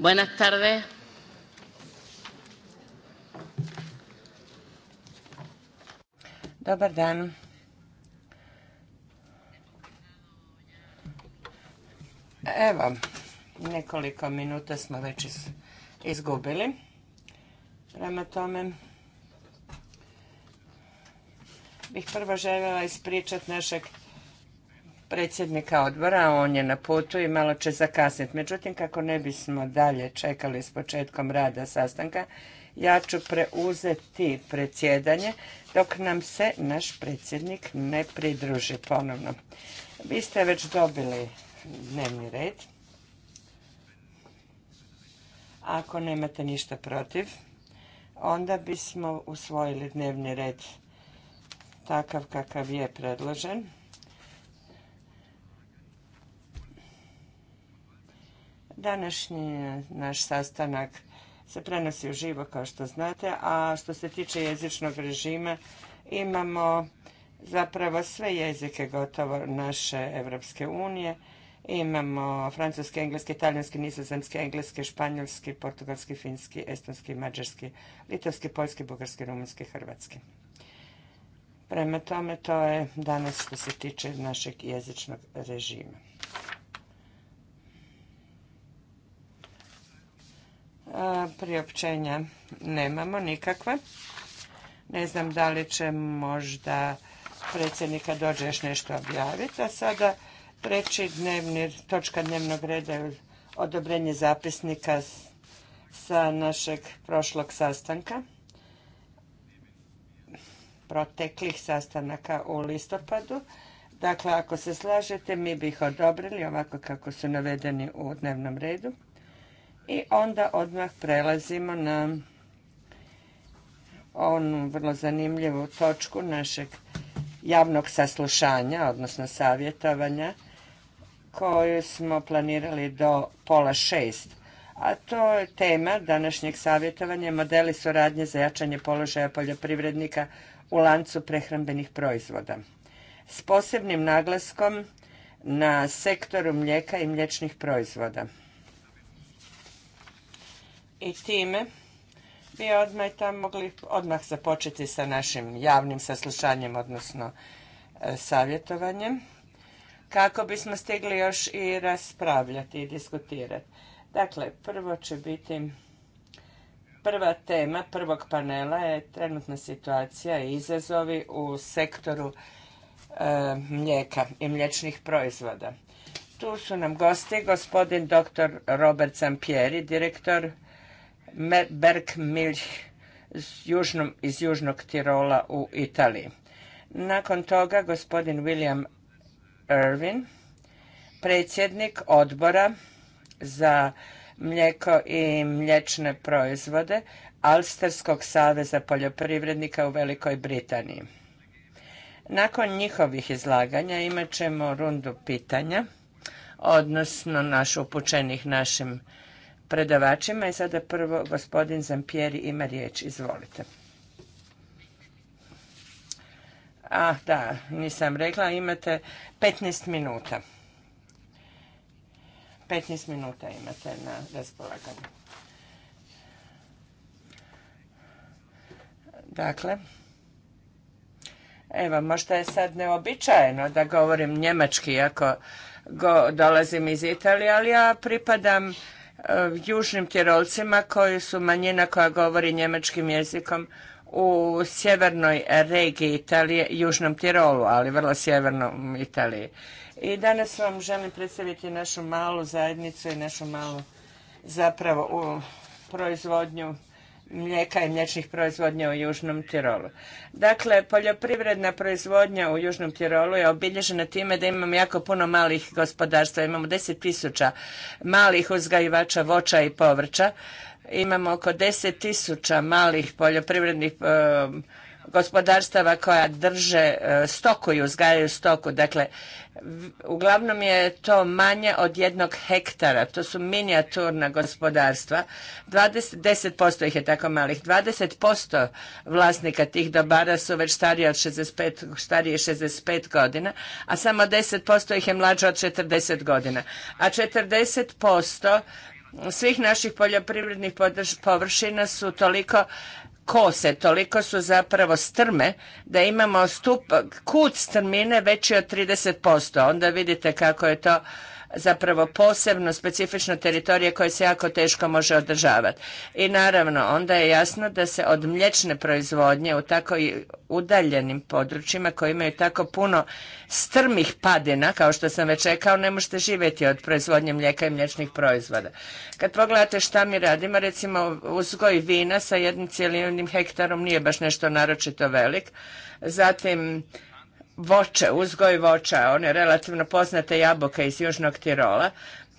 Buenas Dobar dan. Evo, nekoliko minuta smo već izgubili. Prema tome, bih prvo željela ispričati našeg predsjednika odbora, on je na putu i malo će zakasniti. Međutim, kako ne bismo dalje čekali s početkom rada sastanka, ja ću preuzeti predsjedanje dok nam se naš predsjednik ne pridruži ponovno. Vi ste već dobili dnevni red. Ako nemate ništa protiv, onda bismo usvojili dnevni red takav kakav je predložen. Današnji naš sastanak se prenosi u živo, kao što znate, a što se tiče jezičnog režima, imamo zapravo sve jezike gotovo naše Evropske unije. Imamo francuski, engleski, italijanski, nizozemski, engleski, španjolski, portugalski, finski, estonski, mađarski, litovski, poljski, bugarski, rumunski, hrvatski. Prema tome, to je danas što se tiče našeg jezičnog režima. priopćenja nemamo nikakva. Ne znam da li će možda predsjednika dođe još nešto objaviti, a sada treći dnevni, točka dnevnog reda je odobrenje zapisnika sa našeg prošlog sastanka, proteklih sastanaka u listopadu. Dakle, ako se slažete, mi bi ih odobrili ovako kako su navedeni u dnevnom redu. I onda odmah prelazimo na onu vrlo zanimljivu točku našeg javnog saslušanja, odnosno savjetovanja, koju smo planirali do pola šest. A to je tema današnjeg savjetovanja modeli suradnje za jačanje položaja poljoprivrednika u lancu prehrambenih proizvoda. S posebnim naglaskom na sektoru mlijeka i mliječnih proizvoda i time bi odmah tamo mogli odmah započeti sa našim javnim saslušanjem, odnosno e, savjetovanjem, kako bismo stigli još i raspravljati i diskutirati. Dakle, prvo će biti prva tema prvog panela je trenutna situacija i izazovi u sektoru e, mlijeka i mliječnih proizvoda. Tu su nam gosti gospodin dr. Robert Sampieri, direktor Berg južnom, iz Južnog Tirola u Italiji. Nakon toga gospodin William Irwin, predsjednik odbora za mlijeko i mliječne proizvode Alsterskog saveza poljoprivrednika u Velikoj Britaniji. Nakon njihovih izlaganja imat ćemo rundu pitanja, odnosno naš upućenih našim predavačima i sada prvo gospodin Zampieri ima riječ. Izvolite. A, da, nisam rekla, imate 15 minuta. 15 minuta imate na raspolaganju. Dakle, evo, možda je sad neobičajeno da govorim njemački, ako dolazim iz Italije, ali ja pripadam Eh, južnim Tirolcima koji su manjina koja govori njemačkim jezikom u sjevernoj regiji Italije, južnom Tirolu, ali vrlo sjevernom Italiji. I danas vam želim predstaviti našu malu zajednicu i našu malu zapravo u proizvodnju mlijeka i mliječnih proizvodnja u Južnom Tirolu. Dakle, poljoprivredna proizvodnja u Južnom Tirolu je obilježena time da imamo jako puno malih gospodarstva. Imamo 10.000 malih uzgajivača voća i povrća. Imamo oko 10.000 malih poljoprivrednih gospodarstava koja drže e, stoku i uzgajaju stoku. Dakle, uglavnom je to manje od jednog hektara. To su minijaturna gospodarstva. 20, 10% ih je tako malih. 20% vlasnika tih dobara su već starije od 65, stariji 65 godina, a samo 10% ih je mlađe od 40 godina. A 40% svih naših poljoprivrednih površina su toliko kose, toliko su zapravo strme da imamo stup, kut strmine veći od 30%. Onda vidite kako je to zapravo posebno specifično teritorije koje se jako teško može održavati. I naravno, onda je jasno da se od mlječne proizvodnje u tako udaljenim područjima koji imaju tako puno strmih padina, kao što sam već rekao, ne možete živjeti od proizvodnje mlijeka i mlječnih proizvoda. Kad pogledate šta mi radimo, recimo uzgoj vina sa jednim cijelim hektarom nije baš nešto naročito velik. Zatim voće, uzgoj voća, one relativno poznate jabuke iz Južnog Tirola,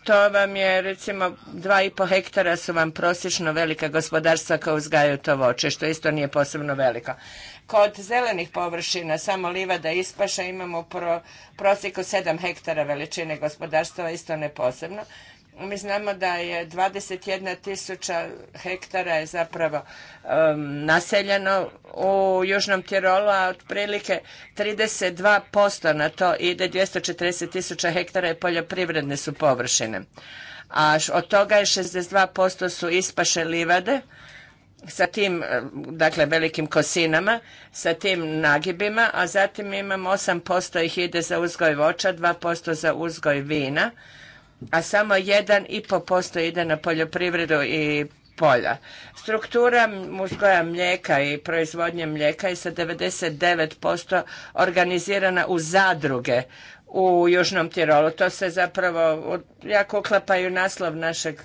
to vam je recimo dva i po hektara su vam prosječno velika gospodarstva koja uzgajaju to voće, što isto nije posebno veliko. Kod zelenih površina, samo livada ispaša, imamo pro, prosjeku 7 hektara veličine gospodarstva, isto ne posebno. Mi znamo da je 21 tisuća hektara je zapravo naseljeno u Južnom Tirolu, a otprilike 32% na to ide, 240 tisuća hektara je poljoprivredne su površine. A od toga je 62% su ispaše livade, sa tim, dakle, velikim kosinama, sa tim nagibima, a zatim imamo 8% ih ide za uzgoj voća, 2% za uzgoj vina, a samo 1,5% ide na poljoprivredu i polja. Struktura uzgoja mlijeka i proizvodnje mlijeka je sa 99% organizirana u zadruge u Južnom Tirolu. To se zapravo jako uklapaju naslov našeg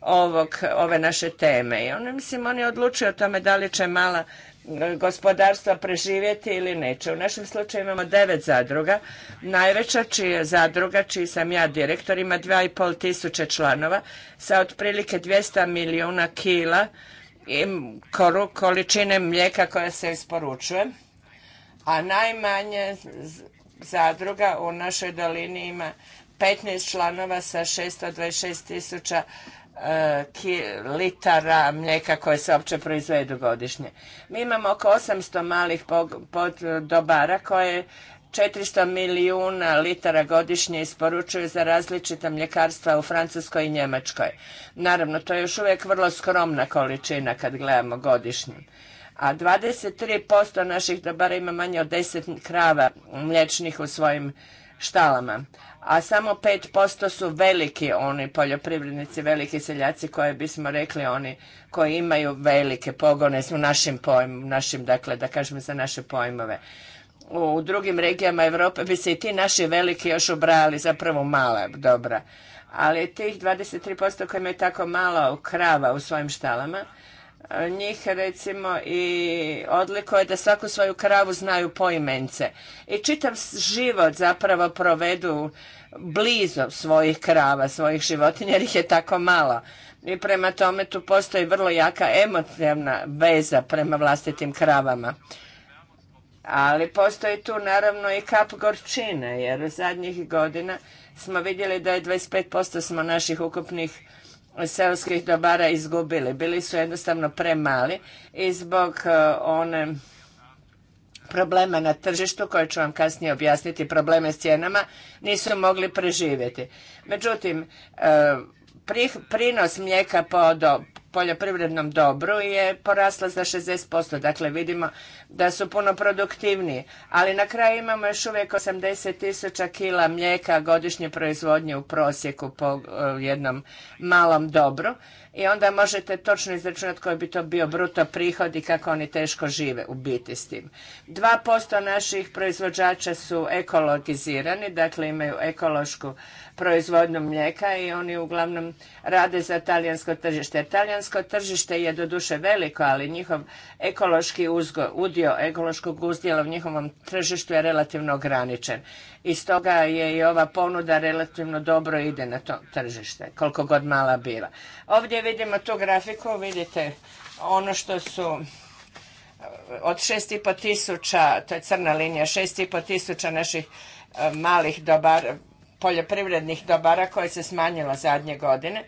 ovog, ove naše teme. I on, mislim, oni odlučuju o tome da li će mala gospodarstva preživjeti ili neće. U našem slučaju imamo devet zadruga. Najveća čija zadruga, čiji sam ja direktor, ima pol tisuće članova sa otprilike 200 milijuna kila količine mlijeka koja se isporučuje. A najmanje zadruga u našoj dolini ima 15 članova sa 626 tisuća E, litara mlijeka koje se uopće proizvedu godišnje. Mi imamo oko 800 malih dobara koje 400 milijuna litara godišnje isporučuju za različita mljekarstva u Francuskoj i Njemačkoj. Naravno, to je još uvijek vrlo skromna količina kad gledamo godišnje. A 23% naših dobara ima manje od 10 krava mliječnih u svojim štalama a samo 5% su veliki oni poljoprivrednici, veliki seljaci koje bismo rekli oni koji imaju velike pogone u našim pojmom našim, dakle da kažemo za naše pojmove. U drugim regijama Europe bi se i ti naši veliki još ubrajali zapravo mala dobra. Ali tih 23% koji imaju tako malo krava u svojim štalama, njih recimo i odlikuje da svaku svoju kravu znaju poimence i čitav život zapravo provedu blizu svojih krava, svojih životinja jer ih je tako malo. I prema tome tu postoji vrlo jaka emotivna veza prema vlastitim kravama. Ali postoji tu naravno i kap gorčine jer u zadnjih godina smo vidjeli da je 25% smo naših ukupnih seoskih dobara izgubili. Bili su jednostavno premali i zbog e, one problema na tržištu, koje ću vam kasnije objasniti, probleme s cijenama, nisu mogli preživjeti. Međutim, e, prinos mlijeka po poljoprivrednom dobru je porasla za 60%. Dakle, vidimo da su puno produktivniji. Ali na kraju imamo još uvijek 80 tisuća kila mlijeka godišnje proizvodnje u prosjeku po e, jednom malom dobru. I onda možete točno izračunati koji bi to bio bruto prihod i kako oni teško žive u biti s tim. 2% naših proizvođača su ekologizirani, dakle imaju ekološku proizvodnju mlijeka i oni uglavnom rade za talijansko tržište. Talijansko tržište je doduše veliko, ali njihov ekološki uzgoj udio udio ekološkog uzdjela u njihovom tržištu je relativno ograničen. I stoga je i ova ponuda relativno dobro ide na to tržište, koliko god mala bila. Ovdje vidimo tu grafiku, vidite ono što su od 6,5 tisuća, to je crna linija, 6,5 tisuća naših e, malih dobara, poljoprivrednih dobara koje se smanjilo zadnje godine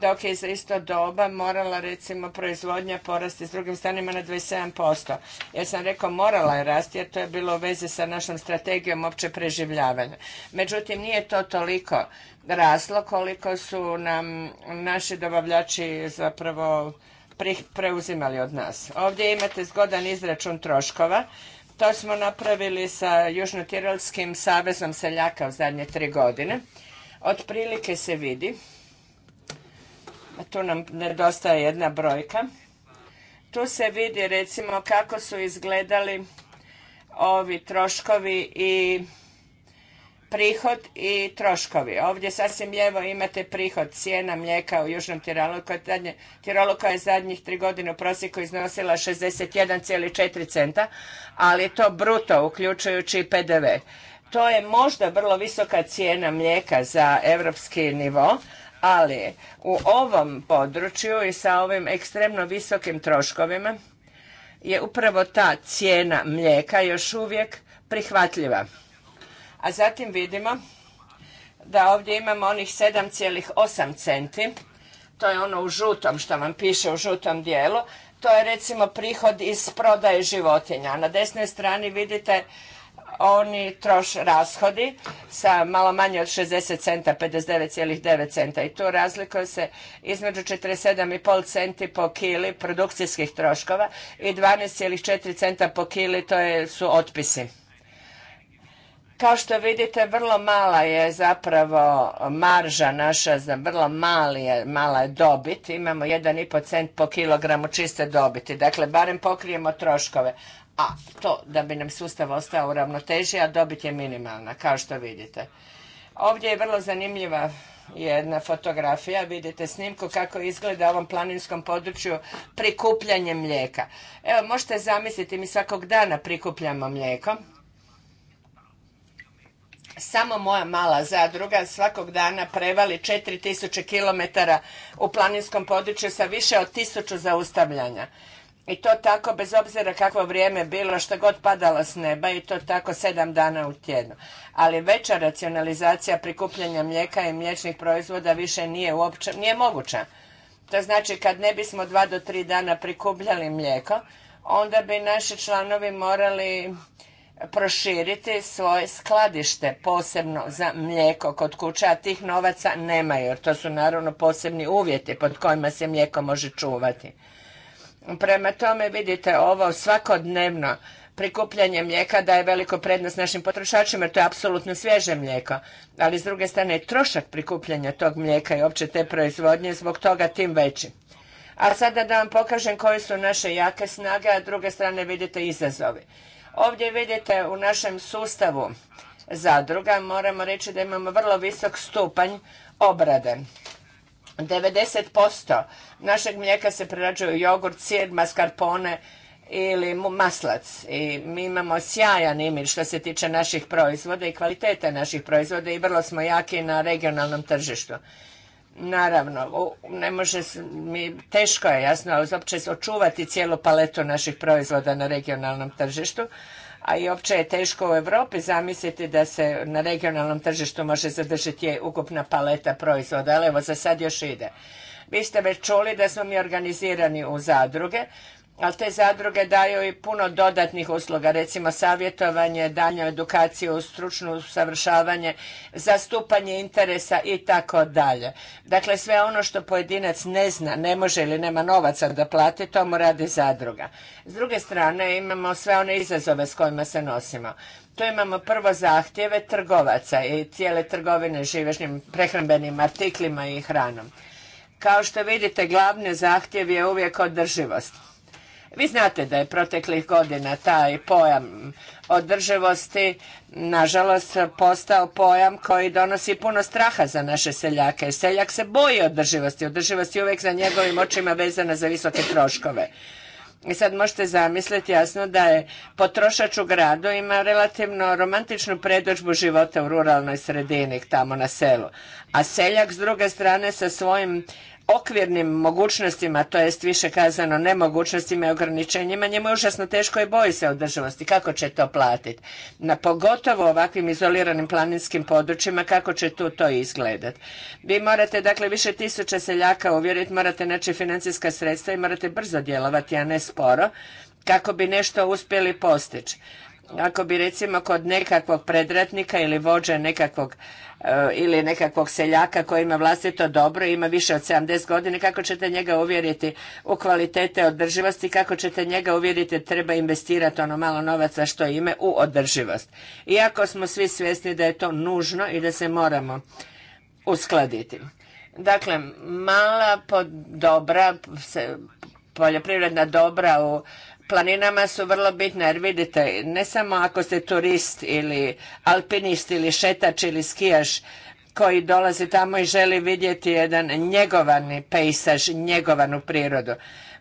dok je za isto doba morala recimo proizvodnja porasti s drugim stranima na 27%. Ja sam rekao morala je rasti jer to je bilo u vezi sa našom strategijom opće preživljavanja. Međutim, nije to toliko raslo koliko su nam naši dobavljači zapravo preuzimali od nas. Ovdje imate zgodan izračun troškova. To smo napravili sa Južnotirolskim savezom seljaka u zadnje tri godine. Otprilike se vidi tu nam nedostaje jedna brojka. Tu se vidi recimo kako su izgledali ovi troškovi i prihod i troškovi. Ovdje sasvim lijevo imate prihod cijena mlijeka u Južnom Tirolu koja, koja je zadnjih tri godine u prosjeku iznosila 61,4 centa, ali to bruto uključujući PDV. To je možda vrlo visoka cijena mlijeka za europski nivo, ali u ovom području i sa ovim ekstremno visokim troškovima je upravo ta cijena mlijeka još uvijek prihvatljiva. A zatim vidimo da ovdje imamo onih 7,8 centi, to je ono u žutom što vam piše u žutom dijelu, to je recimo prihod iz prodaje životinja. Na desnoj strani vidite oni troš rashodi sa malo manje od 60 centa, 59,9 centa i tu razlikuje se između 47,5 centi po kili produkcijskih troškova i 12,4 centa po kili to je, su otpisi. Kao što vidite, vrlo mala je zapravo marža naša, za vrlo mali je, mala je dobit. Imamo 1,5 cent po kilogramu čiste dobiti. Dakle, barem pokrijemo troškove a to da bi nam sustav ostao u ravnoteži, a dobit je minimalna, kao što vidite. Ovdje je vrlo zanimljiva jedna fotografija, vidite snimku kako izgleda ovom planinskom području prikupljanje mlijeka. Evo, možete zamisliti, mi svakog dana prikupljamo mlijeko. Samo moja mala zadruga svakog dana prevali 4000 km u planinskom području sa više od 1000 zaustavljanja. I to tako bez obzira kakvo vrijeme bilo, što god padalo s neba i to tako sedam dana u tjednu. Ali veća racionalizacija prikupljanja mlijeka i mliječnih proizvoda više nije uopće, nije moguća. To znači kad ne bismo dva do tri dana prikupljali mlijeko, onda bi naši članovi morali proširiti svoje skladište posebno za mlijeko kod kuća, a tih novaca nemaju jer to su naravno posebni uvjeti pod kojima se mlijeko može čuvati. Prema tome, vidite ovo svakodnevno prikupljanje mlijeka daje veliku prednost našim potrošačima, jer to je apsolutno svježe mlijeko. Ali s druge strane je trošak prikupljanja tog mlijeka i opće te proizvodnje zbog toga tim veći. A sada da vam pokažem koje su naše jake snage, a s druge strane vidite izazovi. Ovdje vidite u našem sustavu zadruga moramo reći da imamo vrlo visok stupanj obrade. 90% našeg mlijeka se prerađuje jogurt, sir, mascarpone ili maslac. I mi imamo sjajan imidž što se tiče naših proizvoda i kvalitete naših proizvoda i vrlo smo jaki na regionalnom tržištu. Naravno, ne može, mi, teško je jasno, ali uopće očuvati cijelu paletu naših proizvoda na regionalnom tržištu, a i opće je teško u Europi zamisliti da se na regionalnom tržištu može zadržati ukupna paleta proizvoda, ali evo za sad još ide. Vi ste već čuli da smo mi organizirani u zadruge ali te zadruge daju i puno dodatnih usluga, recimo savjetovanje, daljnju edukaciju, stručno usavršavanje, zastupanje interesa i tako dalje. Dakle, sve ono što pojedinac ne zna, ne može ili nema novaca da plati, to mu radi zadruga. S druge strane, imamo sve one izazove s kojima se nosimo. Tu imamo prvo zahtjeve trgovaca i cijele trgovine živežnim prehrambenim artiklima i hranom. Kao što vidite, glavni zahtjev je uvijek održivost vi znate da je proteklih godina taj pojam održivosti nažalost postao pojam koji donosi puno straha za naše seljake. Seljak se boji održivosti. Održivost je uvijek za njegovim očima vezana za visoke troškove. I sad možete zamisliti jasno da je potrošač u gradu ima relativno romantičnu predođbu života u ruralnoj sredini tamo na selu. A seljak s druge strane sa svojim okvirnim mogućnostima, to jest više kazano nemogućnostima i ograničenjima, njemu je užasno teško i boji se održivosti. Kako će to platiti? Na pogotovo ovakvim izoliranim planinskim područjima, kako će tu to izgledati? Vi morate, dakle, više tisuća seljaka uvjeriti, morate naći financijska sredstva i morate brzo djelovati, a ne sporo, kako bi nešto uspjeli postići. Ako bi recimo kod nekakvog predratnika ili vođe nekakvog e, ili nekakvog seljaka koji ima vlastito dobro ima više od 70 godina, kako ćete njega uvjeriti u kvalitete održivosti, kako ćete njega uvjeriti da treba investirati ono malo novaca što ime u održivost. Iako smo svi svjesni da je to nužno i da se moramo uskladiti. Dakle, mala dobra poljoprivredna dobra u planinama su vrlo bitne jer vidite, ne samo ako ste turist ili alpinist ili šetač ili skijaš koji dolazi tamo i želi vidjeti jedan njegovani pejsaž, njegovanu prirodu,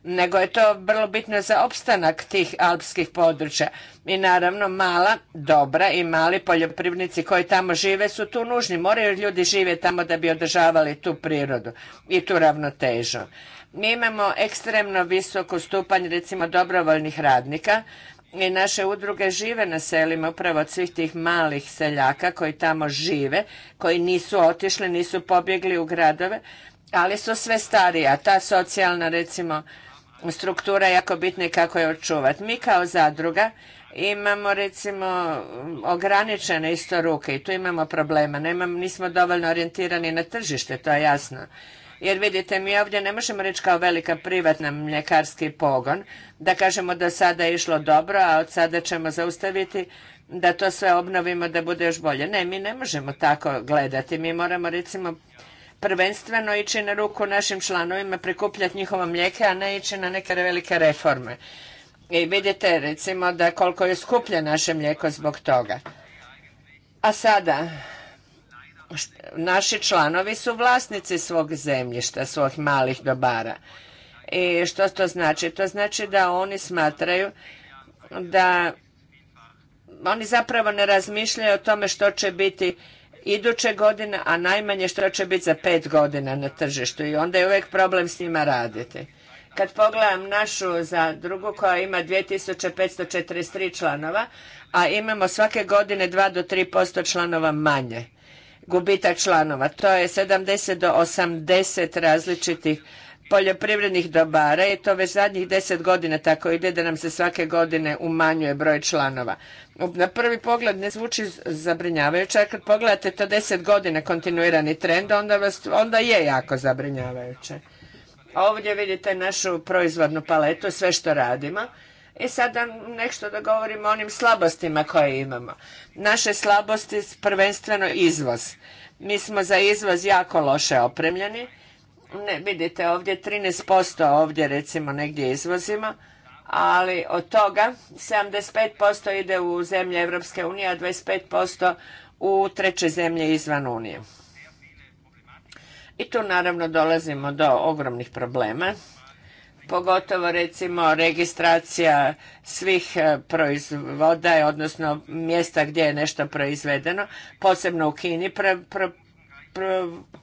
nego je to vrlo bitno za opstanak tih alpskih područja. I naravno mala, dobra i mali poljoprivnici koji tamo žive su tu nužni. Moraju ljudi živjeti tamo da bi održavali tu prirodu i tu ravnotežu. Mi imamo ekstremno visoko stupanj recimo dobrovoljnih radnika i naše udruge žive na selima upravo od svih tih malih seljaka koji tamo žive, koji nisu otišli, nisu pobjegli u gradove, ali su sve starije, a ta socijalna recimo struktura je jako bitna i kako je očuvati. Mi kao zadruga imamo recimo ograničene isto ruke i tu imamo problema. Nemam, nismo dovoljno orijentirani na tržište, to je jasno. Jer vidite, mi ovdje ne možemo reći kao velika privatna mljekarski pogon, da kažemo da sada je išlo dobro, a od sada ćemo zaustaviti da to sve obnovimo da bude još bolje. Ne, mi ne možemo tako gledati. Mi moramo recimo prvenstveno ići na ruku našim članovima, prikupljati njihovo mlijeke, a ne ići na neke velike reforme. I vidite recimo da koliko je skuplje naše mlijeko zbog toga. A sada, naši članovi su vlasnici svog zemljišta, svojih malih dobara. I što to znači? To znači da oni smatraju da oni zapravo ne razmišljaju o tome što će biti iduće godine, a najmanje što će biti za pet godina na tržištu i onda je uvijek problem s njima raditi. Kad pogledam našu za drugu koja ima 2543 članova, a imamo svake godine 2 do 3% članova manje gubitak članova. To je 70 do 80 različitih poljoprivrednih dobara i to već zadnjih deset godina tako ide da nam se svake godine umanjuje broj članova. Na prvi pogled ne zvuči zabrinjavajuće, a kad pogledate to deset godina kontinuirani trend, onda, vas, onda je jako zabrinjavajuće. Ovdje vidite našu proizvodnu paletu, sve što radimo i e sada nešto da govorimo o onim slabostima koje imamo. Naše slabosti prvenstveno izvoz. Mi smo za izvoz jako loše opremljeni. Ne, vidite ovdje 13% ovdje recimo negdje izvozimo, ali od toga 75% ide u zemlje Europske unije, a 25% u treće zemlje izvan unije. I tu naravno dolazimo do ogromnih problema pogotovo recimo registracija svih e, proizvoda, odnosno mjesta gdje je nešto proizvedeno, posebno u Kini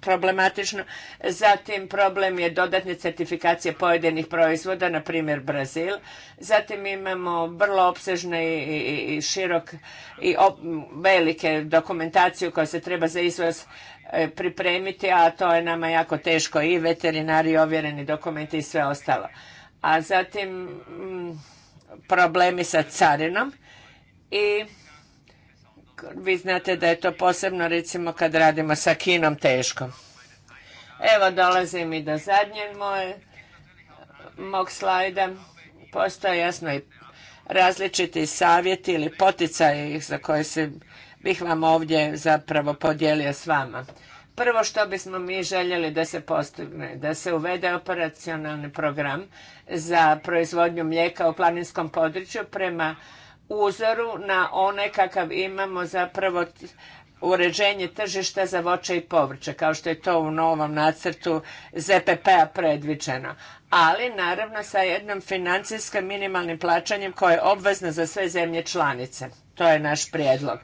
problematično. Zatim problem je dodatne certifikacije pojedinih proizvoda, na primjer Brazil. Zatim imamo vrlo opsežne i, širok i velike dokumentaciju koja se treba za izvoz E, pripremiti, a to je nama jako teško i veterinari, i ovjereni dokumenti i sve ostalo. A zatim mm, problemi sa carinom i vi znate da je to posebno recimo kad radimo sa kinom teško. Evo dolazim i do zadnje moje, mog slajda. Postoje jasno i različiti savjeti ili poticaji za koje se bih vam ovdje zapravo podijelio s vama. Prvo što bismo mi željeli da se postigne, da se uvede operacionalni program za proizvodnju mlijeka u planinskom području prema uzoru na one kakav imamo zapravo uređenje tržišta za voće i povrće, kao što je to u novom nacrtu ZPP-a predviđeno. Ali, naravno, sa jednom financijskim minimalnim plaćanjem koje je obvezno za sve zemlje članice. To je naš prijedlog.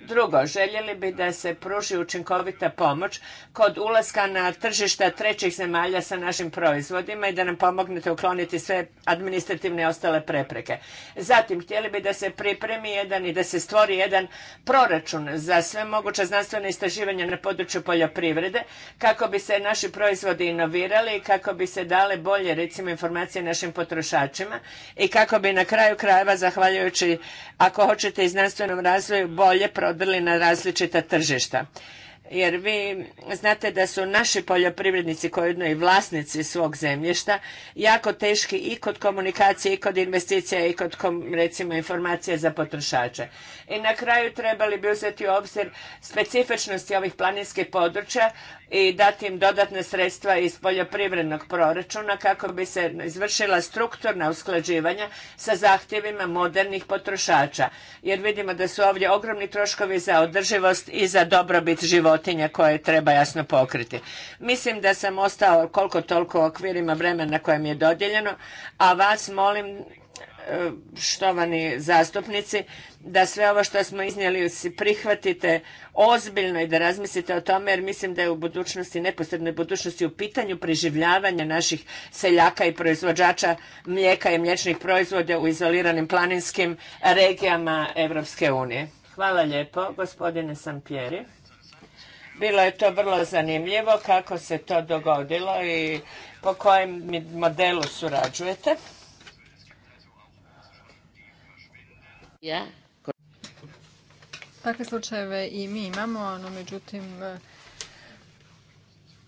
Drugo, željeli bi da se pruži učinkovita pomoć kod ulaska na tržišta trećih zemalja sa našim proizvodima i da nam pomognete ukloniti sve administrativne i ostale prepreke. Zatim, htjeli bi da se pripremi jedan i da se stvori jedan proračun za sve moguće znanstvene istraživanja na području poljoprivrede kako bi se naši proizvodi inovirali i kako bi se dale bolje recimo informacije našim potrošačima i kako bi na kraju krajeva zahvaljujući ako hoćete i znanstvenom razvoju bolje prodrli na različita tržišta jer vi znate da su naši poljoprivrednici koji jedno i vlasnici svog zemljišta jako teški i kod komunikacije i kod investicija i kod recimo informacija za potrošače. I na kraju trebali bi uzeti u obzir specifičnosti ovih planinskih područja i dati im dodatne sredstva iz poljoprivrednog proračuna kako bi se izvršila strukturna usklađivanja sa zahtjevima modernih potrošača. Jer vidimo da su ovdje ogromni troškovi za održivost i za dobrobit života koje treba jasno pokriti. Mislim da sam ostao koliko toliko u okvirima vremena koje mi je dodijeljeno, a vas molim e, štovani zastupnici, da sve ovo što smo iznijeli si prihvatite ozbiljno i da razmislite o tome, jer mislim da je u budućnosti, neposrednoj budućnosti, u pitanju preživljavanja naših seljaka i proizvođača mlijeka i mliječnih proizvoda u izoliranim planinskim regijama Evropske unije. Hvala lijepo, gospodine Sampjeri. Bilo je to vrlo zanimljivo kako se to dogodilo i po kojem modelu surađujete. Takve slučajeve i mi imamo, no međutim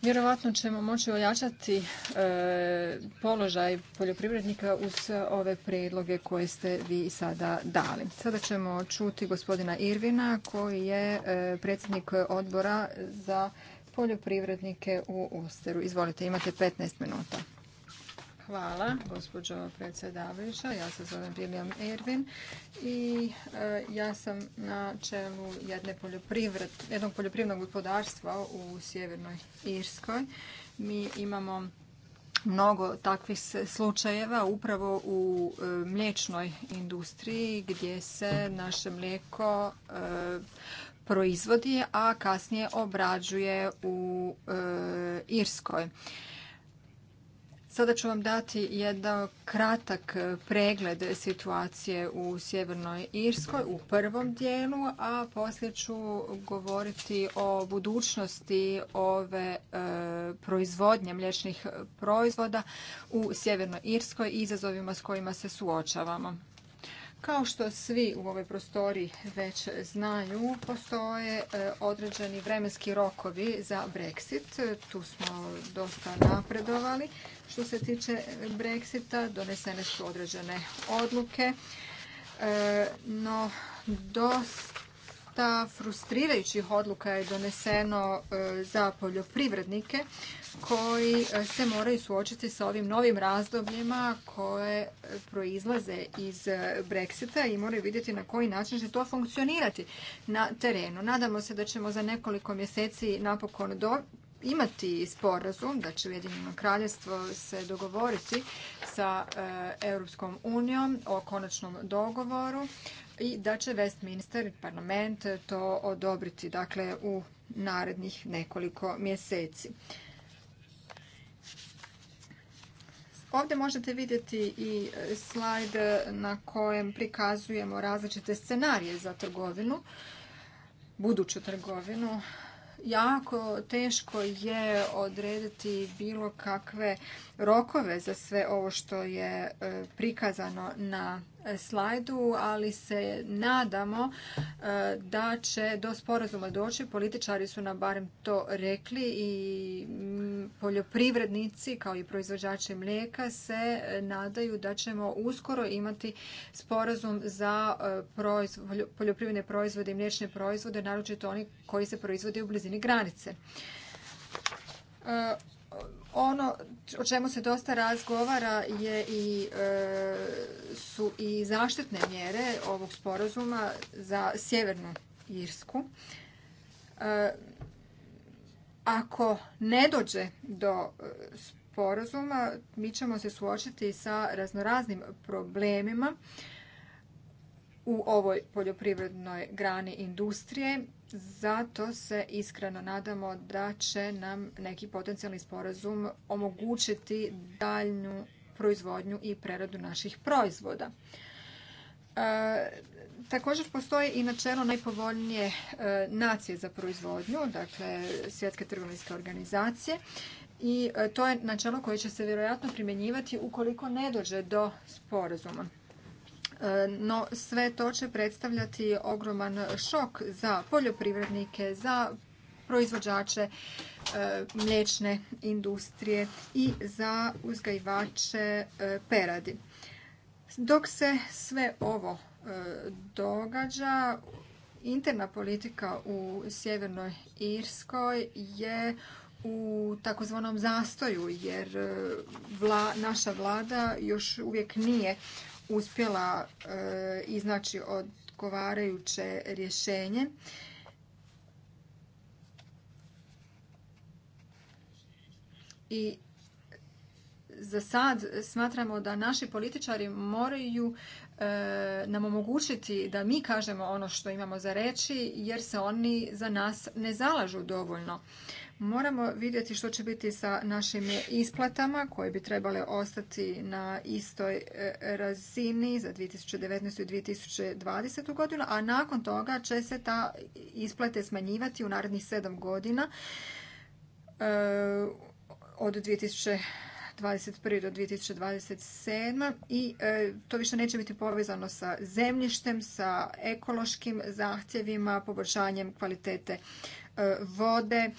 Vjerovatno ćemo moći ojačati e, položaj poljoprivrednika uz ove prijedloge koje ste vi sada dali. Sada ćemo čuti gospodina Irvina koji je e, predsjednik odbora za poljoprivrednike u Usteru. Izvolite, imate 15 minuta. Hvala, gospođo predsjedavajuća. Ja se zovem William Ervin i e, ja sam na čelu jednog poljoprivrednog gospodarstva u Sjevernoj Irskoj. Mi imamo mnogo takvih slučajeva upravo u e, mliječnoj industriji gdje se naše mlijeko e, proizvodi, a kasnije obrađuje u Irskoj. Sada ću vam dati jedan kratak e, pregled situacije u Sjevernoj Irskoj u prvom dijelu, a poslije ću govoriti o budućnosti ove e, proizvodnje mliječnih proizvoda u Sjevernoj Irskoj i izazovima s kojima se suočavamo. Kao što svi u ovoj prostoriji već znaju, postoje e, određeni vremenski rokovi za Brexit. Tu smo dosta napredovali. Što se tiče Brexita, donesene su određene odluke, e, no dosta dosta frustrirajućih odluka je doneseno e, za poljoprivrednike koji e, se moraju suočiti sa ovim novim razdobljima koje e, proizlaze iz Brexita i moraju vidjeti na koji način će to funkcionirati na terenu. Nadamo se da ćemo za nekoliko mjeseci napokon do imati sporazum, da će Ujedinjeno kraljevstvo se dogovoriti sa Europskom unijom o konačnom dogovoru i da će Westminster parlament to odobriti dakle u narednih nekoliko mjeseci. Ovdje možete vidjeti i slajd na kojem prikazujemo različite scenarije za trgovinu, buduću trgovinu. Jako teško je odrediti bilo kakve rokove za sve ovo što je e, prikazano na e, slajdu, ali se nadamo e, da će do sporazuma doći. Političari su nam barem to rekli i poljoprivrednici kao i proizvođači mlijeka se nadaju da ćemo uskoro imati sporazum za poljoprivredne proizvode i mliječne proizvode, naročito oni koji se proizvode u blizini granice. Ono o čemu se dosta razgovara je i, e, su i zaštitne mjere ovog sporazuma za Sjevernu Irsku. E, ako ne dođe do e, sporazuma, mi ćemo se suočiti sa raznoraznim problemima u ovoj poljoprivrednoj grani industrije zato se iskreno nadamo da će nam neki potencijalni sporazum omogućiti daljnu proizvodnju i preradu naših proizvoda. E, također postoji i načelo najpovoljnije e, nacije za proizvodnju, dakle Svjetske trgovinske organizacije i e, to je načelo koje će se vjerojatno primjenjivati ukoliko ne dođe do sporazuma. E, no sve to će predstavljati ogroman šok za poljoprivrednike, za proizvođače e, mliječne industrije i za uzgajivače e, peradi. Dok se sve ovo događa, interna politika u Sjevernoj Irskoj je u takozvanom zastoju jer naša vlada još uvijek nije uspjela e, iznaći odgovarajuće rješenje. I za sad smatramo da naši političari moraju e, nam omogućiti da mi kažemo ono što imamo za reći jer se oni za nas ne zalažu dovoljno. Moramo vidjeti što će biti sa našim isplatama koje bi trebale ostati na istoj e, razini za 2019. i 2020. godinu, a nakon toga će se ta isplate smanjivati u narednih sedam godina e, od 2021. do 2027. i e, to više neće biti povezano sa zemljištem, sa ekološkim zahtjevima, poboljšanjem kvalitete vode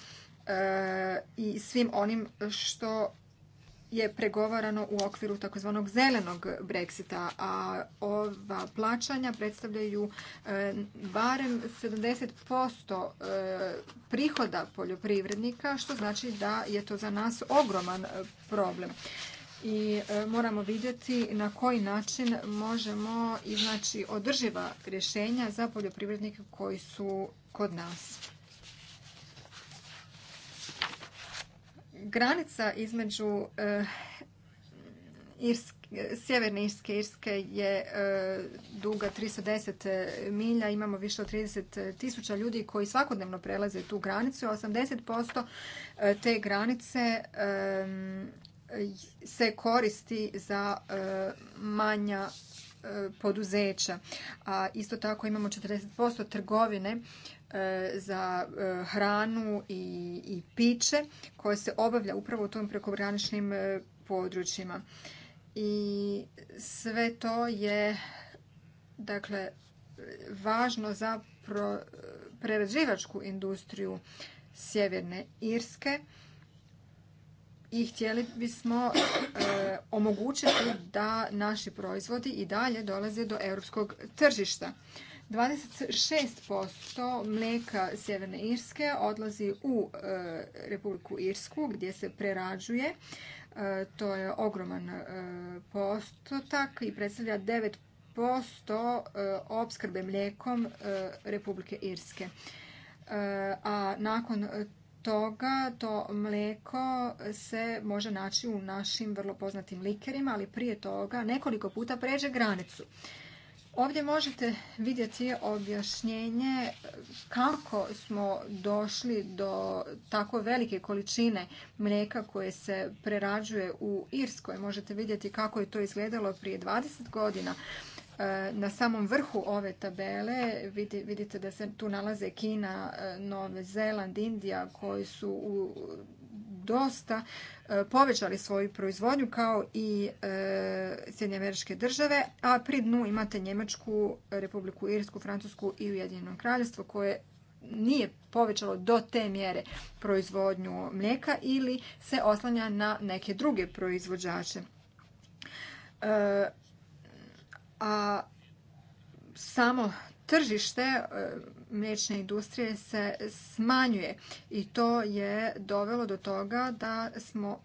i svim onim što je pregovarano u okviru takozvanog zelenog Brexita, a ova plaćanja predstavljaju e, barem 70% e, prihoda poljoprivrednika, što znači da je to za nas ogroman problem. I e, moramo vidjeti na koji način možemo iznaći održiva rješenja za poljoprivrednike koji su kod nas. granica između eh, sjeverne Irske Irske je eh, duga 310 milja, imamo više od 30 tisuća ljudi koji svakodnevno prelaze tu granicu, 80% eh, te granice se koristi za manja poduzeća. A isto tako imamo 40% trgovine E, za e, hranu i piće koje se obavlja upravo u tom prekograničnim e, područjima. I sve to je dakle važno za prerađivačku industriju Sjeverne Irske i htjeli bismo omogućiti da naši proizvodi i dalje dolaze do europskog tržišta. 26% mlijeka Sjeverne Irske odlazi u e, Republiku Irsku gdje se prerađuje. E, to je ogroman e, postotak i predstavlja 9% opskrbe mlijekom Republike Irske. A nakon toga to mlijeko se može naći u našim vrlo poznatim likerima, ali prije toga nekoliko puta pređe granicu. Ovdje možete vidjeti objašnjenje kako smo došli do tako velike količine mlijeka koje se prerađuje u Irskoj. Možete vidjeti kako je to izgledalo prije 20 godina. E, na samom vrhu ove tabele vidite da se tu nalaze Kina, e, Nove Zeland, Indija koji su u dosta e, povećali svoju proizvodnju kao i e, Sjedinje američke države, a pri dnu imate Njemačku, Republiku Irsku, Francusku i Ujedinjeno kraljestvo koje nije povećalo do te mjere proizvodnju mlijeka ili se oslanja na neke druge proizvođače. E, a samo tržište mliječne industrije se smanjuje i to je dovelo do toga da smo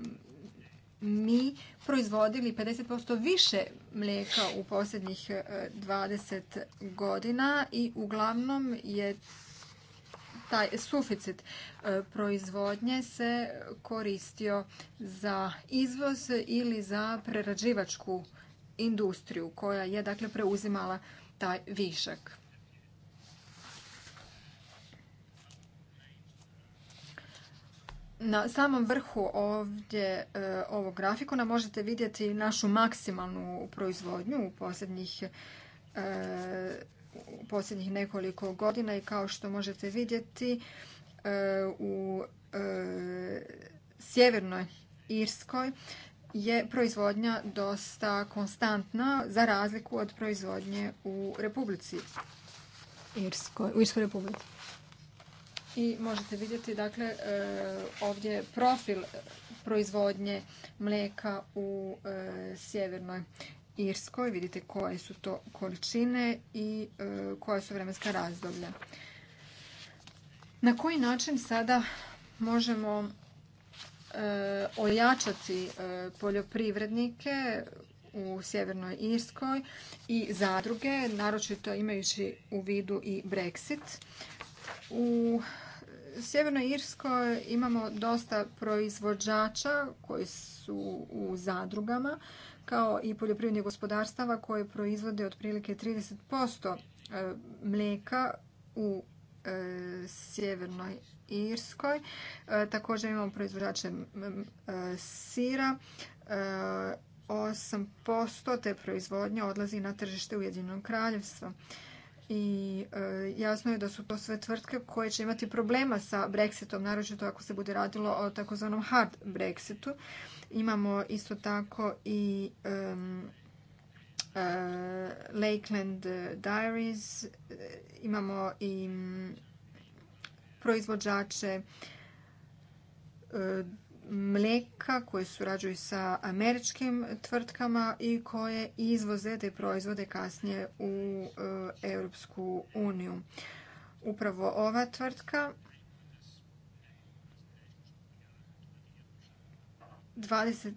mi proizvodili 50% više mlijeka u posljednjih 20 e, godina i uglavnom je taj suficit e, proizvodnje se koristio za izvoz ili za prerađivačku industriju koja je dakle preuzimala taj višak. Na samom vrhu ovdje e, ovog grafikona možete vidjeti našu maksimalnu proizvodnju u posljednjih e, posljednjih nekoliko godina i kao što možete vidjeti e, u sjevernoj Irskoj je proizvodnja dosta konstantna za razliku od proizvodnje u Republici Irskoj, u Irskoj Republici i možete vidjeti dakle e, ovdje profil proizvodnje mlijeka u e, sjevernoj Irskoj. Vidite koje su to količine i e, koja su vremenska razdoblja. Na koji način sada možemo ojačati poljoprivrednike u Sjevernoj Irskoj i zadruge, naročito imajući u vidu i Brexit. U Sjevernoj Irskoj imamo dosta proizvođača koji su u zadrugama, kao i poljoprivrednih gospodarstava koje proizvode otprilike 30% e, mlijeka u e, Sjevernoj Irskoj. E, također imamo proizvođače sira. 8% te proizvodnje odlazi na tržište Ujedinjenog kraljevstva i e, jasno je da su to sve tvrtke koje će imati problema sa Brexitom, naročito ako se bude radilo o takozvanom hard Brexitu. Imamo isto tako i e, Lakeland Diaries, e, imamo i proizvođače mlijeka koje surađuju sa američkim tvrtkama i koje izvoze te proizvode kasnije u e, Europsku uniju. Upravo ova tvrtka 20,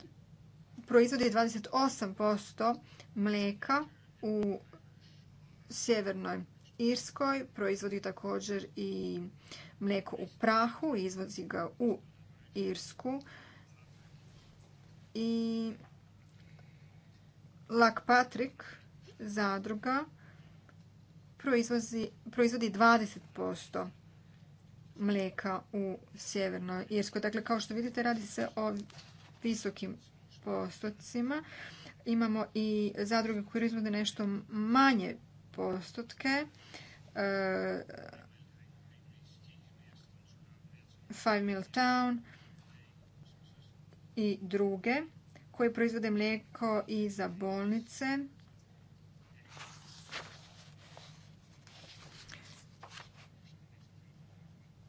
proizvodi 28% mlijeka u sjevernoj Irskoj, proizvodi također i mlijeko u prahu, izvozi ga u Irsku i Lak Patrick zadruga proizvodi 20% mlijeka u Sjevernoj Irskoj. Dakle, kao što vidite, radi se o visokim postocima. Imamo i zadruge koje proizvode nešto manje postotke. E, Five Mill Town, i druge koje proizvode mlijeko i za bolnice.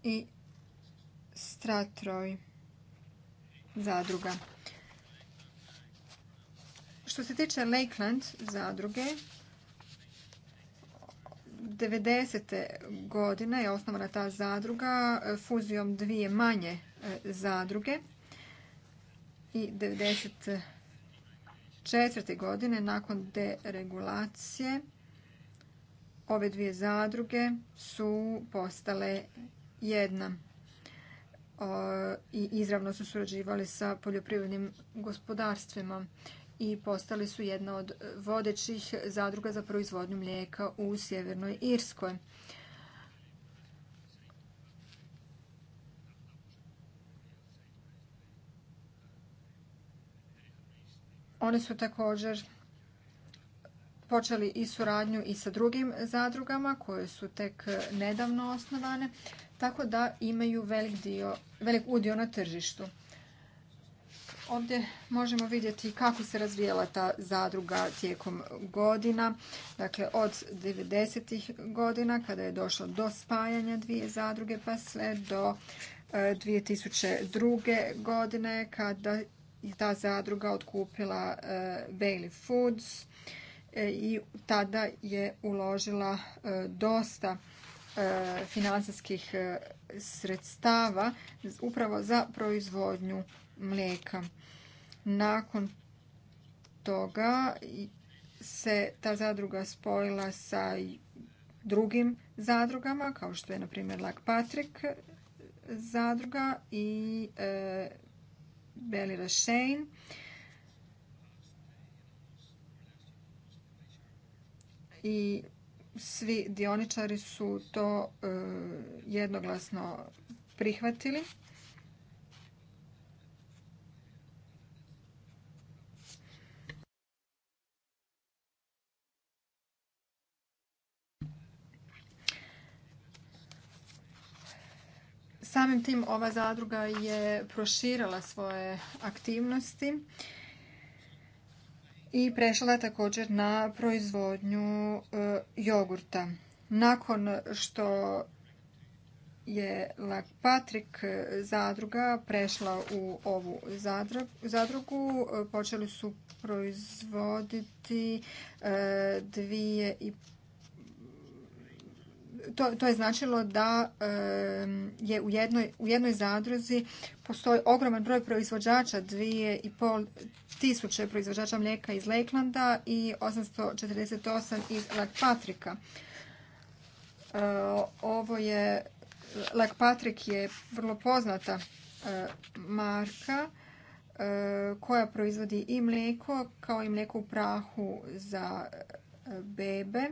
I Stratroj zadruga. Što se tiče Lakeland zadruge, 90. godine je osnovana ta zadruga fuzijom dvije manje e, zadruge i 1994. godine nakon deregulacije ove dvije zadruge su postale jedna i izravno su surađivali sa poljoprivrednim gospodarstvima i postali su jedna od vodećih zadruga za proizvodnju mlijeka u Sjevernoj Irskoj. Oni su također počeli i suradnju i sa drugim zadrugama koje su tek nedavno osnovane, tako da imaju velik, dio, velik udio na tržištu. Ovdje možemo vidjeti kako se razvijela ta zadruga tijekom godina. Dakle, od 90. godina kada je došlo do spajanja dvije zadruge pa sve do 2002. E, godine kada ta zadruga otkupila e, Bailey Foods e, i tada je uložila e, dosta financijskih sredstava upravo za proizvodnju mlijeka. Nakon toga se ta zadruga spojila sa drugim zadrugama, kao što je na primjer lag Patrick zadruga i Beli Rochein. I svi dioničari su to e, jednoglasno prihvatili. Samim tim ova zadruga je proširala svoje aktivnosti i prešla je također na proizvodnju e, jogurta. Nakon što je Lak patrick e, zadruga prešla u ovu zadrugu, e, počeli su proizvoditi dvije i to, to je značilo da je u jednoj, u jednoj zadruzi postoji ogroman broj proizvođača, pol tisuće proizvođača mlijeka iz Lakelanda i 848 iz Patrika. E, ovo je, patrik je vrlo poznata e, marka e, koja proizvodi i mlijeko kao i mlijeko u prahu za bebe.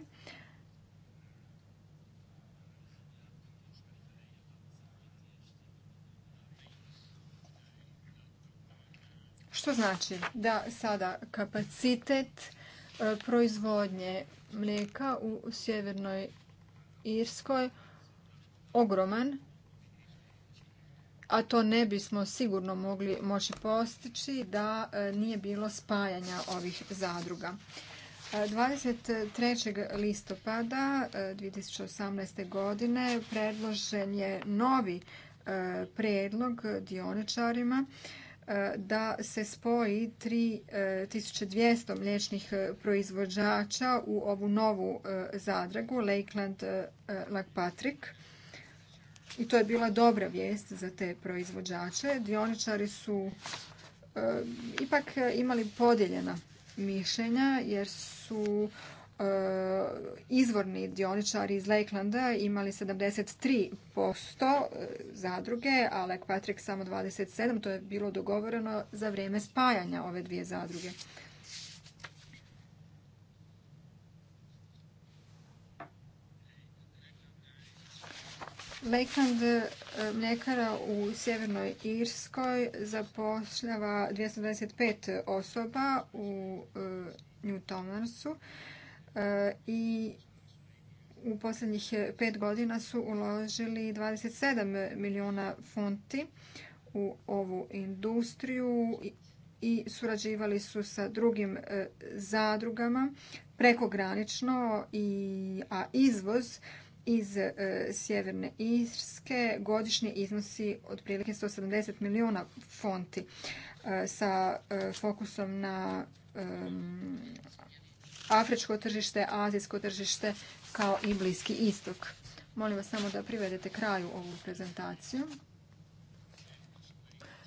Što znači da sada kapacitet e, proizvodnje mlijeka u sjevernoj Irskoj ogroman, a to ne bismo sigurno mogli moći postići da e, nije bilo spajanja ovih zadruga. 23. E, listopada 2018. godine predložen je novi predlog dioničarima E, da se spoji 3200 e, mliječnih e, proizvođača u ovu novu zadragu Lakeland Patrick I to je bila dobra vijest za te proizvođače. Dioničari su ipak imali podijeljena mišljenja jer su E, izvorni dioničari iz Lakelanda imali 73% e, zadruge, a Lake Patrick samo 27%. To je bilo dogovoreno za vrijeme spajanja ove dvije zadruge. Lakeland e, mljekara u Sjevernoj Irskoj zapošljava 225 osoba u New E, i u posljednjih pet godina su uložili 27 milijuna funti u ovu industriju i surađivali su sa drugim e, zadrugama prekogranično, a izvoz iz e, Sjeverne Irske godišnje iznosi otprilike 170 milijuna fonti sa fokusom na afričko tržište, azijsko tržište kao i bliski istok. Molim vas samo da privedete kraju ovu prezentaciju.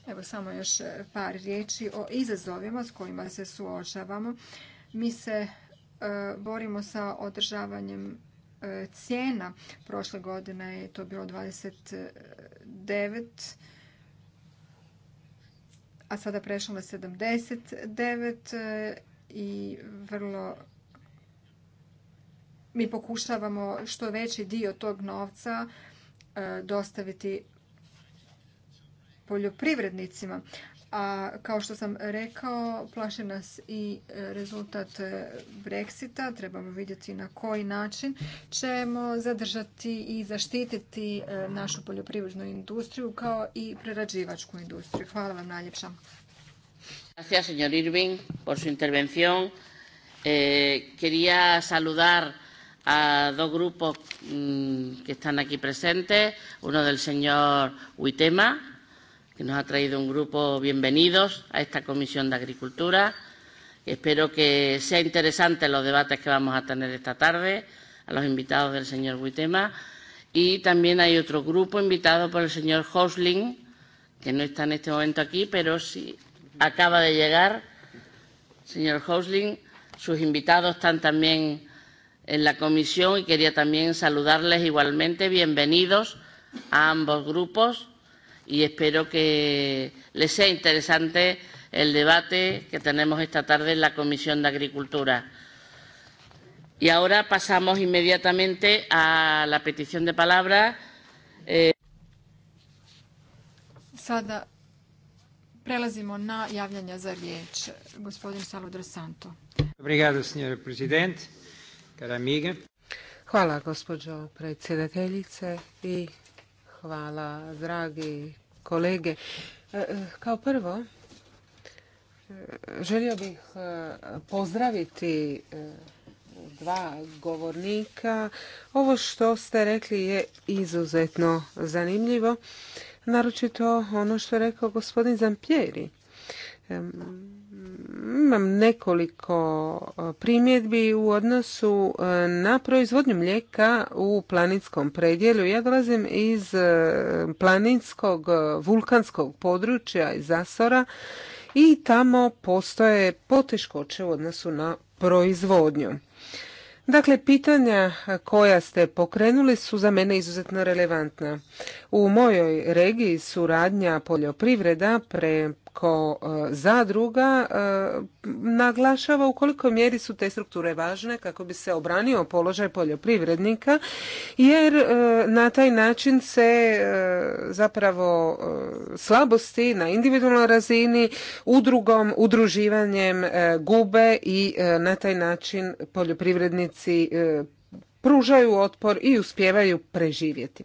Evo samo još e, par riječi o izazovima s kojima se suočavamo. Mi se e, borimo sa održavanjem e, cijena. Prošle godine je to bilo 29, a sada prešlo na 79 i vrlo mi pokušavamo što veći dio tog novca e, dostaviti poljoprivrednicima. A kao što sam rekao, plaše nas i e, rezultat e, Brexita. Trebamo vidjeti na koji način ćemo zadržati i zaštititi našu poljoprivrednu industriju kao i prerađivačku industriju. Hvala vam najljepša. Gracias, señor Irving, por su intervención. Eh, saludar a dos grupos mmm, que están aquí presentes, uno del señor Huitema, que nos ha traído un grupo bienvenidos a esta Comisión de Agricultura. Espero que sea interesante los debates que vamos a tener esta tarde a los invitados del señor Huitema. Y también hay otro grupo invitado por el señor Hosling, que no está en este momento aquí, pero sí acaba de llegar. Señor Hosling, sus invitados están también en la comisión y quería también saludarles igualmente. Bienvenidos a ambos grupos y espero que les sea interesante el debate que tenemos esta tarde en la Comisión de Agricultura. Y ahora pasamos inmediatamente a la petición de palabra. Eh... Sada prelazimo na javljanje za riječ. Gospodin Santo. Obrigado, señor presidente. Hvala gospođo predsjedateljice i hvala dragi kolege. E, kao prvo, e, želio bih e, pozdraviti dva govornika. Ovo što ste rekli je izuzetno zanimljivo, naročito ono što je rekao gospodin Zampjeri. Imam nekoliko e, primjedbi u odnosu e, na proizvodnju mlijeka u planinskom predjelu. Ja dolazim iz e, planinskog vulkanskog područja iz Zasora i tamo postoje poteškoće u odnosu na proizvodnju. Dakle, pitanja koja ste pokrenuli su za mene izuzetno relevantna. U mojoj regiji suradnja poljoprivreda pre, kao e, zadruga e, naglašava u koliko mjeri su te strukture važne kako bi se obranio položaj poljoprivrednika jer e, na taj način se zapravo slabosti na individualnoj razini udrugom, udruživanjem gube i na taj način poljoprivrednici pružaju otpor i uspijevaju preživjeti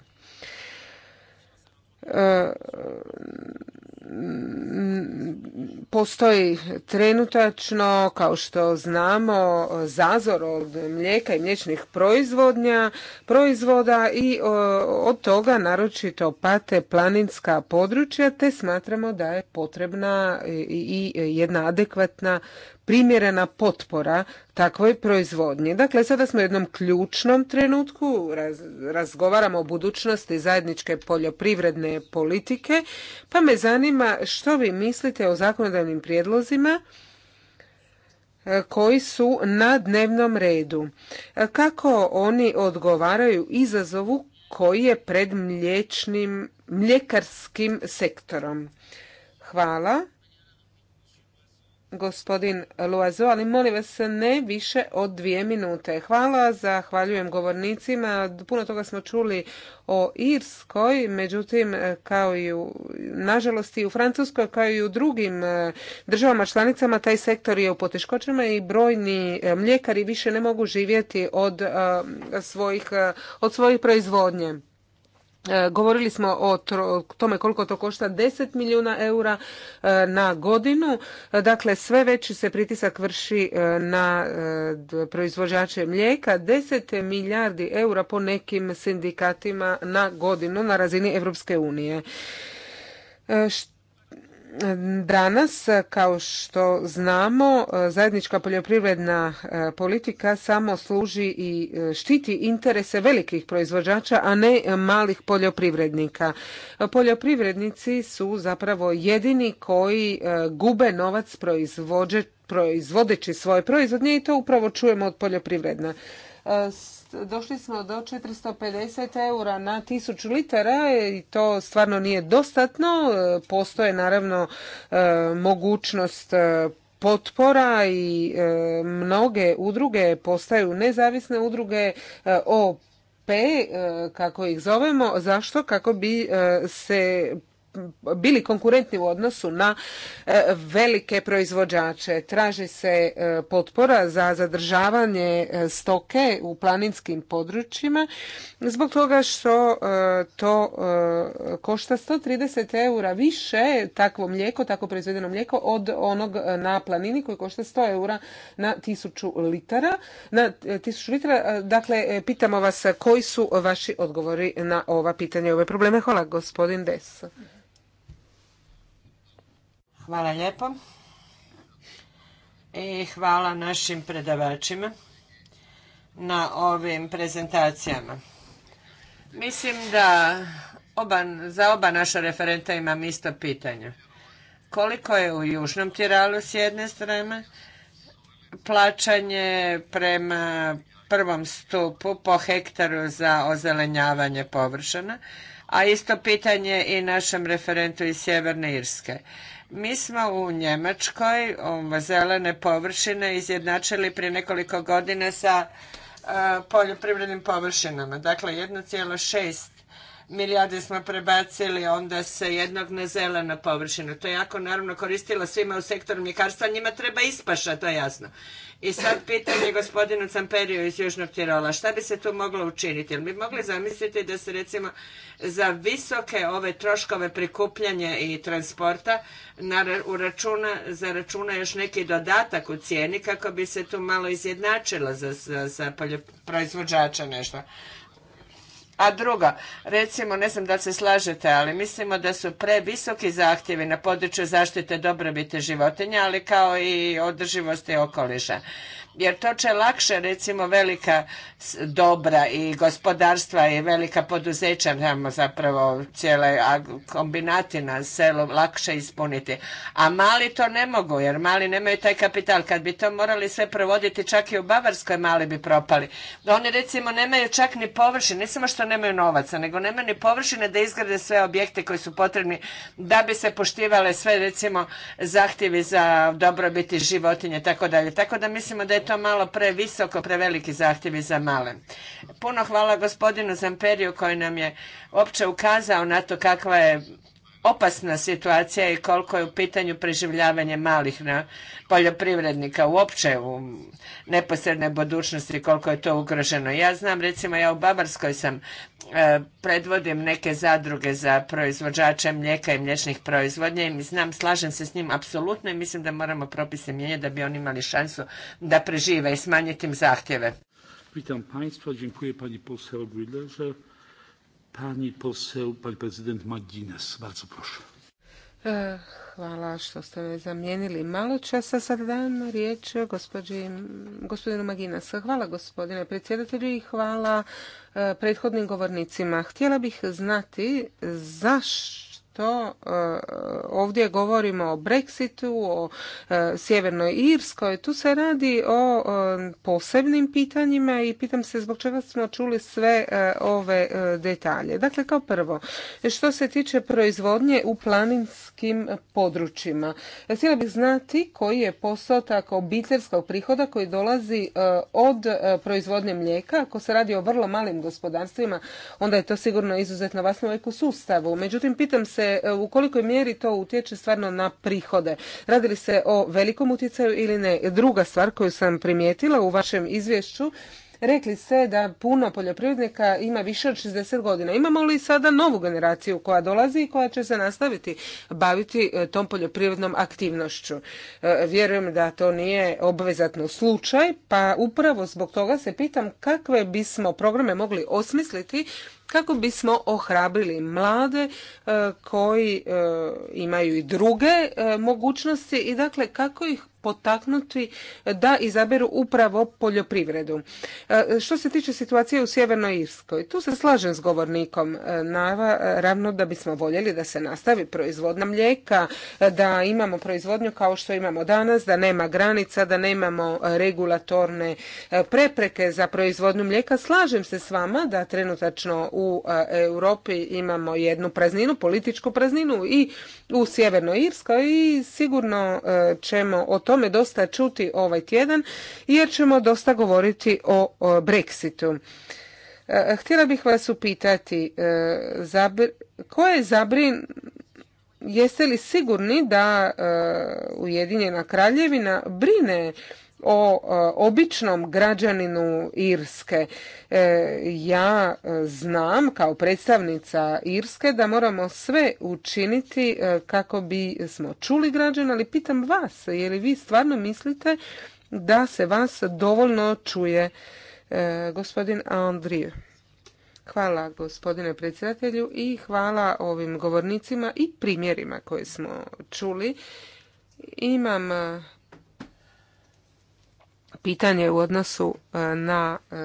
postoji trenutačno, kao što znamo, zazor od mlijeka i mliječnih proizvodnja, proizvoda i od toga naročito pate planinska područja, te smatramo da je potrebna i jedna adekvatna primjerena potpora takvoj proizvodnji. Dakle, sada smo u jednom ključnom trenutku, razgovaramo o budućnosti zajedničke poljoprivredne politike, pa me zanima što vi mislite o zakonodavnim prijedlozima e, koji su na dnevnom redu. E, kako oni odgovaraju izazovu koji je pred mliječnim, mljekarskim sektorom? Hvala gospodin Luazo, ali molim vas ne više od dvije minute. Hvala, zahvaljujem govornicima. Puno toga smo čuli o Irskoj, međutim, kao i u, nažalost i u Francuskoj, kao i u drugim e, državama članicama, taj sektor je u poteškoćama i brojni e, mljekari više ne mogu živjeti od, e, svojih, od svojih proizvodnje. E, govorili smo o tome koliko to košta 10 milijuna eura e, na godinu. E, dakle, sve veći se pritisak vrši na proizvođače mlijeka. 10 milijardi eura po nekim sindikatima na godinu na razini Europske unije. Danas, kao što znamo, zajednička poljoprivredna e, politika samo služi i e, štiti interese velikih proizvođača, a ne malih poljoprivrednika. Poljoprivrednici su zapravo jedini koji e, gube novac proizvodeći svoje proizvodnje i to upravo čujemo od poljoprivredna došli smo do 450 eura na 1000 litara i to stvarno nije dostatno. Postoje naravno e, mogućnost e, potpora i e, mnoge udruge postaju nezavisne udruge OP, kako ih zovemo, zašto? Kako bi se bili konkurentni u odnosu na e, velike proizvođače. Traži se e, potpora za zadržavanje e, stoke u planinskim područjima zbog toga što to košta 130 eura više takvo mlijeko, tako proizvedeno mlijeko od onog na planini koji košta 100 eura na 1000 litara. Na 1000 litara, dakle, pitamo vas koji su vaši odgovori na ova pitanja i ove probleme. Hvala gospodin Des. Hvala lijepo. I hvala našim predavačima na ovim prezentacijama. Mislim da oba, za oba naša referenta imam isto pitanje. Koliko je u Južnom Tiralu s jedne strane plaćanje prema prvom stupu po hektaru za ozelenjavanje površina, a isto pitanje i našem referentu iz Sjeverne Irske. Mi smo u Njemačkoj zelene površine izjednačili prije nekoliko godina sa e, poljoprivrednim površinama. Dakle, 1,6 milijarde smo prebacili onda se jednog na zelenu površinu. To je jako naravno koristilo svima u sektoru mljekarstva, njima treba ispaša, to je jasno. I sad pitanje gospodinu Camperiju iz Južnog Tirola, šta bi se tu moglo učiniti? Jel bi mogli zamisliti da se recimo za visoke ove troškove prikupljanja i transporta na, za računa još neki dodatak u cijeni kako bi se tu malo izjednačilo za, za, za proizvođača nešto. A drugo, recimo, ne znam da se slažete, ali mislimo da su previsoki zahtjevi na području zaštite dobrobiti životinja, ali kao i održivosti okoliša jer to će lakše recimo velika dobra i gospodarstva i velika poduzeća nam zapravo cijele kombinati na selu lakše ispuniti. A mali to ne mogu jer mali nemaju taj kapital. Kad bi to morali sve provoditi čak i u Bavarskoj mali bi propali. Oni recimo nemaju čak ni površine, ne samo što nemaju novaca, nego nemaju ni površine da izgrade sve objekte koji su potrebni da bi se poštivale sve recimo zahtjevi za dobrobiti životinje tako dalje. Tako da mislimo da je to malo previsoko, preveliki zahtjevi za male. Puno hvala gospodinu Zamperiju koji nam je opće ukazao na to kakva je opasna situacija i koliko je u pitanju preživljavanje malih na poljoprivrednika uopće u neposrednoj budućnosti koliko je to ugroženo. Ja znam recimo ja u Bavarskoj sam e, predvodim neke zadruge za proizvođače mlijeka i mliječnih proizvodnje i znam, slažem se s njim apsolutno i mislim da moramo propise mijenjati da bi oni imali šansu da prežive i smanjiti im zahtjeve. E, hvala što ste me zamijenili. Malo časa sad dajem riječ gospodinu Maginas. Hvala gospodine predsjedatelju i hvala e, prethodnim govornicima. Htjela bih znati zašto to e, ovdje govorimo o Brexitu, o e, Sjevernoj Irskoj, tu se radi o e, posebnim pitanjima i pitam se zbog čega smo čuli sve ove detalje. Dakle, kao prvo, što se tiče proizvodnje u planinskim područjima, htjela bih znati koji je postotak obiteljskog prihoda koji dolazi od proizvodnje mlijeka. Ako se radi o vrlo malim gospodarstvima, onda je to sigurno izuzetno vasno u ekosustavu. Međutim, pitam se E, u kolikoj mjeri to utječe stvarno na prihode. Radi li se o velikom utjecaju ili ne? Druga stvar koju sam primijetila u vašem izvješću rekli ste da puno poljoprivrednika ima više od 60 godina. Imamo li sada novu generaciju koja dolazi i koja će se nastaviti baviti e, tom poljoprivrednom aktivnošću? E, vjerujem da to nije obvezatno slučaj, pa upravo zbog toga se pitam kakve bismo programe mogli osmisliti kako bismo ohrabrili mlade e, koji e, imaju i druge e, mogućnosti i dakle kako ih potaknuti da izaberu upravo poljoprivredu. E, što se tiče situacije u Sjevernoj Irskoj, tu se slažem s govornikom e, ravno da bismo voljeli da se nastavi proizvodna mlijeka, e, da imamo proizvodnju kao što imamo danas, da nema granica, da nemamo regulatorne prepreke za proizvodnju mlijeka. Slažem se s vama da trenutačno u Europi imamo jednu prazninu, političku prazninu i u Sjevernoj Irskoj i sigurno ćemo o tome tome dosta čuti ovaj tjedan jer ćemo dosta govoriti o Brexitu. E, htjela bih vas upitati e, ko je zabrin jeste li sigurni da e, Ujedinjena kraljevina brine o e, običnom građaninu Irske. E, ja e, znam kao predstavnica Irske da moramo sve učiniti kako bi smo čuli građana, ali pitam vas, je li vi stvarno mislite da se vas dovoljno čuje gospodin Andrije? Hvala gospodine predsjedatelju i hvala ovim govornicima i primjerima koje smo čuli. Imam pitanje u odnosu e, na e,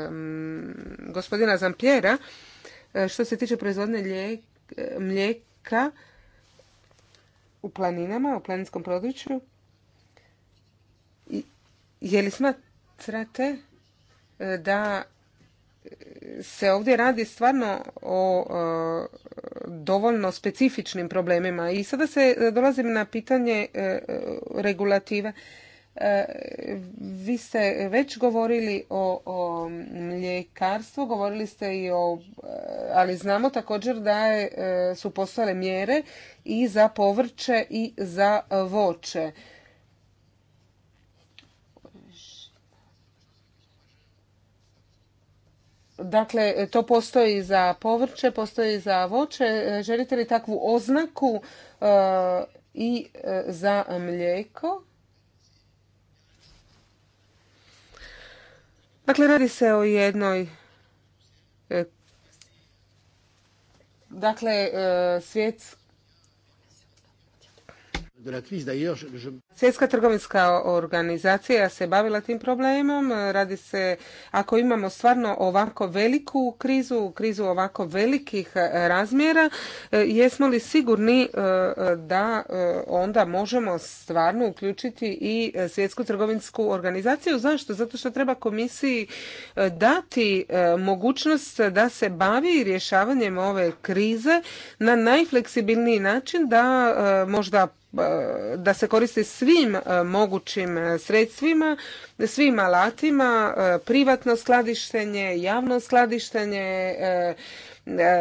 gospodina Zampjera e, Što se tiče proizvodne mlijeka u planinama, u planinskom području, je li smatrate da se ovdje radi stvarno o dovoljno specifičnim problemima. I sada se dolazim na pitanje regulativa vi ste već govorili o, mljekarstvu, govorili ste i o, ali znamo također da e, su postale mjere i za povrće i za voće. Dakle, to postoji za povrće, postoji za voće. Želite li takvu oznaku e, i e, za mlijeko? Dakle, radi se o jednoj e, dakle e, svijet. Svjetska trgovinska organizacija se bavila tim problemom. Radi se, ako imamo stvarno ovako veliku krizu, krizu ovako velikih razmjera, e, jesmo li sigurni e, da e, onda možemo stvarno uključiti i Svjetsku trgovinsku organizaciju? Zašto? Zato što treba komisiji dati mogućnost da se bavi rješavanjem ove krize na najfleksibilniji način da možda da se koristi svi svim e, mogućim e, sredstvima, svim alatima, e, privatno skladištenje, javno skladištenje,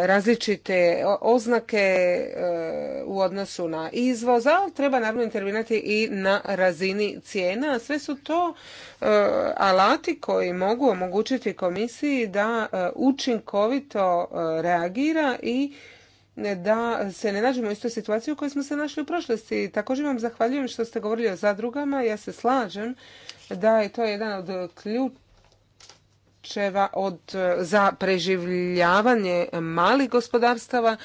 različite oznake u odnosu na izvoz, ali treba naravno intervenati i na razini cijena. Sve su to alati koji mogu omogućiti komisiji da učinkovito reagira i da se ne nađemo u istoj situaciji u kojoj smo se našli u prošlosti. Također vam zahvaljujem što ste govorili o zadrugama. Ja se slažem da je to jedan od ključeva od, za preživljavanje malih gospodarstava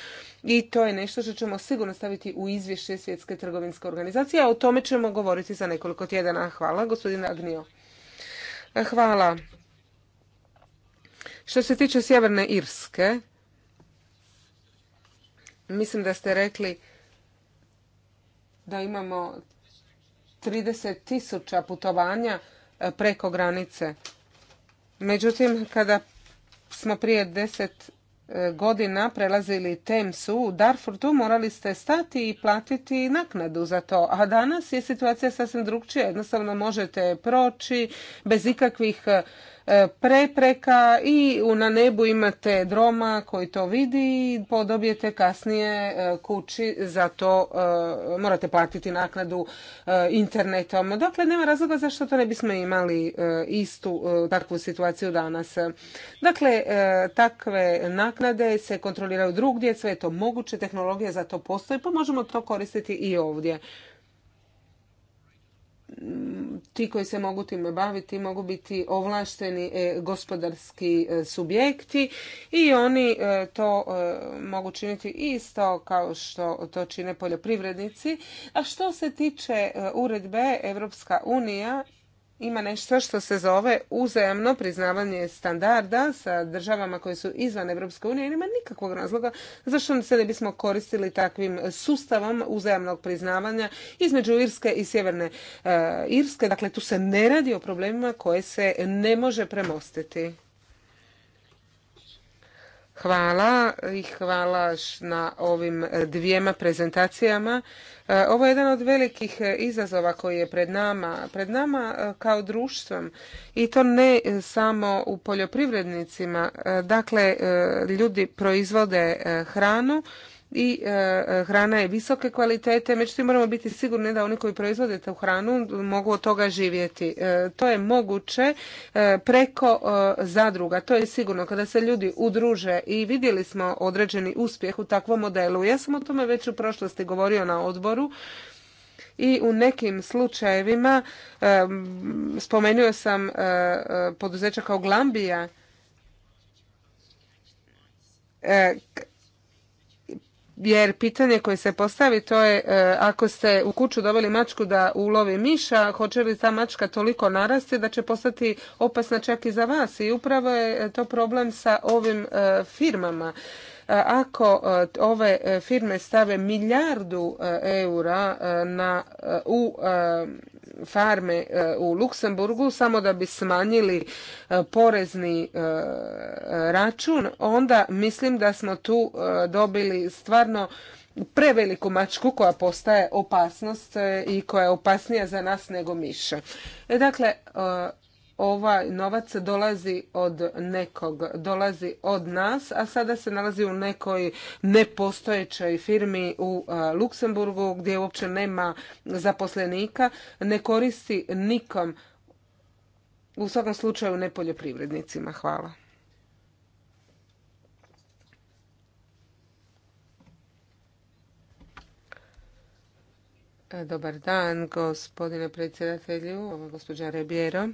i to je nešto što ćemo sigurno staviti u izvješće Svjetske trgovinske organizacije, a o tome ćemo govoriti za nekoliko tjedana. Hvala, gospodin Agnio. Hvala. Što se tiče Sjeverne Irske, Mislim da ste rekli da imamo 30 tisuća putovanja e, preko granice. Međutim, kada smo prije deset e, godina prelazili Temsu u Darfurtu, morali ste stati i platiti naknadu za to. A danas je situacija sasvim drugčija. Jednostavno možete proći bez ikakvih e, E, prepreka i na nebu imate droma koji to vidi i podobijete kasnije e, kući za to e, morate platiti naknadu internetom. Dakle, nema razloga zašto to ne bismo imali istu takvu situaciju danas. Dakle, takve naknade se kontroliraju drugdje, sve je to moguće, tehnologija za to postoji, pa možemo to koristiti i ovdje ti koji se mogu time baviti mogu biti ovlašteni e, gospodarski e, subjekti i oni e, to mogu činiti isto kao što to čine poljoprivrednici. A što se tiče uredbe Europska unija ima nešto što se zove uzajamno priznavanje standarda sa državama koje su izvan Evropske unije. Nema nikakvog razloga zašto se ne bismo koristili takvim sustavom uzajamnog priznavanja između Irske i Sjeverne e, Irske. Dakle, tu se ne radi o problemima koje se ne može premostiti. Hvala i hvala na ovim dvijema prezentacijama. E, ovo je jedan od velikih izazova koji je pred nama, pred nama e, kao društvom i to ne samo u poljoprivrednicima. E, dakle, ljudi proizvode hranu i e, hrana je visoke kvalitete, međutim moramo biti sigurni da oni koji proizvode tu hranu mogu od toga živjeti. E, to je moguće e, preko zadruga, to je sigurno kada se ljudi udruže i vidjeli smo određeni uspjeh u takvom modelu. Ja sam o tome već u prošlosti govorio na odboru i u nekim slučajevima spomenuo sam poduzeća kao Glambija jer pitanje koje se postavi to je e, ako ste u kuću doveli mačku da ulovi miša, hoće li ta mačka toliko narasti da će postati opasna čak i za vas i upravo je to problem sa ovim e, firmama. E, ako e, ove e, firme stave milijardu eura na, u farme u Luksemburgu samo da bi smanjili porezni račun, onda mislim da smo tu dobili stvarno preveliku mačku koja postaje opasnost i koja je opasnija za nas nego miša. Dakle, ovaj novac dolazi od nekog, dolazi od nas, a sada se nalazi u nekoj nepostojećoj firmi u e, Luksemburgu gdje uopće nema zaposlenika, ne koristi nikom, u svakom slučaju ne poljoprivrednicima. Hvala. Dobar dan, gospodine predsjedatelju, gospođa Rebjero.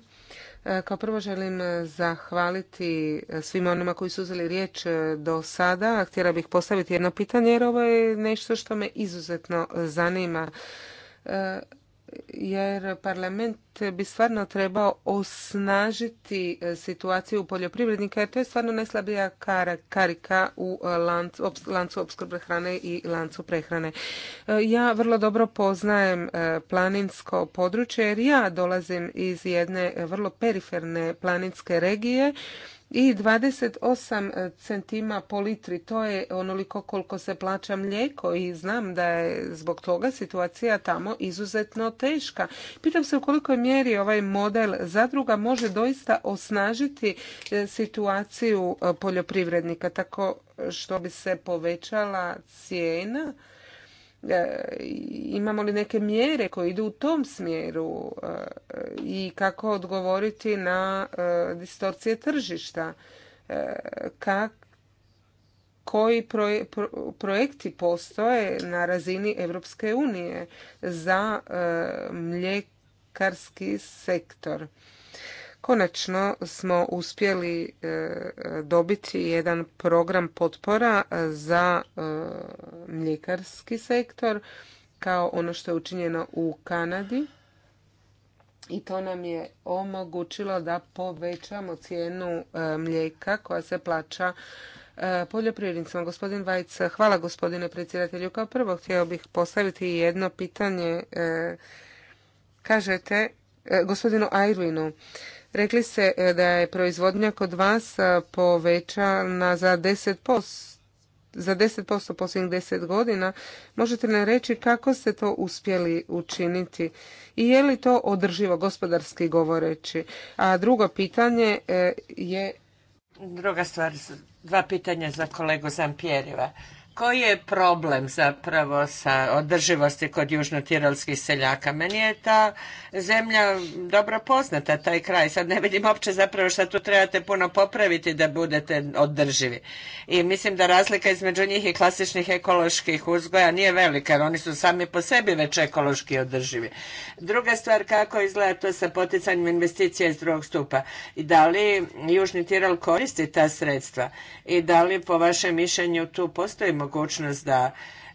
Kao prvo želim zahvaliti svima onima koji su uzeli riječ do sada. Htjela bih postaviti jedno pitanje jer ovo je nešto što me izuzetno zanima jer parlament bi stvarno trebao osnažiti e, situaciju poljoprivrednika jer to je stvarno najslabija karika u e, lancu opskrbe hrane i lancu prehrane. E, ja vrlo dobro poznajem planinsko područje jer ja dolazim iz jedne vrlo periferne planinske regije i 28 e, centima po litri. To je onoliko koliko se plaća mlijeko i znam da je zbog toga situacija tamo izuzetno teška. Pitam se u kolikoj mjeri ovaj model zadruga može doista osnažiti e, situaciju e, poljoprivrednika tako što bi se povećala cijena E, imamo li neke mjere koje idu u tom smjeru e, i kako odgovoriti na e, distorcije tržišta koji projekti postoje na razini Europske unije za mljekarski sektor Konačno smo uspjeli e, dobiti jedan program potpora e, za e, mljekarski sektor kao ono što je učinjeno u Kanadi i to nam je omogućilo da povećamo cijenu mlijeka koja se plaća poljoprivrednicima. Gospodin Vajca, hvala gospodine predsjedatelju. Kao prvo htio bih postaviti jedno pitanje. Kažete, gospodinu Ajrinu, Rekli ste e, da je proizvodnja kod vas e, povećana za 10%, za 10% posljednjih 10 godina. Možete nam reći kako ste to uspjeli učiniti i je li to održivo gospodarski govoreći? A drugo pitanje e, je... Druga stvar, dva pitanja za kolegu Zampjerjeva koji je problem zapravo sa održivosti kod južnotirolskih seljaka? Meni je ta zemlja dobro poznata, taj kraj. Sad ne vidim uopće zapravo što tu trebate puno popraviti da budete održivi. I mislim da razlika između njih i klasičnih ekoloških uzgoja nije velika, jer oni su sami po sebi već ekološki održivi. Druga stvar, kako izgleda to sa poticanjem investicija iz drugog stupa? I da li Južni Tirol koristi ta sredstva? I da li po vašem mišljenju tu postoji mogućnost da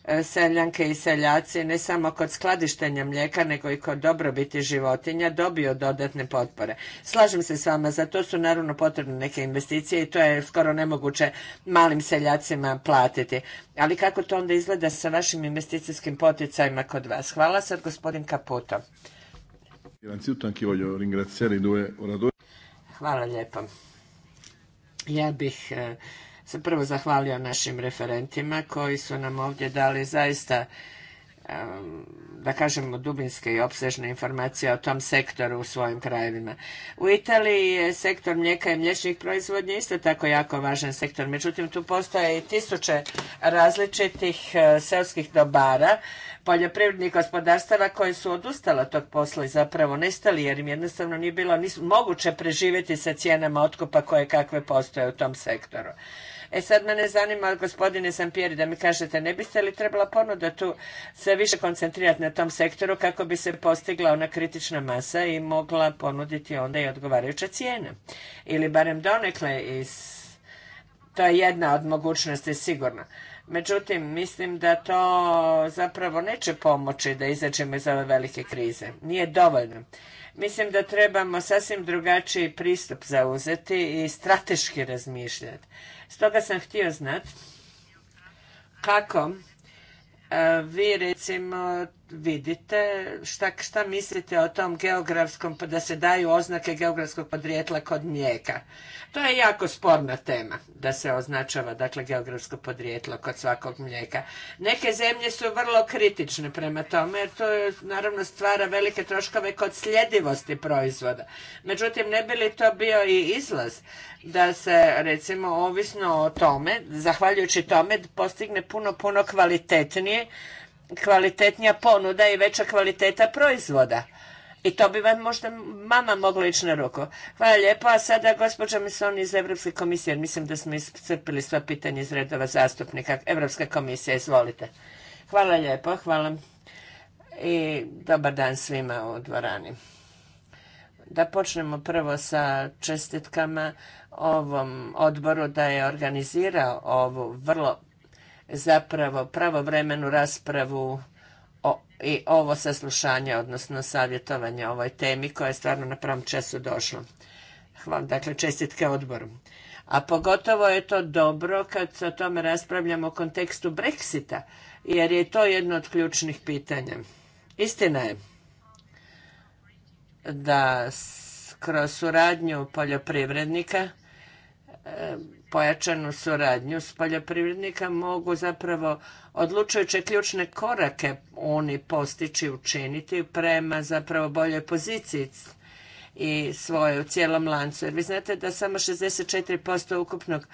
e, seljanke i seljaci ne samo kod skladištenja mlijeka nego i kod dobrobiti životinja dobiju dodatne potpore. Slažem se s vama, za to su naravno potrebne neke investicije i to je skoro nemoguće malim seljacima platiti. Ali kako to onda izgleda sa vašim investicijskim poticajima kod vas? Hvala sad gospodin Kaputo. Hvala Ja bih e, se prvo zahvalio našim referentima koji su nam ovdje dali zaista da kažemo dubinske i opsežne informacije o tom sektoru u svojim krajevima. U Italiji je sektor mlijeka i mliječnih proizvodnje isto tako jako važan sektor, međutim tu postoje i tisuće različitih eh, selskih dobara, poljoprivrednih gospodarstava koje su odustala tog posla i zapravo nestali jer im jednostavno nije bilo moguće preživjeti sa cijenama otkupa koje kakve postoje u tom sektoru. E sad mene zanima, gospodine Sampjeri, da mi kažete, ne biste li trebala ponuda tu se više koncentrirati na tom sektoru kako bi se postigla ona kritična masa i mogla ponuditi onda i odgovarajuća cijena? Ili barem donekle iz... To je jedna od mogućnosti sigurno. Međutim, mislim da to zapravo neće pomoći da izađemo iz ove velike krize. Nije dovoljno. Mislim da trebamo sasvim drugačiji pristup zauzeti i strateški razmišljati. Stoga sam htio znati kako e, vi recimo vidite, šta, mislite o tom geografskom, pa da se daju oznake geografskog podrijetla kod mlijeka? To je jako sporna tema, da se označava, dakle, geografsko podrijetlo kod svakog mlijeka. Neke zemlje su vrlo kritične prema tome, jer to je, naravno stvara velike troškove kod sljedivosti proizvoda. Međutim, ne bi li to bio i izlaz da se, recimo, ovisno o tome, zahvaljujući tome, postigne puno, puno kvalitetnije kvalitetnija ponuda i veća kvaliteta proizvoda. I to bi vam možda mama mogla ići na ruku. Hvala lijepo. A sada gospođa Mison iz Europske komisije, jer mislim da smo iscrpili sva pitanja iz redova zastupnika. Europska komisija, izvolite. Hvala lijepo, hvala. I dobar dan svima u dvorani. Da počnemo prvo sa čestitkama ovom odboru da je organizirao ovu vrlo zapravo pravovremenu raspravu i ovo saslušanje, odnosno savjetovanje o ovoj temi koja je stvarno na pravom času došla. Hvala, dakle čestitke odboru. A pogotovo je to dobro kad se o tome raspravljamo u kontekstu Brexita, jer je to jedno od ključnih pitanja. Istina je da kroz suradnju poljoprivrednika pojačanu suradnju s poljoprivrednika mogu zapravo odlučujuće ključne korake oni postići učiniti prema zapravo boljoj poziciji i svoje u cijelom lancu. Jer vi znate da samo 64% ukupnog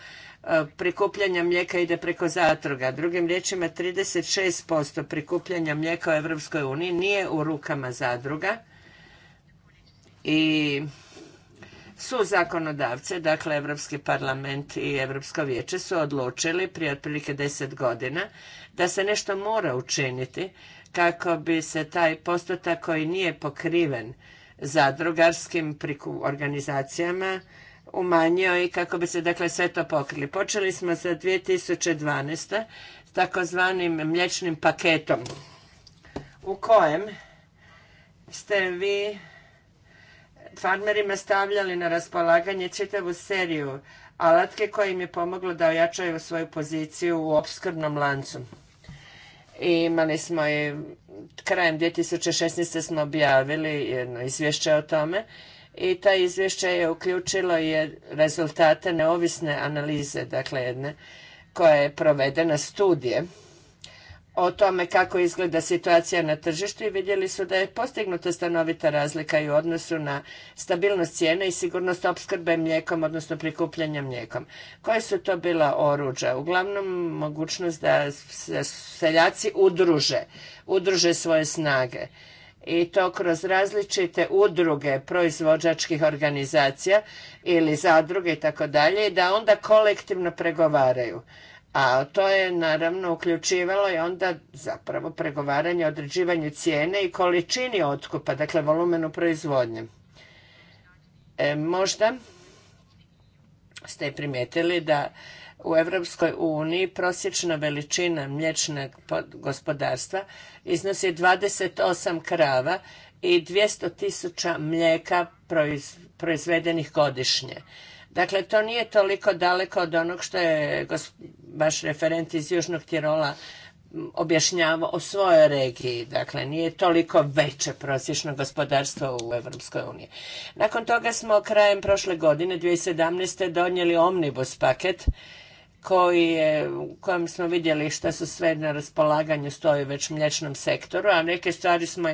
e, prikupljanja mlijeka ide preko zatruga. Drugim riječima 36% prikupljanja mlijeka u EU nije u rukama zadruga i su zakonodavce, dakle Europski parlament i Europsko vijeće su odlučili prije otprilike deset godina da se nešto mora učiniti kako bi se taj postotak koji nije pokriven zadrugarskim organizacijama umanjio i kako bi se dakle sve to pokrili. Počeli smo sa 2012. takozvanim mliječnim paketom u kojem ste vi farmerima stavljali na raspolaganje čitavu seriju alatke koja im je pomoglo da ojačaju svoju poziciju u opskrbnom lancu. I imali smo i krajem 2016. smo objavili jedno izvješće o tome i ta izvješće je uključilo i rezultate neovisne analize, dakle jedne koja je provedena studije o tome kako izgleda situacija na tržištu i vidjeli su da je postignuta stanovita razlika i u odnosu na stabilnost cijene i sigurnost opskrbe mlijekom, odnosno prikupljanja mlijekom. Koje su to bila oruđa? Uglavnom mogućnost da seljaci udruže, udruže svoje snage i to kroz različite udruge proizvođačkih organizacija ili zadruge i tako dalje, da onda kolektivno pregovaraju a to je naravno uključivalo i onda zapravo pregovaranje o određivanju cijene i količini otkupa, dakle volumenu proizvodnje. E, možda ste primijetili da u Europskoj uniji prosječna veličina mliječnog gospodarstva iznosi 28 krava i 200 tisuća mlijeka proizvedenih godišnje. Dakle, to nije toliko daleko od onog što je vaš referent iz Južnog Tirola objašnjavao o svojoj regiji. Dakle, nije toliko veće prosječno gospodarstvo u Europskoj uniji. Nakon toga smo krajem prošle godine, 2017. donijeli omnibus paket koji je, u kojem smo vidjeli što su sve na raspolaganju stoji već mlječnom sektoru, a neke stvari smo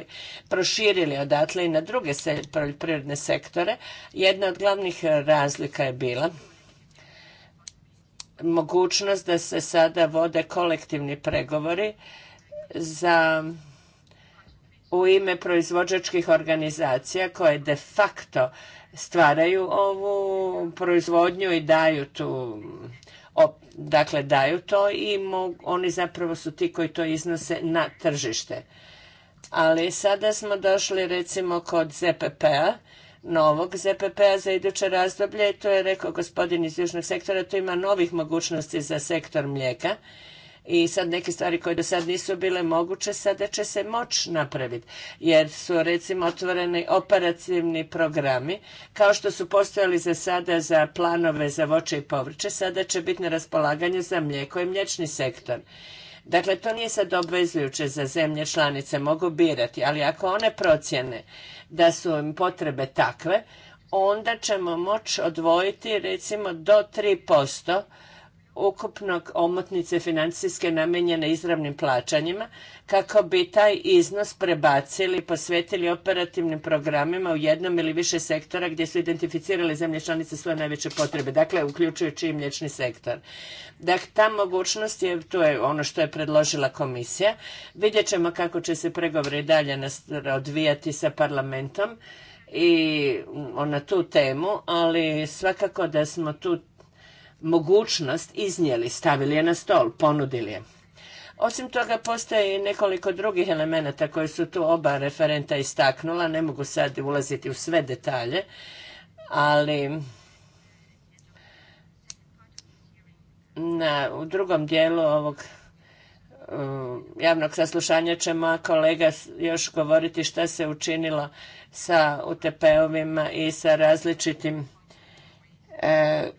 proširili odatle i na druge poljoprivredne sektore. Jedna od glavnih razlika je bila mogućnost da se sada vode kolektivni pregovori za u ime proizvođačkih organizacija koje de facto stvaraju ovu proizvodnju i daju tu dakle daju to i oni zapravo su ti koji to iznose na tržište. Ali sada smo došli recimo kod ZPP-a, novog ZPP-a za iduće razdoblje, to je rekao gospodin iz južnog sektora, tu ima novih mogućnosti za sektor mlijeka i sad neke stvari koje do sad nisu bile moguće sada će se moć napraviti jer su recimo otvoreni operativni programi kao što su postojali za sada za planove za voće i povrće sada će biti na raspolaganju za mlijeko i mliječni sektor. Dakle, to nije sad obvezujuće za zemlje članice, mogu birati, ali ako one procjene da su im potrebe takve, onda ćemo moći odvojiti recimo do 3% ukupnog omotnice financijske namijenjene izravnim plaćanjima kako bi taj iznos prebacili i posvetili operativnim programima u jednom ili više sektora gdje su identificirali zemlje članice svoje najveće potrebe, dakle uključujući i mliječni sektor. Dakle, ta mogućnost je, to je ono što je predložila komisija. Vidjet ćemo kako će se pregovori dalje odvijati sa parlamentom i mm, na tu temu, ali svakako da smo tu mogućnost iznijeli, stavili je na stol, ponudili je. Osim toga, postoje i nekoliko drugih elemenata koje su tu oba referenta istaknula. Ne mogu sad ulaziti u sve detalje, ali na, u drugom dijelu ovog javnog saslušanja će kolega još govoriti što se učinilo sa UTP-ovima i sa različitim e,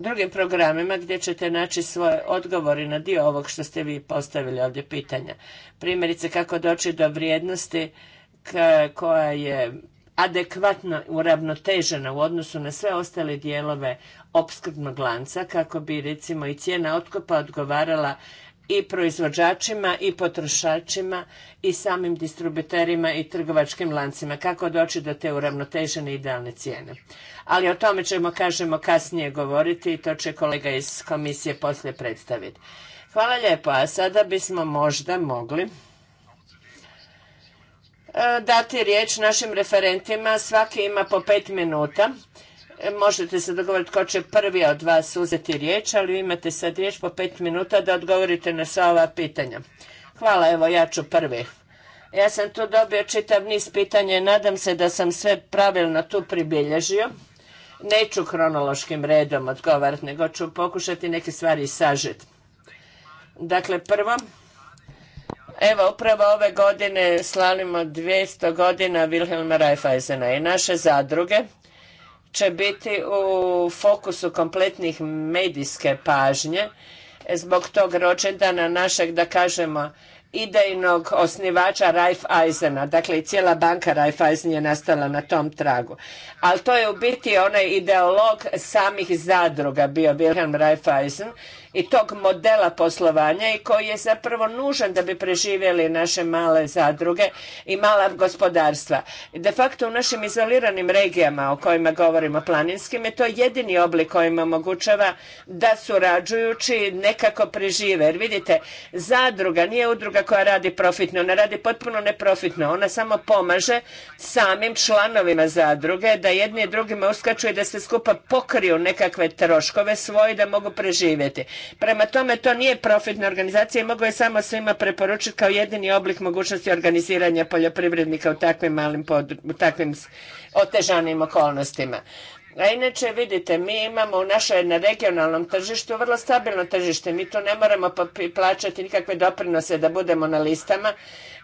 drugim programima gdje ćete naći svoje odgovore na dio ovog što ste vi postavili ovdje pitanja. Primjerice kako doći do vrijednosti koja je adekvatno uravnotežena u odnosu na sve ostale dijelove opskrbnog lanca kako bi recimo i cijena otkupa odgovarala i proizvođačima i potrošačima i samim distributerima i trgovačkim lancima. Kako doći do te uravnotežene idealne cijene. Ali o tome ćemo, kažemo, kasnije govoriti i to će kolega iz komisije poslije predstaviti. Hvala lijepo, a sada bismo možda mogli e, dati riječ našim referentima. Svaki ima po pet minuta Možete se dogovoriti ko će prvi od vas uzeti riječ, ali imate sad riječ po pet minuta da odgovorite na sva ova pitanja. Hvala, evo ja ću prvi. Ja sam tu dobio čitav niz pitanja i nadam se da sam sve pravilno tu pribilježio. Neću kronološkim redom odgovarati, nego ću pokušati neke stvari sažeti. Dakle, prvo, Evo, upravo ove godine slanimo 200 godina Wilhelma Raiffeisena i naše zadruge će biti u fokusu kompletnih medijske pažnje zbog tog rođendana našeg, da kažemo, idejnog osnivača Raiffeisena. Dakle, i cijela banka Raiffeisen je nastala na tom tragu. Ali to je u biti onaj ideolog samih zadruga bio Wilhelm Raiffeisen i tog modela poslovanja i koji je zapravo nužan da bi preživjeli naše male zadruge i mala gospodarstva. De facto u našim izoliranim regijama o kojima govorimo planinskim je to jedini oblik koji omogućava da surađujući nekako prežive. Jer vidite, zadruga nije udruga koja radi profitno, ona radi potpuno neprofitno, ona samo pomaže samim članovima zadruge da jedni drugima uskaču i da se skupa pokriju nekakve troškove svoje da mogu preživjeti. Prema tome, to nije profitna organizacija i mogu je samo svima preporučiti kao jedini oblik mogućnosti organiziranja poljoprivrednika u takvim malim, u takvim otežanim okolnostima. A inače, vidite, mi imamo u našoj na regionalnom tržištu vrlo stabilno tržište. Mi tu ne moramo plaćati nikakve doprinose da budemo na listama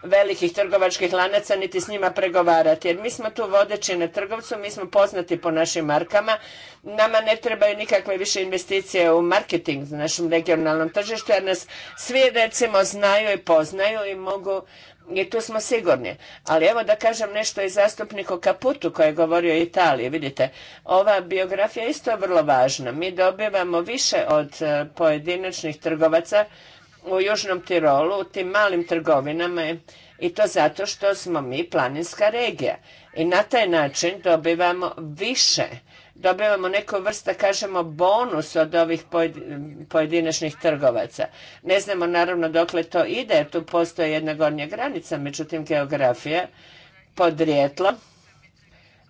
velikih trgovačkih lanaca, niti s njima pregovarati. Jer mi smo tu vodeći na trgovcu, mi smo poznati po našim markama. Nama ne trebaju nikakve više investicije u marketing na našem regionalnom tržištu, jer nas svi recimo znaju i poznaju i mogu i tu smo sigurni. Ali evo da kažem nešto i zastupniku Kaputu koji je govorio o Italiji. Vidite, ova biografija isto vrlo važna. Mi dobivamo više od e, pojedinačnih trgovaca u Južnom Tirolu, u tim malim trgovinama i to zato što smo mi planinska regija. I na taj način dobivamo više dobivamo neku vrstu, kažemo, bonus od ovih pojedinačnih trgovaca. Ne znamo naravno dokle to ide, jer tu postoji jedna gornja granica, međutim geografija, podrijetlo,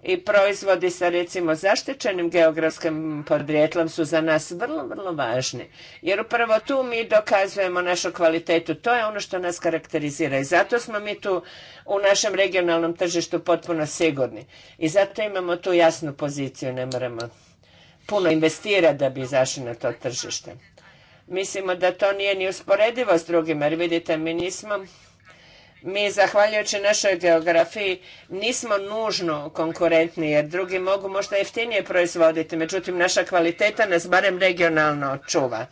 i proizvodi sa recimo zaštićenim geografskim podrijetlom su za nas vrlo, vrlo važni. Jer upravo tu mi dokazujemo našu kvalitetu. To je ono što nas karakterizira i zato smo mi tu u našem regionalnom tržištu potpuno sigurni. I zato imamo tu jasnu poziciju, ne moramo puno investirati da bi izašli na to tržište. Mislimo da to nije ni usporedivo s drugim, jer vidite, mi nismo mi zahvaljujući našoj geografiji nismo nužno konkurentni jer drugi mogu možda jeftinije proizvoditi, međutim naša kvaliteta nas barem regionalno čuva.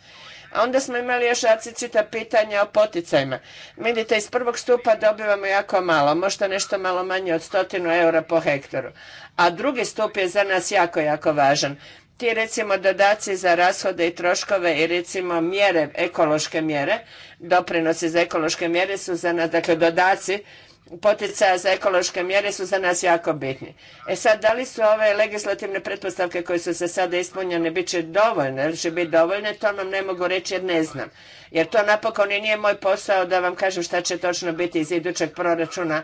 A onda smo imali još različita pitanja o poticajima. Vidite, iz prvog stupa dobivamo jako malo, možda nešto malo manje od stotinu eura po hektaru. A drugi stup je za nas jako, jako važan ti recimo dodaci za rashode i troškove i recimo mjere, ekološke mjere, doprinosi za ekološke mjere su za nas, dakle dodaci poticaja za ekološke mjere su za nas jako bitni. E sad, da li su ove legislativne pretpostavke koje su se sada ispunjene, bit će dovoljne, ili će biti dovoljne, to nam ne mogu reći jer ne znam. Jer to napokon i nije moj posao da vam kažem šta će točno biti iz idućeg proračuna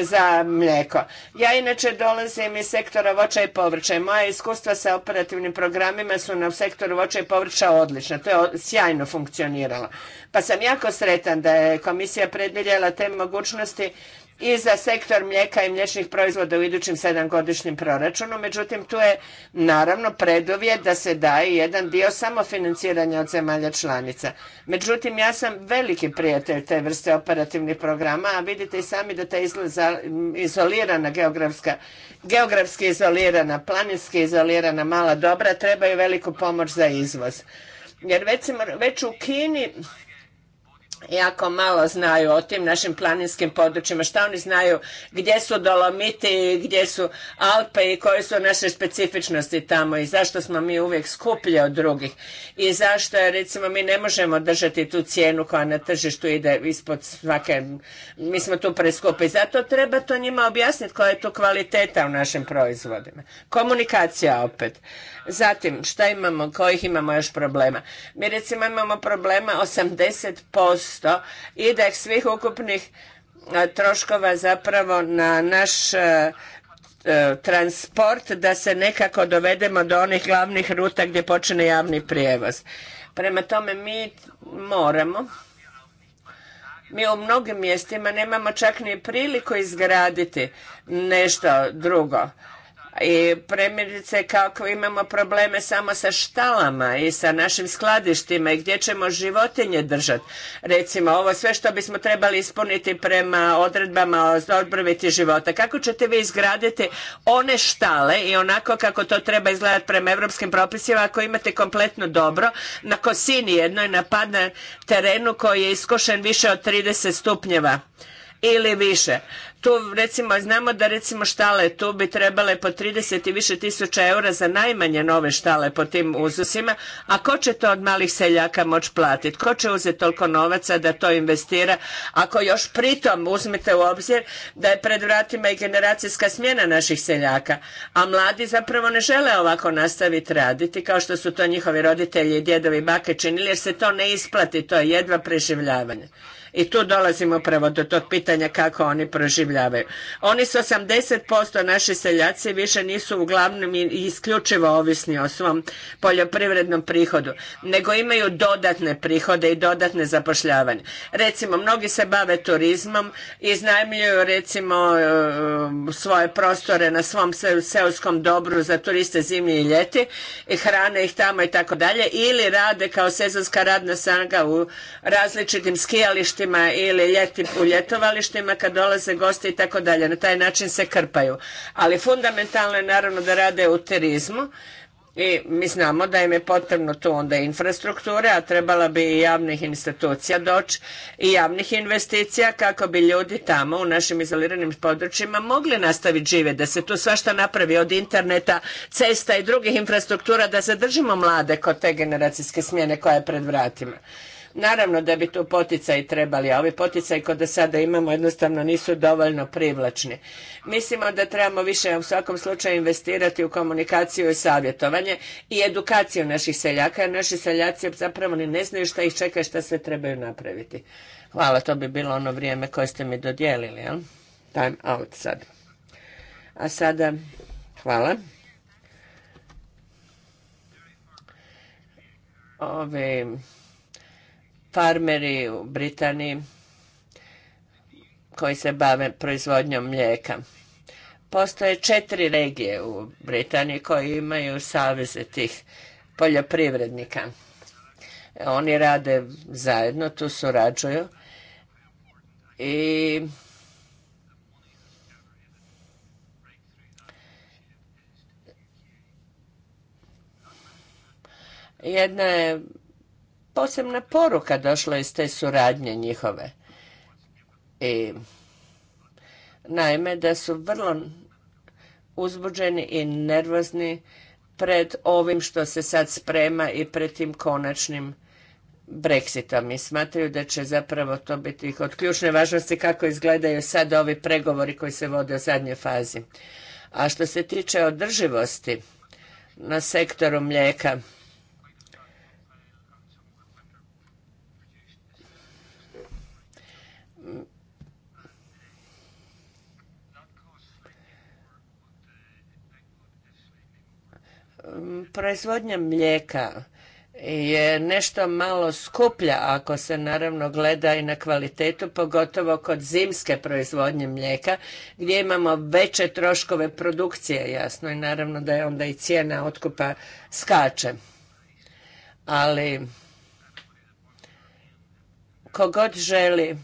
za mlijeko. Ja inače dolazim iz sektora voća i povrća i moja iskustva sa operativnim programima su na sektoru voća i povrća odlična. To je sjajno funkcioniralo. Pa sam jako sretan da je komisija predvidjela te mogućnosti i za sektor mlijeka i mliječnih proizvoda u idućim sedamgodišnjim proračunu. Međutim, tu je naravno preduvjet da se daje jedan dio samofinanciranja od zemalja članica. Međutim, ja sam veliki prijatelj te vrste operativnih programa, a vidite i sami da ta izolirana geografska, geografski izolirana, planinski izolirana mala dobra trebaju veliku pomoć za izvoz. Jer recimo, već u Kini jako malo znaju o tim našim planinskim područjima, šta oni znaju gdje su dolomiti, gdje su Alpe i koje su naše specifičnosti tamo i zašto smo mi uvijek skuplji od drugih i zašto je recimo mi ne možemo držati tu cijenu koja na tržištu ide ispod svake, mi smo tu preskupi, zato treba to njima objasniti koja je tu kvaliteta u našim proizvodima. Komunikacija opet. Zatim, šta imamo, kojih imamo još problema? Mi recimo imamo problema 80% da je svih ukupnih troškova zapravo na naš e, e, transport da se nekako dovedemo do onih glavnih ruta gdje počne javni prijevoz. Prema tome mi moramo mi u mnogim mjestima nemamo čak ni priliku izgraditi nešto drugo i primjerice kako imamo probleme samo sa štalama i sa našim skladištima i gdje ćemo životinje držati. Recimo ovo sve što bismo trebali ispuniti prema odredbama o dobrobiti života. Kako ćete vi izgraditi one štale i onako kako to treba izgledati prema europskim propisima ako imate kompletno dobro na kosini jednoj napad na terenu koji je iskošen više od 30 stupnjeva ili više. Tu recimo znamo da recimo štale tu bi trebale po 30 i više tisuća eura za najmanje nove štale po tim uzusima, a ko će to od malih seljaka moći platiti? Ko će uzeti toliko novaca da to investira ako još pritom uzmete u obzir da je pred vratima i generacijska smjena naših seljaka, a mladi zapravo ne žele ovako nastaviti raditi kao što su to njihovi roditelji i djedovi bake činili jer se to ne isplati, to je jedva preživljavanje. I tu dolazimo upravo do tog pitanja kako oni proživljavaju. Oni su 80% naši seljaci više nisu uglavnom i isključivo ovisni o svom poljoprivrednom prihodu, nego imaju dodatne prihode i dodatne zapošljavanje. Recimo, mnogi se bave turizmom, iznajmljuju recimo e, svoje prostore na svom seoskom dobru za turiste zimi i ljeti i hrane ih tamo i tako dalje ili rade kao sezonska radna snaga u različitim skijalištima ili ljeti u ljetovalištima kad dolaze gosti i tako dalje. Na taj način se krpaju. Ali fundamentalno je naravno da rade u turizmu i mi znamo da im je potrebno tu onda infrastrukture a trebala bi i javnih institucija doći i javnih investicija kako bi ljudi tamo u našim izoliranim područjima mogli nastaviti živjeti, da se tu svašta napravi od interneta, cesta i drugih infrastruktura, da zadržimo mlade kod te generacijske smjene koja je pred vratima. Naravno da bi tu poticaji trebali, a ovi poticaji koji do sada imamo jednostavno nisu dovoljno privlačni. Mislimo da trebamo više u svakom slučaju investirati u komunikaciju i savjetovanje i edukaciju naših seljaka, jer naši seljaci zapravo ni ne znaju šta ih čeka i šta sve trebaju napraviti. Hvala, to bi bilo ono vrijeme koje ste mi dodijelili, jel? Time out sad. A sada, hvala. Ovi farmeri u Britaniji koji se bave proizvodnjom mlijeka. Postoje četiri regije u Britaniji koji imaju saveze tih poljoprivrednika. Oni rade zajedno, tu surađuju i jedna je posebna poruka došla iz te suradnje njihove. I, naime, da su vrlo uzbuđeni i nervozni pred ovim što se sad sprema i pred tim konačnim Brexitom i smatraju da će zapravo to biti ih od ključne važnosti kako izgledaju sad ovi pregovori koji se vode u zadnjoj fazi. A što se tiče održivosti na sektoru mlijeka, Proizvodnja mlijeka je nešto malo skuplja ako se naravno gleda i na kvalitetu, pogotovo kod zimske proizvodnje mlijeka gdje imamo veće troškove produkcije, jasno, i naravno da je onda i cijena otkupa skače. Ali kogod želi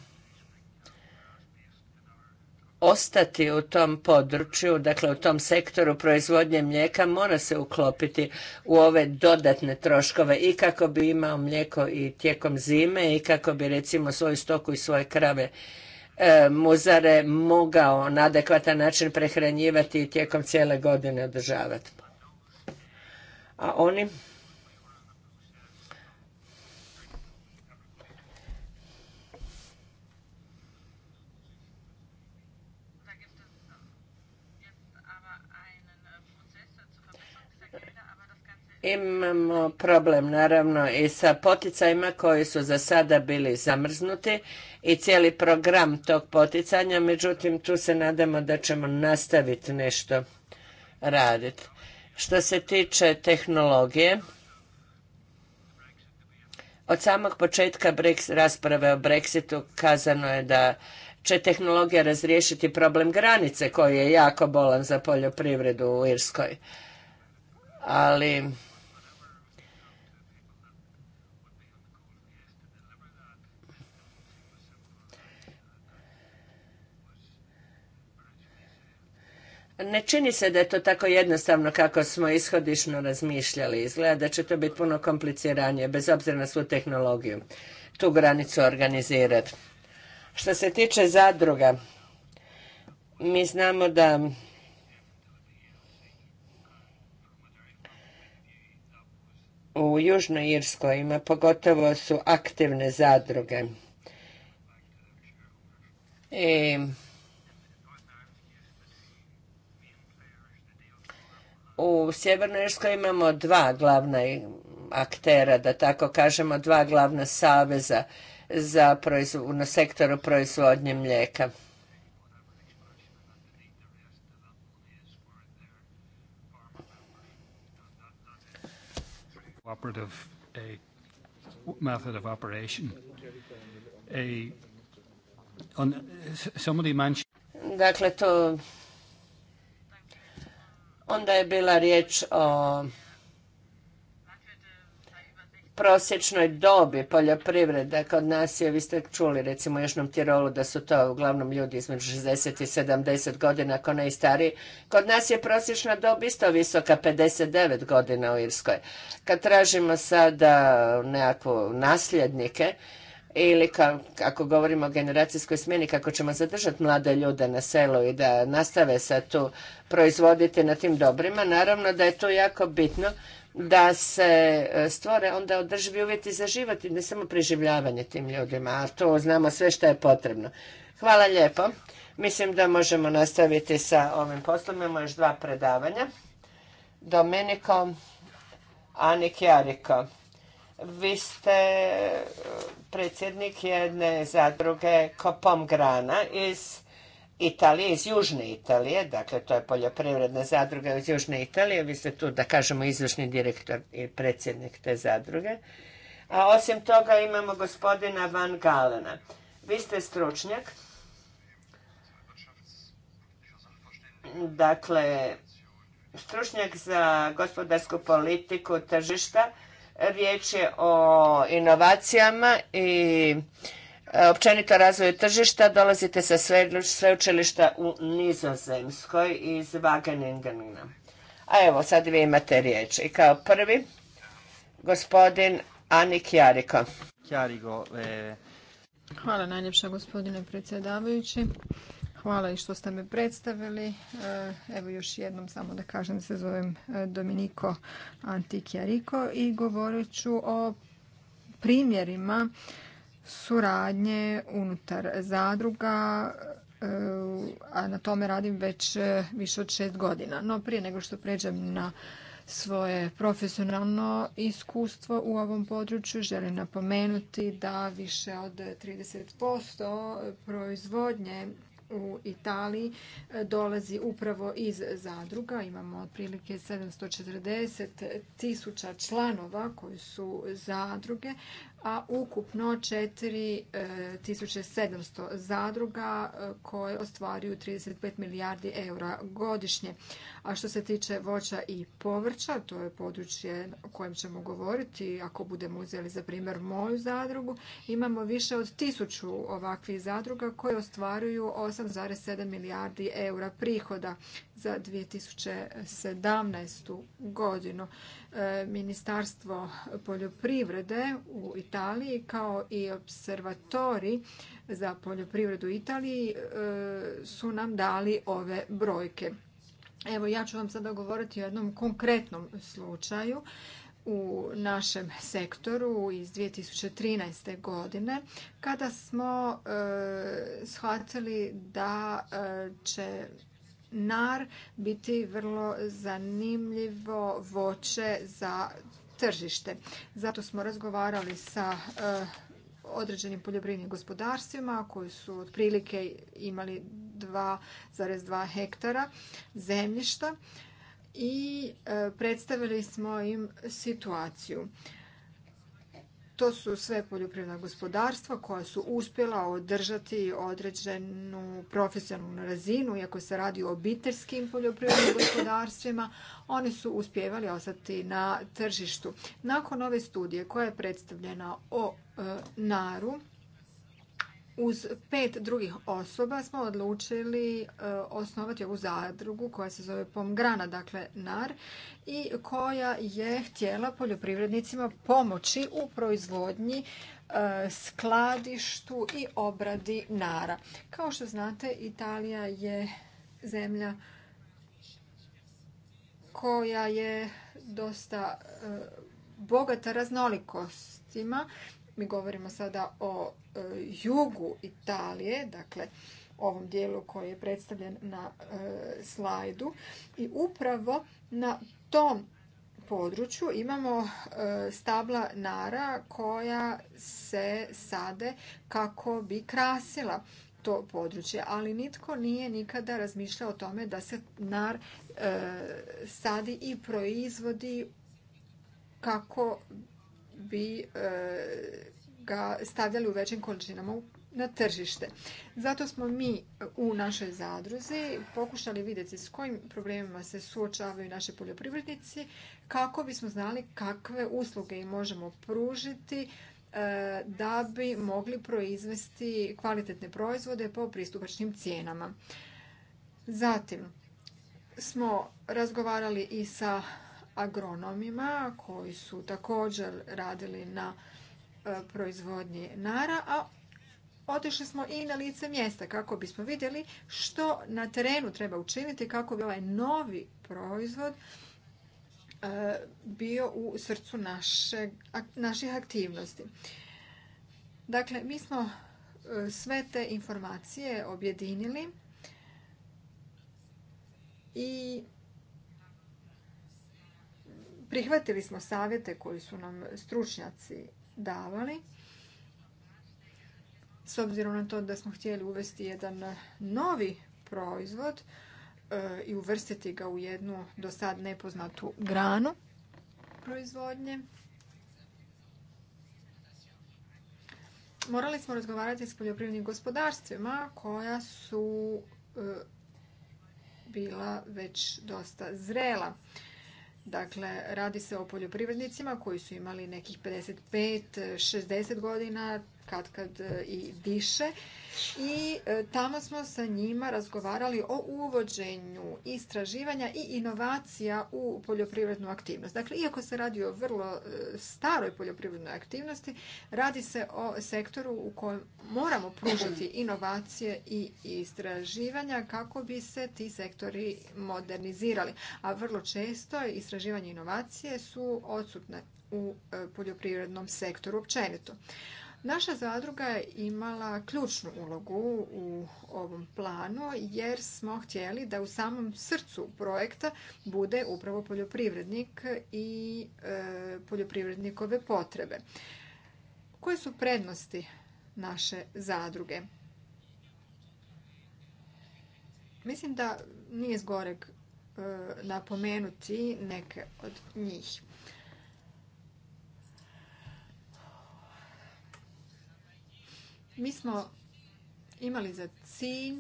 ostati u tom području, dakle u tom sektoru proizvodnje mlijeka mora se uklopiti u ove dodatne troškove i kako bi imao mlijeko i tijekom zime i kako bi recimo svoju stoku i svoje krave e, muzare mogao na adekvatan način prehranjivati i tijekom cijele godine održavati. A oni Imamo problem naravno i sa poticajima koji su za sada bili zamrznuti i cijeli program tog poticanja, međutim tu se nadamo da ćemo nastaviti nešto raditi. Što se tiče tehnologije, od samog početka rasprave o Brexitu kazano je da će tehnologija razriješiti problem granice koji je jako bolan za poljoprivredu u Irskoj. Ali Ne čini se da je to tako jednostavno kako smo ishodišno razmišljali. Izgleda da će to biti puno kompliciranije, bez obzira na svu tehnologiju, tu granicu organizirati. Što se tiče zadruga, mi znamo da u Južnoj Irskoj ima pogotovo su aktivne zadruge. I U Sjevernoj Irskoj imamo dva glavna aktera, da tako kažemo, dva glavna saveza za na sektoru proizvodnje mlijeka. Dakle, to Onda je bila riječ o prosječnoj dobi poljoprivrede kod nas je, vi ste čuli recimo u Južnom Tirolu da su to uglavnom ljudi između 60 i 70 godina, ako ne i stariji. Kod nas je prosječna dob isto visoka, 59 godina u Irskoj. Kad tražimo sada nekakvu nasljednike, ili ako govorimo o generacijskoj smjeni, kako ćemo zadržati mlade ljude na selu i da nastave se tu proizvoditi na tim dobrima, naravno da je to jako bitno da se e, stvore onda održivi uvjeti za život i ne samo preživljavanje tim ljudima, a to znamo sve što je potrebno. Hvala lijepo. Mislim da možemo nastaviti sa ovim poslom. Imamo još dva predavanja. Domenico Anik Jariko vi ste e, predsjednik jedne zadruge Kopom Grana iz Italije, iz Južne Italije, dakle to je poljoprivredna zadruga iz Južne Italije, vi ste tu da kažemo izvršni direktor i predsjednik te zadruge. A osim toga imamo gospodina Van Galena. Vi ste stručnjak, dakle stručnjak za gospodarsku politiku tržišta Riječ je o inovacijama i e, općenito razvoju tržišta. Dolazite sa sveučilišta u Nizozemskoj iz Wageningena. A evo, sad vi imate riječ. I kao prvi, gospodin Anik Kjariko. E. Hvala najljepša gospodine predsjedavajući. Hvala i što ste me predstavili. E, evo još jednom samo da kažem se zovem e, Dominiko Antikjariko i govorit ću o primjerima suradnje unutar zadruga e, a na tome radim već više od šest godina. No prije nego što pređem na svoje profesionalno iskustvo u ovom području želim napomenuti da više od 30% proizvodnje u Italiji e, dolazi upravo iz zadruga. Imamo otprilike 740 tisuća članova koji su zadruge, a ukupno 4700 e, zadruga e, koje ostvaruju 35 milijardi eura godišnje. A što se tiče voća i povrća, to je područje o kojem ćemo govoriti, ako budemo uzeli za primjer moju zadrugu, imamo više od tisuću ovakvih zadruga koje ostvaruju 8,7 milijardi eura prihoda za 2017. godinu. E, Ministarstvo poljoprivrede u Italiji kao i observatori za poljoprivredu u Italiji e, su nam dali ove brojke. Evo ja ću vam sada govoriti o jednom konkretnom slučaju u našem sektoru iz 2013. godine kada smo e, shvatili da će nar biti vrlo zanimljivo voće za tržište. Zato smo razgovarali sa eh, određenim poljoprivrednim gospodarstvima koji su otprilike imali 2,2 hektara zemljišta i eh, predstavili smo im situaciju. To su sve poljoprivredna gospodarstva koja su uspjela održati određenu profesionalnu razinu, iako se radi o obiteljskim poljoprivrednim gospodarstvima, oni su uspjevali ostati na tržištu. Nakon ove studije koja je predstavljena o e, naru, uz pet drugih osoba smo odlučili e, osnovati ovu zadrugu koja se zove Pomgrana, dakle NAR, i koja je htjela poljoprivrednicima pomoći u proizvodnji e, skladištu i obradi nara. Kao što znate, Italija je zemlja koja je dosta e, bogata raznolikostima mi govorimo sada o e, jugu Italije, dakle ovom dijelu koji je predstavljen na e, slajdu i upravo na tom području imamo e, stabla nara koja se sade kako bi krasila to područje, ali nitko nije nikada razmišljao o tome da se nar sadi i proizvodi kako bi e, ga stavljali u većim količinama na tržište. Zato smo mi u našoj zadruzi pokušali vidjeti s kojim problemima se suočavaju naši poljoprivrednici kako bismo znali kakve usluge im možemo pružiti e, da bi mogli proizvesti kvalitetne proizvode po pristupačnim cijenama. Zatim smo razgovarali i sa agronomima koji su također radili na e, proizvodnji nara, a otišli smo i na lice mjesta kako bismo vidjeli što na terenu treba učiniti kako bi ovaj novi proizvod e, bio u srcu naših aktivnosti. Dakle, mi smo e, sve te informacije objedinili i Prihvatili smo savjete koji su nam stručnjaci davali. S obzirom na to da smo htjeli uvesti jedan novi proizvod e, i uvrstiti ga u jednu do sad nepoznatu granu proizvodnje, morali smo razgovarati s poljoprivrednim gospodarstvima koja su e, bila već dosta zrela Dakle, radi se o poljoprivrednicima koji su imali nekih 55-60 godina, kad e, i više i e, tamo smo sa njima razgovarali o uvođenju istraživanja i inovacija u poljoprivrednu aktivnost. Dakle, iako se radi o vrlo e, staroj poljoprivrednoj aktivnosti, radi se o sektoru u kojem moramo pružiti inovacije i istraživanja kako bi se ti sektori modernizirali. A vrlo često istraživanje i inovacije su odsutne u poljoprivrednom sektoru općenito. Naša zadruga je imala ključnu ulogu u ovom planu jer smo htjeli da u samom srcu projekta bude upravo poljoprivrednik i e, poljoprivrednikove potrebe. Koje su prednosti naše zadruge? Mislim da nije zgoreg e, napomenuti neke od njih. Mi smo imali za cilj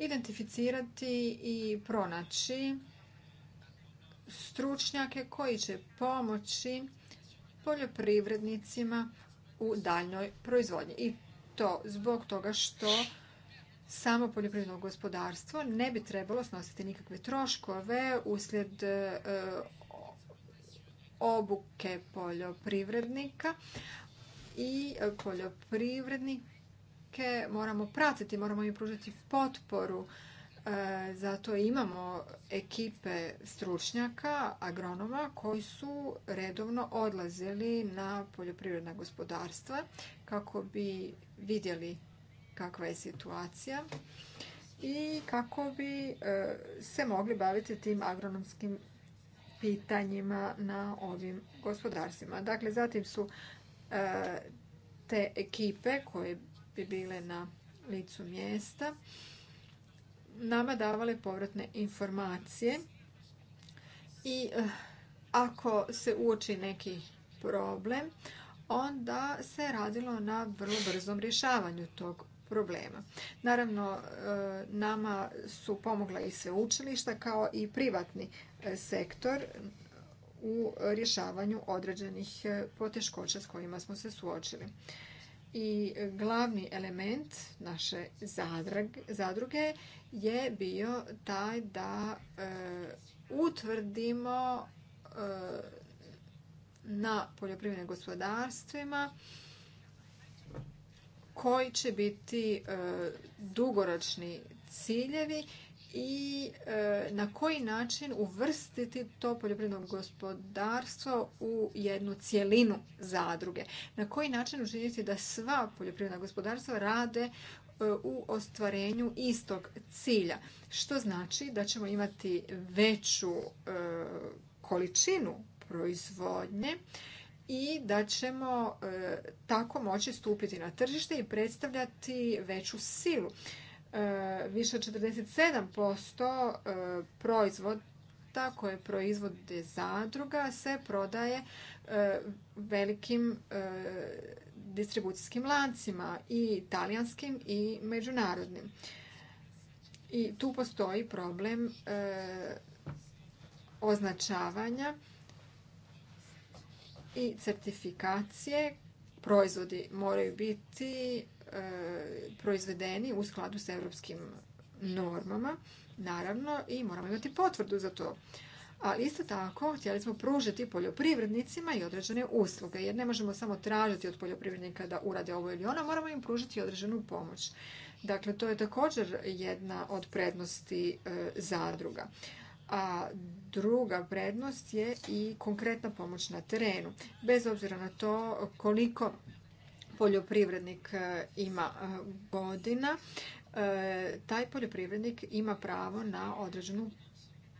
identificirati i pronaći stručnjake koji će pomoći poljoprivrednicima u daljnoj proizvodnji. I to zbog toga što samo poljoprivredno gospodarstvo ne bi trebalo snositi nikakve troškove uslijed e, obuke poljoprivrednika, i poljoprivrednike moramo pratiti, moramo im pružiti potporu. E, zato imamo ekipe stručnjaka, agronoma koji su redovno odlazili na poljoprivredna gospodarstva kako bi vidjeli kakva je situacija i kako bi e, se mogli baviti tim agronomskim pitanjima na ovim gospodarstvima. Dakle, zatim su E, te ekipe koje bi bile na licu mjesta nama davale povratne informacije i e, ako se uoči neki problem, onda se radilo na vrlo brzom rješavanju tog problema. Naravno, e, nama su pomogla i sveučilišta kao i privatni sektor u rješavanju određenih e, poteškoća s kojima smo se suočili. I glavni element naše zadruge je bio taj da e, utvrdimo e, na poljoprivrednim gospodarstvima koji će biti dugoročni ciljevi i e, na koji način uvrstiti to poljoprivredno gospodarstvo u jednu cjelinu zadruge. Na koji način učiniti da sva poljoprivredna gospodarstva rade e, u ostvarenju istog cilja. Što znači da ćemo imati veću e, količinu proizvodnje i da ćemo tako moći stupiti na tržište i predstavljati veću silu. E, više od 47% e, proizvod koje proizvode zadruga se prodaje e, velikim distribucijskim lancima i talijanskim i međunarodnim. I tu postoji problem označavanja i certifikacije. Proizvodi moraju biti proizvedeni u skladu s europskim normama, naravno, i moramo imati potvrdu za to. Ali isto tako htjeli smo pružiti poljoprivrednicima i određene usluge, jer ne možemo samo tražiti od poljoprivrednika da urade ovo ili ono, moramo im pružiti određenu pomoć. Dakle, to je također jedna od prednosti e, zadruga. A druga prednost je i konkretna pomoć na terenu. Bez obzira na to koliko poljoprivrednik e, ima e, godina, e, taj poljoprivrednik ima pravo na određenu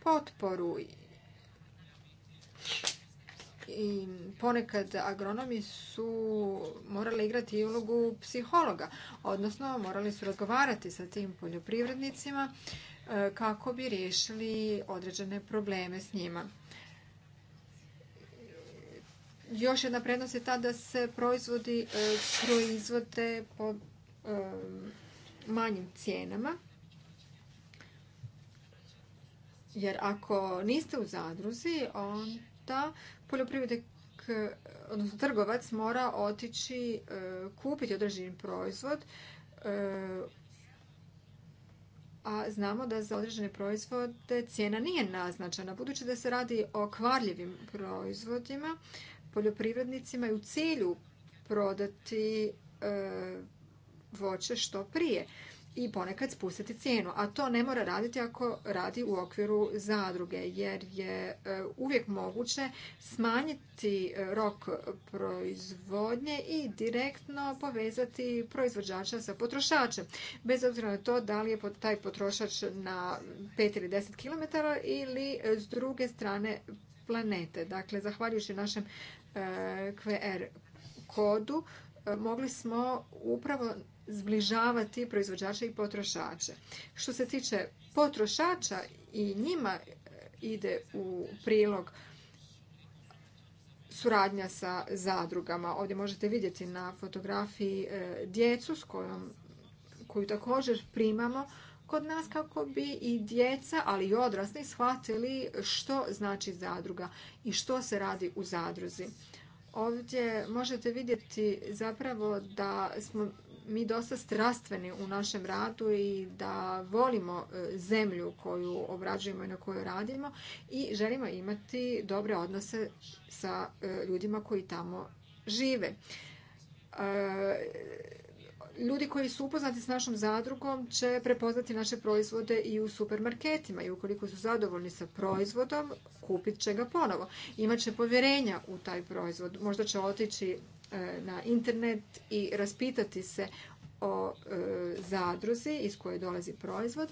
potporu. I ponekad agronomi su morali igrati ulogu psihologa, odnosno morali su razgovarati sa tim poljoprivrednicima kako bi riješili određene probleme s njima. Još jedna prednost je ta da se proizvodi e, proizvode po e, manjim cijenama. Jer ako niste u zadruzi, onda poljoprivrednik, e, odnosno trgovac mora otići kupiti određeni proizvod, a znamo da za određene proizvode cijena nije naznačena. Budući da se radi o kvarljivim proizvodima, poljoprivrednicima i u cilju prodati e, voće što prije i ponekad spustiti cijenu. A to ne mora raditi ako radi u okviru zadruge, jer je e, uvijek moguće smanjiti e, rok proizvodnje i direktno povezati proizvođača sa potrošačem. Bez obzira na to da li je taj potrošač na 5 ili 10 km ili s druge strane planete. Dakle, zahvaljujući našem QR kodu e, mogli smo upravo zbližavati proizvođače i potrošače. Što se tiče potrošača i njima e, ide u prilog suradnja sa zadrugama. Ovdje možete vidjeti na fotografiji e, djecu s kojom koju također primamo kod nas kako bi i djeca, ali i odrasli shvatili što znači zadruga i što se radi u zadruzi. Ovdje možete vidjeti zapravo da smo mi dosta strastveni u našem radu i da volimo e, zemlju koju obrađujemo i na kojoj radimo i želimo imati dobre odnose sa e, ljudima koji tamo žive. E, ljudi koji su upoznati s našom zadrugom će prepoznati naše proizvode i u supermarketima i ukoliko su zadovoljni sa proizvodom, kupit će ga ponovo. Imaće povjerenja u taj proizvod. Možda će otići e, na internet i raspitati se o e, zadruzi iz koje dolazi proizvod.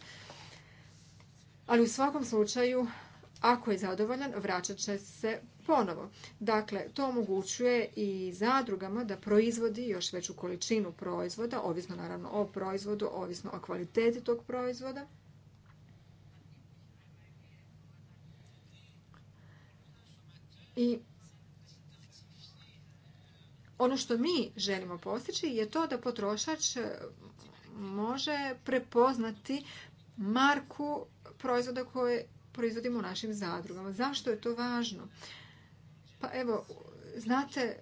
Ali u svakom slučaju ako je zadovoljan, vraćat će se ponovo. Dakle, to omogućuje i zadrugama da proizvodi još veću količinu proizvoda, ovisno naravno o proizvodu, ovisno o kvaliteti tog proizvoda. I ono što mi želimo postići je to da potrošač može prepoznati marku proizvoda koje proizvodimo u našim zadrugama. Zašto je to važno? Pa evo, znate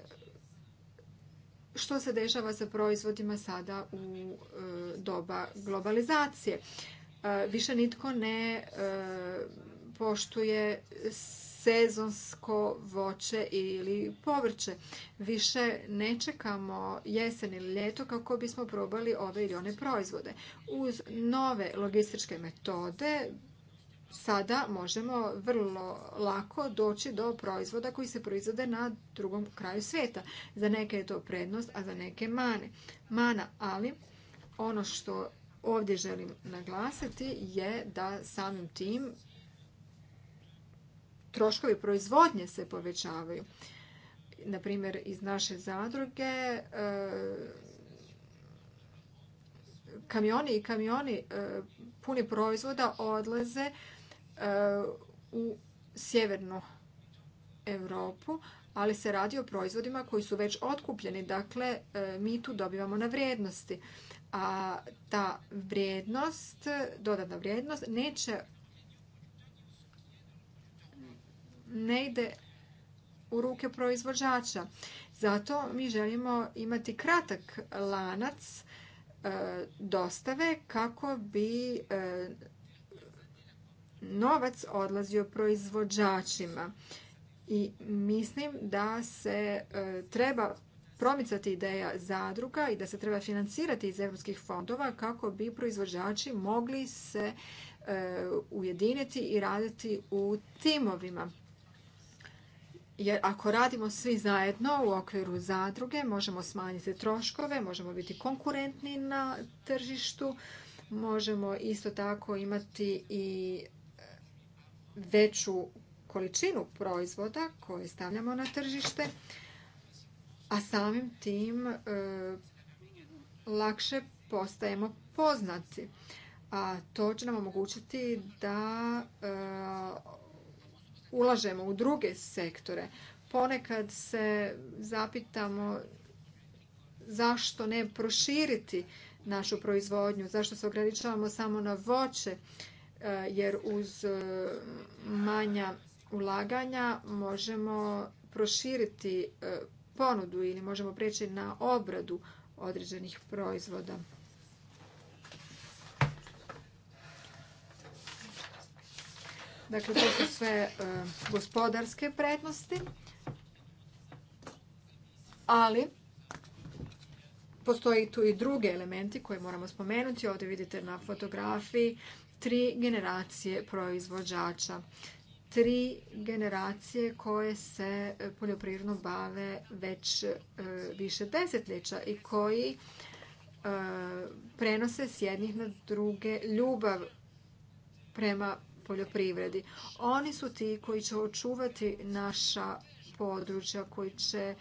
što se dešava sa proizvodima sada u e, doba globalizacije. E, više nitko ne e, poštuje sezonsko voće ili povrće. Više ne čekamo jesen ili ljeto kako bismo probali ove ili one proizvode. Uz nove logističke metode sada možemo vrlo lako doći do proizvoda koji se proizvode na drugom kraju svijeta. Za neke je to prednost, a za neke mane. Mana, ali ono što ovdje želim naglasiti je da samim tim troškovi proizvodnje se povećavaju. Naprimjer, iz naše zadruge e, kamioni i kamioni e, puni proizvoda odlaze E, u sjevernu Europu, ali se radi o proizvodima koji su već otkupljeni. Dakle, e, mi tu dobivamo na vrijednosti. A ta vrijednost, dodatna vrijednost, neće ne ide u ruke proizvođača. Zato mi želimo imati kratak lanac e, dostave kako bi novac odlazio proizvođačima. I mislim da se e, treba promicati ideja zadruga i da se treba financirati iz europskih fondova kako bi proizvođači mogli se e, ujediniti i raditi u timovima. Jer ako radimo svi zajedno u okviru zadruge, možemo smanjiti troškove, možemo biti konkurentni na tržištu, možemo isto tako imati i veću količinu proizvoda koje stavljamo na tržište, a samim tim e, lakše postajemo poznati. A to će nam omogućiti da e, ulažemo u druge sektore. Ponekad se zapitamo zašto ne proširiti našu proizvodnju, zašto se ograničavamo samo na voće E, jer uz e, manja ulaganja možemo proširiti e, ponudu ili možemo prijeći na obradu određenih proizvoda. Dakle, to su sve gospodarske prednosti, ali postoji tu i druge elementi koje moramo spomenuti. Ovdje vidite na fotografiji tri generacije proizvođača. Tri generacije koje se e, poljoprivredno bave već e, više desetljeća i koji e, prenose s jednih na druge ljubav prema poljoprivredi. Oni su ti koji će očuvati naša područja, koji će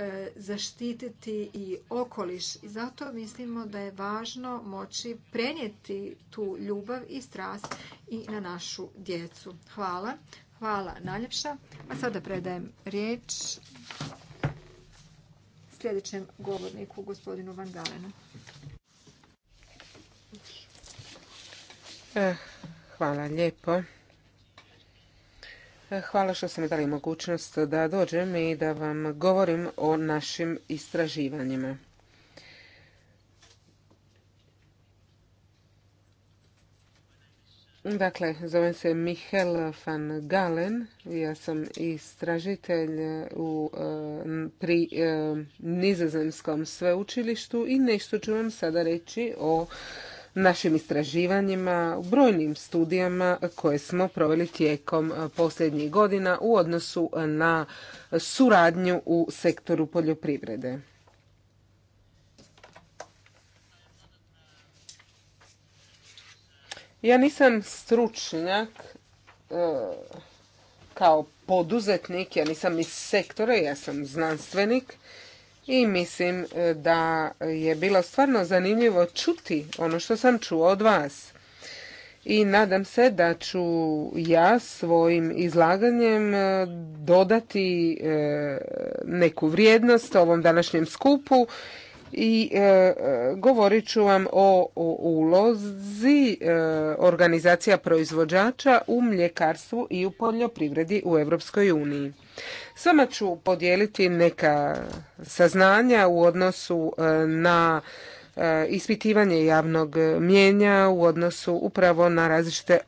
E, zaštititi i okoliš. I zato mislimo da je važno moći prenijeti tu ljubav i strast i na našu djecu. Hvala. Hvala najljepša. A sada predajem riječ sljedećem govorniku, gospodinu Van Galenu. Eh, hvala lijepo. Hvala što ste mi dali mogućnost da dođem i da vam govorim o našim istraživanjima. Dakle, zovem se Michel van Galen, ja sam istražitelj u, e, pri e, Nizozemskom sveučilištu i nešto ću vam sada reći o našim istraživanjima, brojnim studijama koje smo proveli tijekom e, posljednjih godina u odnosu na suradnju u sektoru poljoprivrede. Ja nisam stručnjak e, kao poduzetnik, ja nisam iz sektora, ja sam znanstvenik i mislim e, da je bilo stvarno zanimljivo čuti ono što sam čuo od vas. I nadam se da ću ja svojim izlaganjem e, dodati e, neku vrijednost ovom današnjem skupu i e, e, govorit ću vam o, o ulozi e, organizacija proizvođača u mljekarstvu i u poljoprivredi u Europskoj uniji. S ću podijeliti neka saznanja u odnosu e, na E, ispitivanje javnog mijenja u odnosu upravo na različite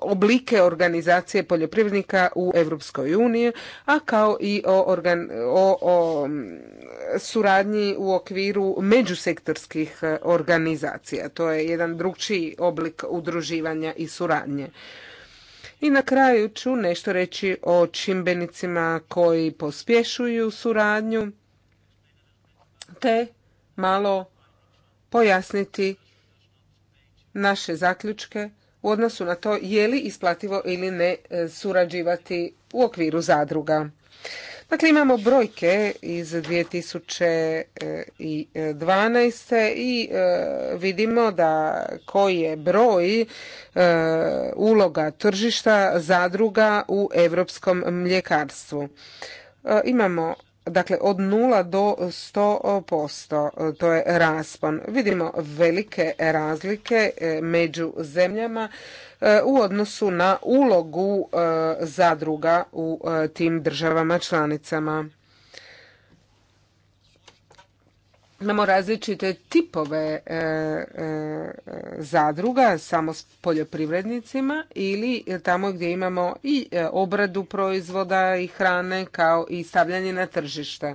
oblike organizacije poljoprivrednika u Europskoj uniji, a kao i o, o, suradnji u okviru međusektorskih e, organizacija. To je jedan drugčiji oblik udruživanja i suradnje. I na kraju ću nešto reći o čimbenicima koji pospješuju suradnju te malo pojasniti naše zaključke u odnosu na to je li isplativo ili ne e, surađivati u okviru zadruga. Dakle, imamo brojke iz 2012. i e, vidimo da koji je broj e, uloga tržišta zadruga u europskom mljekarstvu. Imamo dakle od 0 do 100% to je raspon. Vidimo velike razlike e, među zemljama e, u odnosu na ulogu e, zadruga u tim državama članicama. Imamo različite tipove e, e, zadruga samo s poljoprivrednicima ili tamo gdje imamo i e, obradu proizvoda i hrane kao i stavljanje na tržište.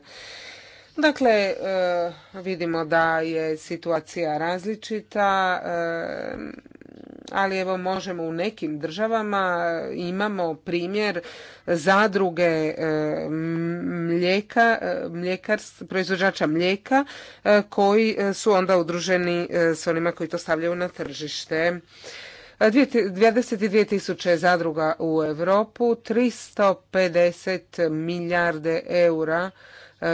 Dakle, vidimo da je situacija različita ali evo možemo u nekim državama imamo primjer zadruge e, mlijeka, e, mljekar, proizvođača mlijeka e, koji su onda udruženi s onima koji to stavljaju na tržište. 22.000 zadruga u Europu, 350 milijarde eura,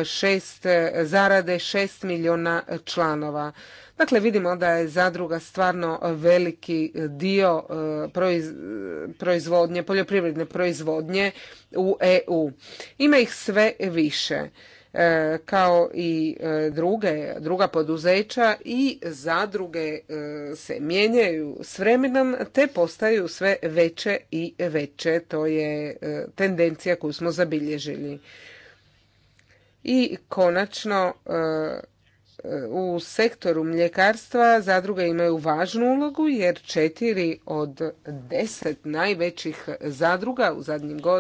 šest zarade, 6 milijuna članova. Dakle, vidimo da je zadruga stvarno veliki dio e, proizvodnje, poljoprivredne proizvodnje u EU. Ima ih sve više e, kao i e, druga poduzeća i zadruge se mijenjaju s vremenom te postaju sve veće i veće. To je tendencija koju smo zabilježili. I konačno u sektoru mljekarstva zadruge imaju važnu ulogu jer četiri od deset najvećih zadruga u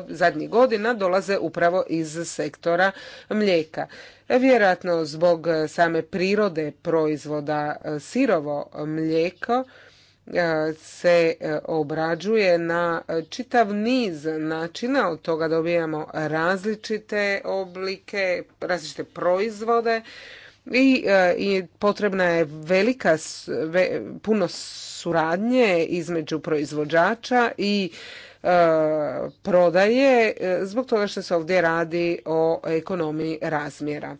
zadnjih godina dolaze upravo iz sektora mlijeka. Vjerojatno zbog same prirode proizvoda e, sirovo mlijeko e, se e, obrađuje na čitav niz načina, od toga dobijamo različite oblike, različite proizvode i, e, i potrebna je velika, puno suradnje između proizvođača i e, prodaje e, zbog toga što se ovdje radi o ekonomiji razmjera.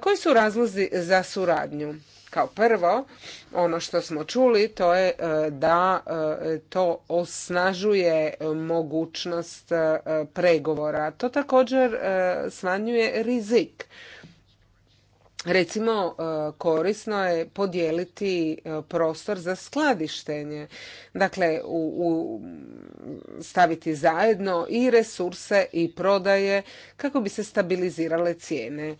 Koji su razlozi za suradnju? Kao prvo, ono što smo čuli to je da to osnažuje mogućnost pregovora. To također smanjuje rizik Recimo, e, korisno je podijeliti e, prostor za skladištenje. Dakle, u, u, staviti zajedno i resurse i prodaje kako bi se stabilizirale cijene.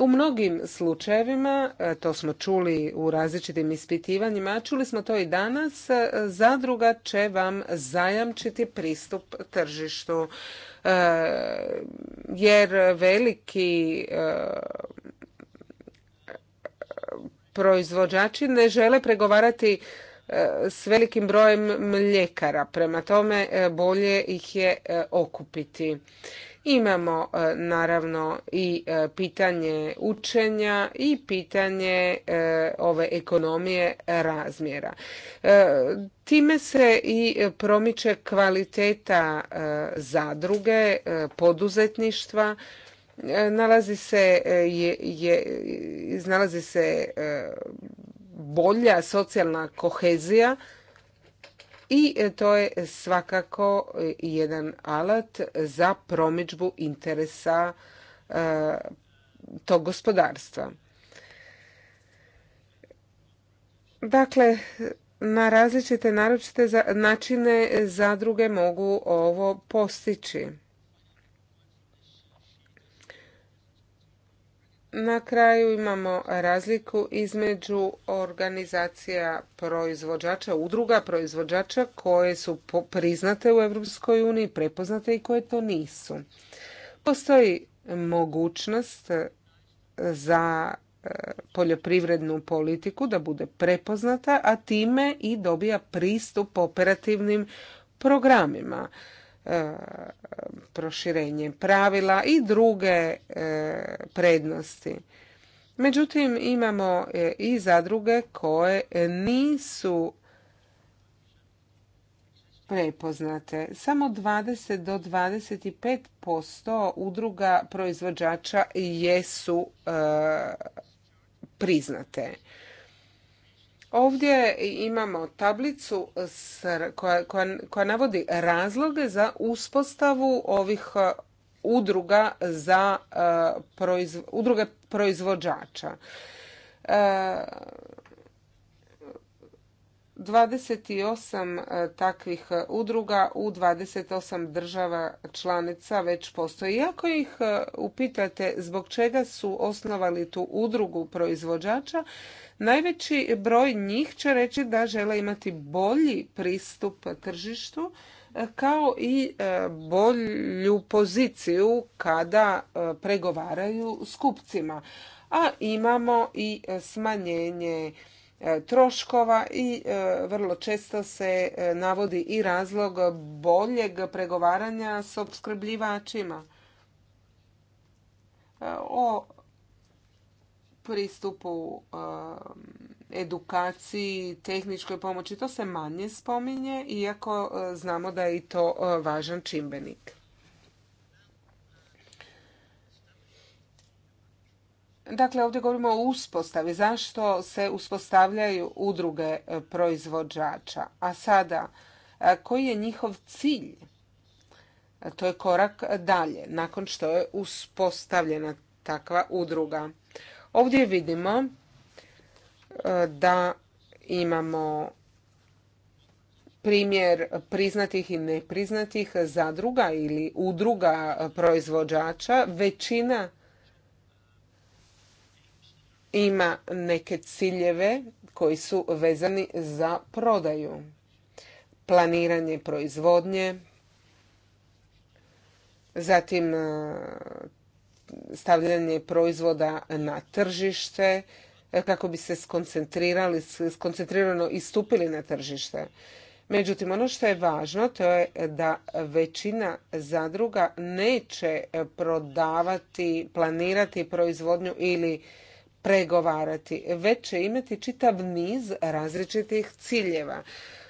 U mnogim slučajevima, e, to smo čuli u različitim ispitivanjima, čuli smo to i danas, zadruga će vam zajamčiti pristup tržištu. Jer veliki proizvođači ne žele pregovarati e, s velikim brojem mljekara. Prema tome e, bolje ih je e, okupiti. Imamo naravno i pitanje učenja i pitanje ove ekonomije razmjera. Time se i promiče kvaliteta zadruge, poduzetništva E, nalazi se, e, je, se e, bolja socijalna kohezija i to je svakako jedan alat za promidžbu interesa tog gospodarstva. Dakle, na različite naročite načine zadruge mogu ovo postići. Na kraju imamo razliku između organizacija proizvođača, udruga proizvođača koje su priznate u EU, uniji, prepoznate i koje to nisu. Postoji mogućnost e, za e, poljoprivrednu politiku da bude prepoznata, a time i dobija pristup operativnim programima. E, proširenje pravila i druge e, prednosti. Međutim, imamo e, i zadruge koje nisu prepoznate. Samo 20 do 25% udruga proizvođača jesu priznate. Ovdje imamo tablicu koja, koja, navodi razloge za uspostavu ovih uh, udruga za uh, udruge proizvođača. Uh, 28 e, takvih e, udruga u 28 država članica već postoji. Iako ih e, upitate zbog čega su osnovali tu udrugu proizvođača, najveći broj njih će reći da žele imati bolji pristup tržištu kao i bolju poziciju kada pregovaraju s kupcima. A imamo i smanjenje E, troškova i e, vrlo često se e, navodi i razlog boljeg pregovaranja s opskrbljivačima o pristupu edukaciji, tehničkoj pomoći. To se manje spominje, iako znamo da je i to važan čimbenik. Dakle, ovdje govorimo o uspostavi. Zašto se uspostavljaju udruge e, proizvođača? A sada, e, koji je njihov cilj? E, to je korak dalje, nakon što je uspostavljena takva udruga. Ovdje vidimo da imamo primjer priznatih i nepriznatih zadruga ili udruga proizvođača. Većina ima neke ciljeve koji su vezani za prodaju. Planiranje proizvodnje, zatim e, stavljanje proizvoda na tržište e, kako bi se skoncentrirali, skoncentrirano istupili na tržište. Međutim, ono što je važno to je da većina zadruga neće prodavati, planirati proizvodnju ili pregovarati, već će imati čitav niz različitih ciljeva.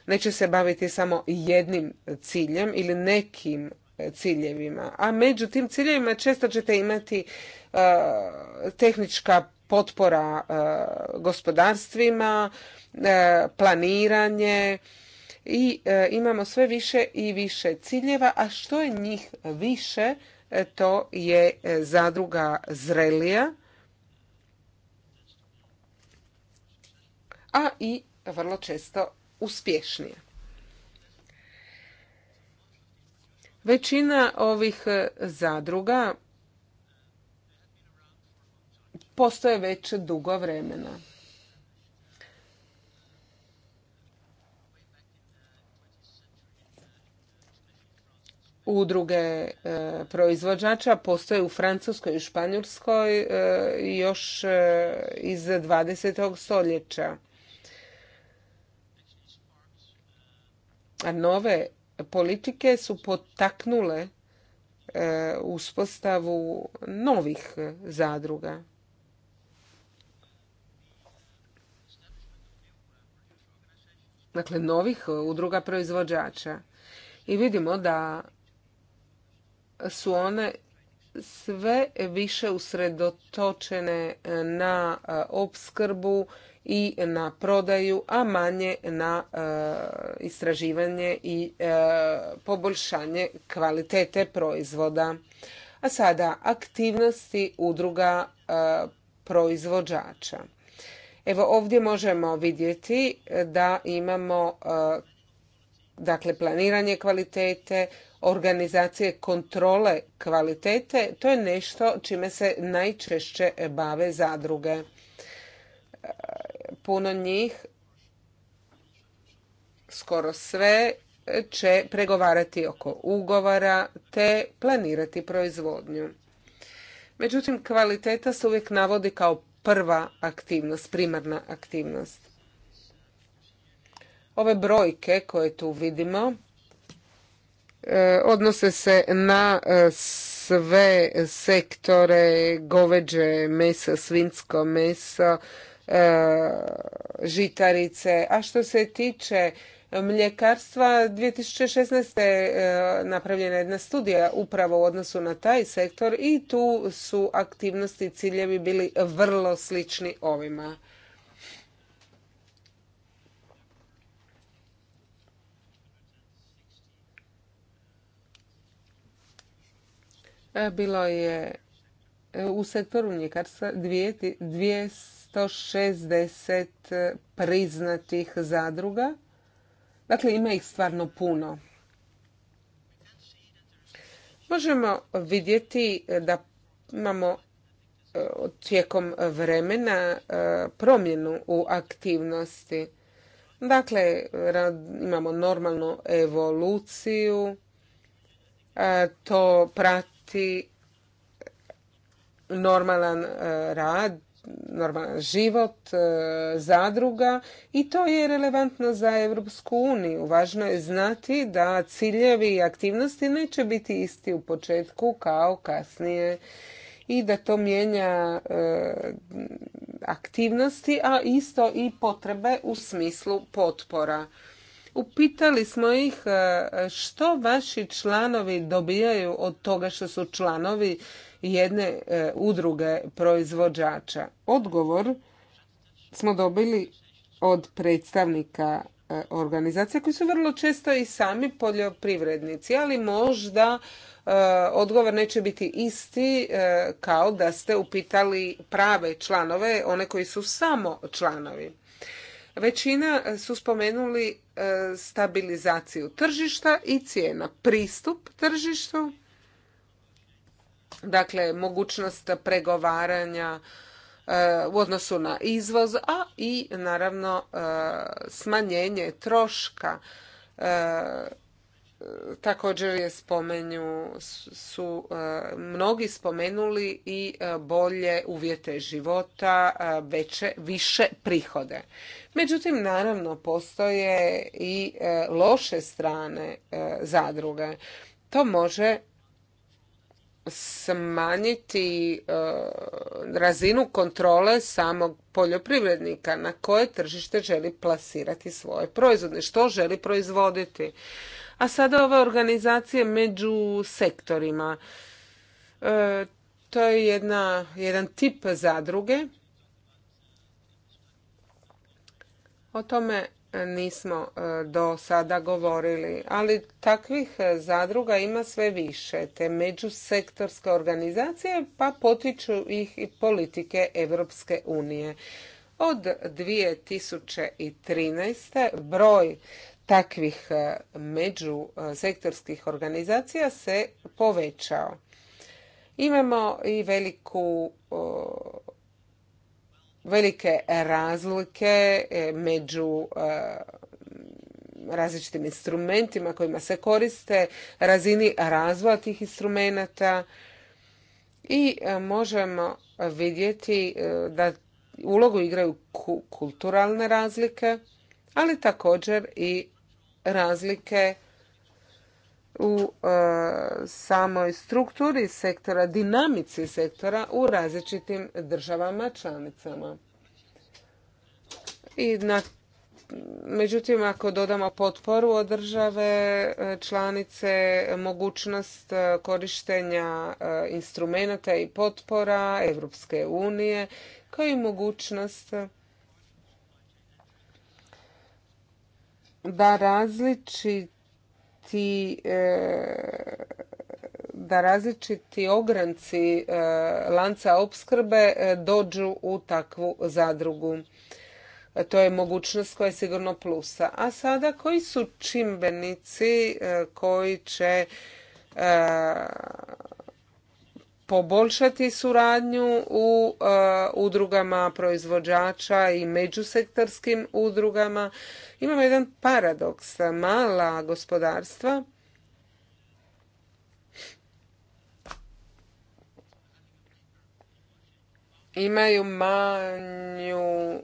Neće se baviti samo jednim ciljem ili nekim ciljevima, a među tim ciljevima često ćete imati e, tehnička potpora e, gospodarstvima, e, planiranje i imamo sve više i više ciljeva, a što je njih više, to je zadruga zrelija a i vrlo često uspješnije. Većina ovih e, zadruga postoje već dugo vremena. Udruge e, proizvođača postoje u Francuskoj i Španjolskoj e, još iz 20. stoljeća. nove politike su potaknule e, uspostavu novih e, zadruga. Dakle, novih e, udruga proizvođača. I vidimo da su one sve više usredotočene e, na e, opskrbu i na prodaju, a manje na e, istraživanje i poboljšanje kvalitete proizvoda. A sada aktivnosti udruga proizvođača. Evo ovdje možemo vidjeti da imamo dakle planiranje kvalitete, organizacije kontrole kvalitete, to je nešto čime se najčešće bave zadruge. E, puno njih, skoro sve, će pregovarati oko ugovora te planirati proizvodnju. Međutim, kvaliteta se uvijek navodi kao prva aktivnost, primarna aktivnost. Ove brojke koje tu vidimo E, odnose se na e, sve sektore goveđe mesa, svinsko meso, e, žitarice. A što se tiče mljekarstva, 2016. napravljena jedna studija upravo u odnosu na taj sektor i tu su aktivnosti i ciljevi bili vrlo slični ovima. E, bilo je e, u sektoru mljekarstva 260 e, priznatih zadruga. Dakle, ima ih stvarno puno. Možemo vidjeti da imamo tijekom vremena promjenu u aktivnosti. Dakle, imamo normalnu evoluciju, to prati imati normalan e, rad, normalan život e, zadruga i to je relevantno za Europsku uniju. Važno je znati da ciljevi i aktivnosti neće biti isti u početku kao kasnije i da to mijenja e, aktivnosti, a isto i potrebe u smislu potpora. Upitali smo ih e, što vaši članovi dobijaju od toga što su članovi jedne e, udruge proizvođača. Odgovor smo dobili od predstavnika e, organizacija koji su vrlo često i sami poljoprivrednici, ali možda odgovor neće biti isti kao da ste upitali prave članove, one koji su samo članovi. Većina e, su spomenuli e, stabilizaciju tržišta i cijena. Pristup tržištu, dakle mogućnost pregovaranja e, u odnosu na izvoz, a i naravno smanjenje troška također je spomenju, su e, mnogi spomenuli i e, bolje uvjete života, e, veće, više prihode. Međutim, naravno, postoje i loše strane zadruge. To može smanjiti razinu kontrole samog poljoprivrednika na koje tržište želi plasirati svoje proizvode, što želi proizvoditi a sada ove organizacije među sektorima. E, to je jedna, jedan tip zadruge. O tome nismo e, do sada govorili, ali takvih zadruga ima sve više, te međusektorske organizacije pa potiču ih i politike Europske unije. Od 2013. broj takvih e, međusektorskih e, organizacija se povećao. Imamo i veliku e, velike razlike među različitim instrumentima kojima se koriste, razini razvoja tih instrumenata i možemo vidjeti da ulogu igraju kulturalne razlike, ali također i razlike u e, samoj strukturi sektora, dinamici sektora u različitim državama članicama. I međutim, ako dodamo potporu od države e, članice, mogućnost e, korištenja instrumenata i potpora Europske unije, kao i mogućnost da različiti e, da različiti ogranci e, lanca opskrbe e, dođu u takvu zadrugu. To je mogućnost koja je sigurno plusa. A sada koji su čimbenici koji će poboljšati suradnju u e, udrugama proizvođača i međusektorskim udrugama. Imamo jedan paradoks. Mala gospodarstva imaju manju e,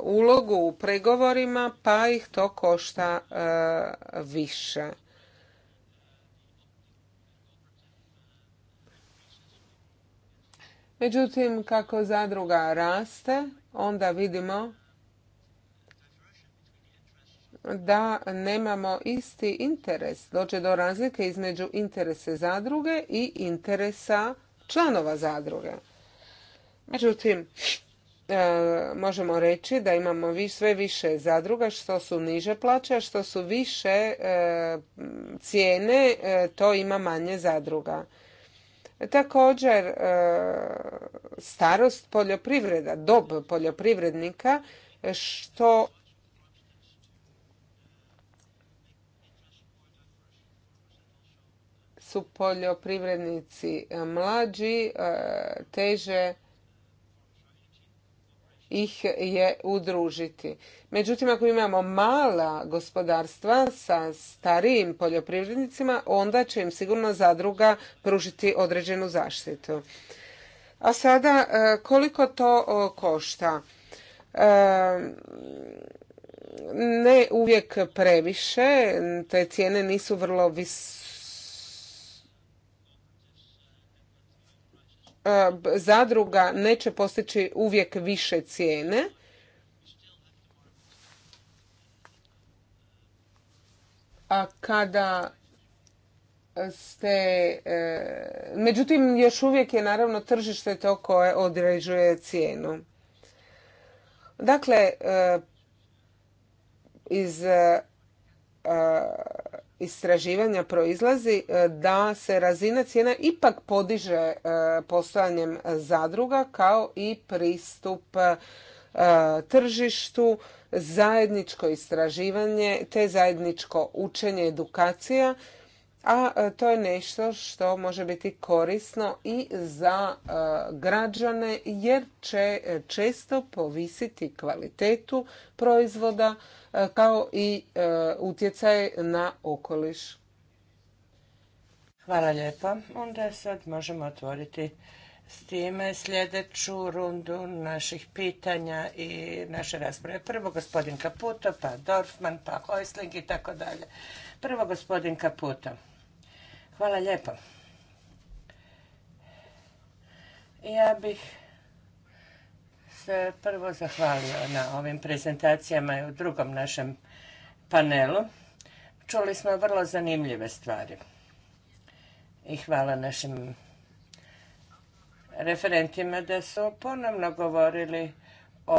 ulogu u pregovorima, pa ih to košta e, više. Međutim, kako zadruga raste, onda vidimo da nemamo isti interes. Dođe do razlike između interese zadruge i interesa članova zadruge. Međutim, e, možemo reći da imamo sve više zadruga što su niže plaće, a što su više e, cijene, e, to ima manje zadruga. Također, e, starost poljoprivreda, dob poljoprivrednika, što su poljoprivrednici mlađi, e, teže ih je udružiti. Međutim, ako imamo mala gospodarstva sa starijim poljoprivrednicima, onda će im sigurno zadruga pružiti određenu zaštitu. A sada, e, koliko to e, košta? E, ne uvijek previše, te cijene nisu vrlo visoke E, zadruga neće postići uvijek više cijene. A kada ste... E, međutim, još uvijek je naravno tržište to koje određuje cijenu. Dakle, e, iz istraživanja proizlazi e, da se razina cijena ipak podiže e, postojanjem zadruga kao i pristup e, tržištu, zajedničko istraživanje te zajedničko učenje, edukacija, a to je nešto što može biti korisno i za građane jer će često povisiti kvalitetu proizvoda, E, kao i e, utjecaj na okoliš. Hvala lijepa. Onda sad možemo otvoriti s time sljedeću rundu naših pitanja i naše rasprave. Prvo gospodin Kaputo, pa Dorfman, pa Hojsling i tako dalje. Prvo gospodin Kaputo. Hvala lijepo. Ja bih se prvo zahvalio na ovim prezentacijama i u drugom našem panelu. Čuli smo vrlo zanimljive stvari. I hvala našim referentima da su ponovno govorili o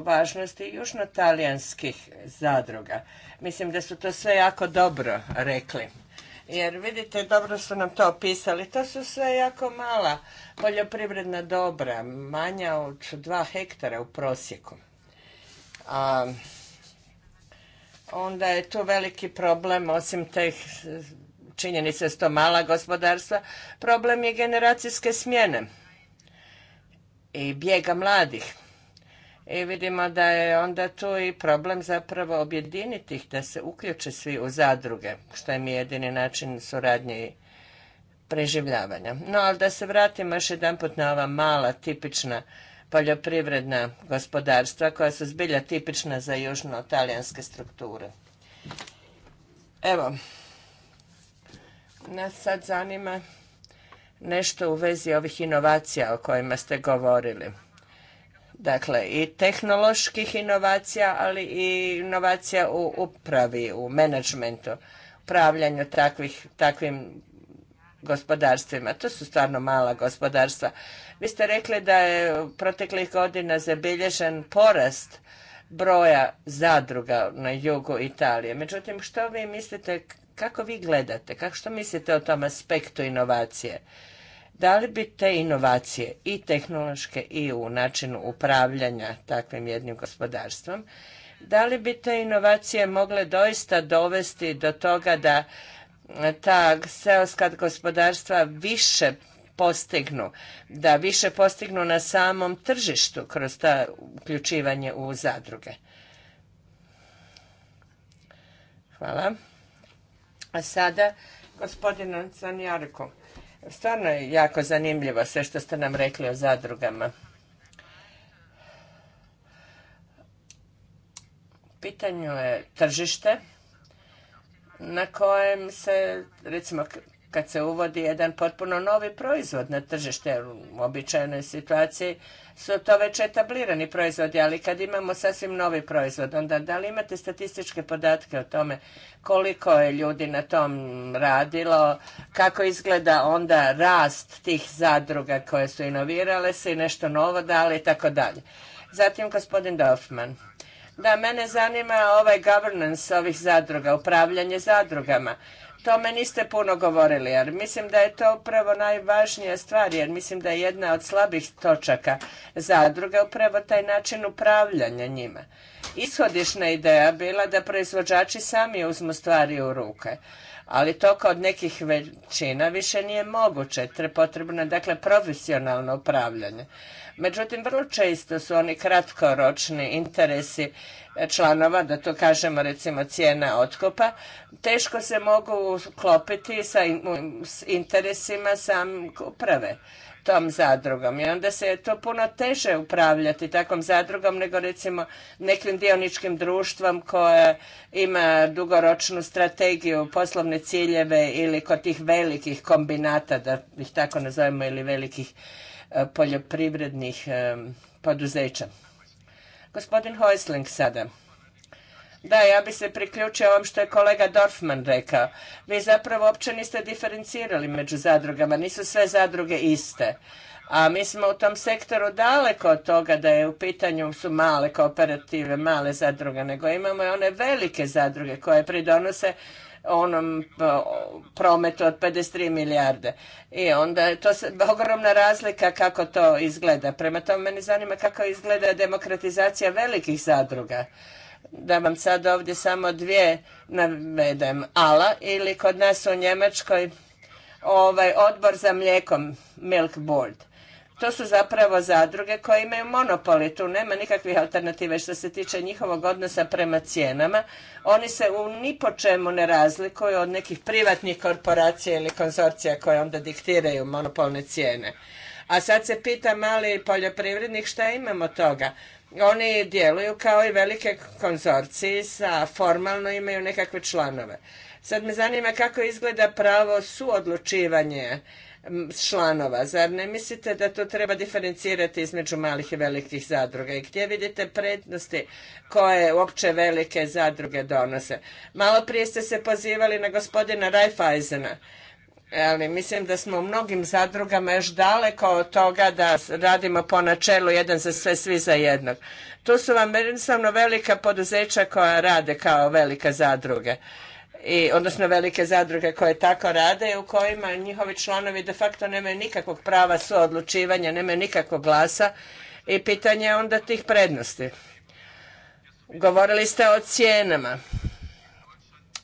važnosti južnotalijanskih zadruga. Mislim da su to sve jako dobro rekli jer vidite, dobro su nam to opisali. To su sve jako mala poljoprivredna dobra, manja od dva hektara u prosjeku. A onda je tu veliki problem, osim teh činjenice sto mala gospodarstva, problem je generacijske smjene i bijega mladih i vidimo da je onda tu i problem zapravo objediniti ih, da se uključe svi u zadruge, što je mi jedini način suradnje i preživljavanja. No, ali da se vratimo još jedanput na ova mala, tipična poljoprivredna gospodarstva koja su zbilja tipična za južno-talijanske strukture. Evo, nas sad zanima nešto u vezi ovih inovacija o kojima ste govorili. Dakle, i tehnoloških inovacija, ali i inovacija u upravi, u menadžmentu, upravljanju takvih, takvim gospodarstvima. To su stvarno mala gospodarstva. Vi ste rekli da je proteklih godina zabilježen porast broja zadruga na jugu Italije. Međutim, što vi mislite, kako vi gledate, kako, što mislite o tom aspektu inovacije? Da li bi te inovacije i tehnološke i u načinu upravljanja takvim jednim gospodarstvom, da li bi te inovacije mogle doista dovesti do toga da ta seoska gospodarstva više postignu, da više postignu na samom tržištu kroz ta uključivanje u zadruge. Hvala. A sada gospodinu Sanjarko. Stvarno je jako zanimljivo sve što ste nam rekli o zadrugama. Pitanju je tržište na kojem se, recimo, kad se uvodi jedan potpuno novi proizvod na tržište. U običajnoj situaciji su to već etablirani proizvodi, ali kad imamo sasvim novi proizvod, onda da li imate statističke podatke o tome koliko je ljudi na tom radilo, kako izgleda onda rast tih zadruga koje su inovirale se i nešto novo dali i tako dalje. Zatim gospodin Dorfman. Da, mene zanima ovaj governance ovih zadruga, upravljanje zadrugama tome niste puno govorili, jer mislim da je to upravo najvažnija stvar, jer mislim da je jedna od slabih točaka zadruge upravo taj način upravljanja njima. Ishodišna ideja bila da proizvođači sami uzmu stvari u ruke, ali to kod nekih većina više nije moguće, potrebno je dakle profesionalno upravljanje. Međutim, vrlo često su oni kratkoročni interesi članova, da to kažemo recimo cijena otkupa, teško se mogu klopiti sa interesima sam uprave tom zadrugom i onda se je to puno teže upravljati takvom zadrugom nego recimo nekim dioničkim društvom koje ima dugoročnu strategiju, poslovne ciljeve ili kod tih velikih kombinata, da ih tako nazovemo, ili velikih E, poljoprivrednih e, poduzeća. Gospodin Hojsling sada. Da, ja bi se priključio ovom što je kolega Dorfman rekao. Vi zapravo uopće niste diferencirali među zadrugama, nisu sve zadruge iste. A mi smo u tom sektoru daleko od toga da je u pitanju su male kooperative, male zadruge, nego imamo i one velike zadruge koje pridonose onom prometu od 53 milijarde. I onda to ogromna razlika kako to izgleda. Prema tome mene zanima kako izgleda demokratizacija velikih zadruga. Da vam sad ovdje samo dvije navedem. Ala ili kod nas u Njemačkoj ovaj odbor za mlijekom, Milk Board to su zapravo zadruge koje imaju i tu nema nikakvih alternative što se tiče njihovog odnosa prema cijenama. Oni se u ni po čemu ne razlikuju od nekih privatnih korporacija ili konzorcija koje onda diktiraju monopolne cijene. A sad se pita mali poljoprivrednik šta imamo toga. Oni djeluju kao i velike konzorciji, sa, formalno imaju nekakve članove. Sad me zanima kako izgleda pravo suodlučivanje članova. Zar ne mislite da to treba diferencirati između malih i velikih zadruga? I gdje vidite prednosti koje uopće velike zadruge donose? Malo prije ste se pozivali na gospodina Raiffeisena. Ali mislim da smo u mnogim zadrugama još daleko od toga da radimo po načelu jedan za sve, svi za jednog. Tu su vam jednostavno velika poduzeća koja rade kao velika zadruge i, odnosno velike zadruge koje tako rade i u kojima njihovi članovi de facto nemaju nikakvog prava suodlučivanja, nemaju nikakvog glasa i pitanje je onda tih prednosti. Govorili ste o cijenama.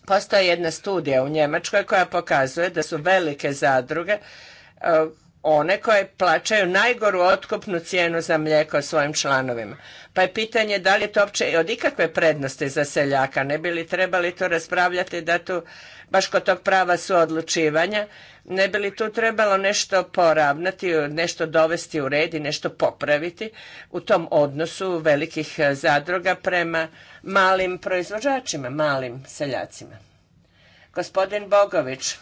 Postoji jedna studija u Njemačkoj koja pokazuje da su velike zadruge e, one koje plaćaju najgoru otkupnu cijenu za mlijeko svojim članovima pa je pitanje da li je to uopće od ikakve prednosti za seljaka. Ne bi li trebali to raspravljati da tu, baš kod tog prava suodlučivanja, ne bi li tu trebalo nešto poravnati, nešto dovesti u red i nešto popraviti u tom odnosu velikih e, zadruga prema malim proizvođačima, malim seljacima. Gospodin Bogović.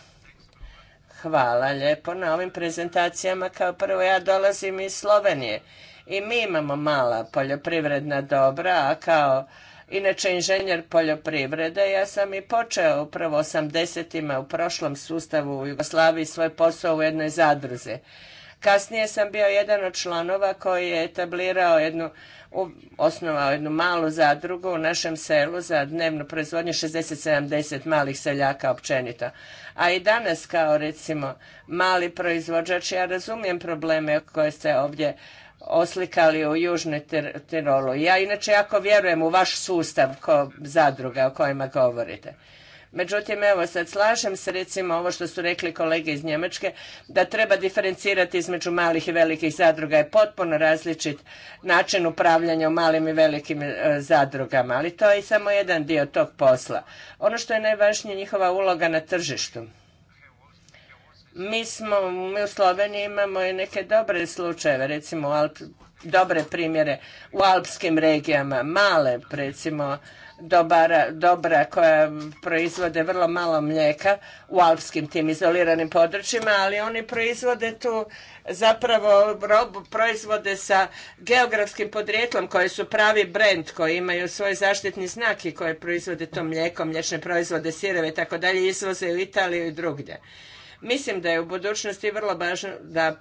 Hvala lijepo na ovim prezentacijama. Kao prvo ja dolazim iz Slovenije i mi imamo mala poljoprivredna dobra, a kao inače inženjer poljoprivrede ja sam i počeo upravo 80-ima u prošlom sustavu u Jugoslaviji svoj posao u jednoj zadruzi. Kasnije sam bio jedan od članova koji je etablirao jednu, osnovao jednu malu zadrugu u našem selu za dnevnu proizvodnju 60-70 malih seljaka općenito. A i danas kao recimo mali proizvođač ja razumijem probleme koje se ovdje oslikali u Južnoj Tirolu. Ja inače jako vjerujem u vaš sustav ko zadruga o kojima govorite. Međutim, evo sad slažem se recimo ovo što su rekli kolege iz Njemačke, da treba diferencirati između malih i velikih zadruga je potpuno različit način upravljanja u malim i velikim e, zadrugama, ali to je samo jedan dio tog posla. Ono što je najvažnije njihova uloga na tržištu. Mi smo, mi u Sloveniji imamo i neke dobre slučajeve, recimo Alp, dobre primjere u alpskim regijama, male recimo dobra koja proizvode vrlo malo mlijeka u alpskim tim izoliranim područjima, ali oni proizvode tu zapravo robu, proizvode sa geografskim podrijetlom koji su pravi brend, koji imaju svoj zaštitni znak i koje proizvode to mlijeko, mliječne proizvode, sireve i tako dalje, izvoze u Italiju i drugdje. Mislim da je u budućnosti vrlo važno da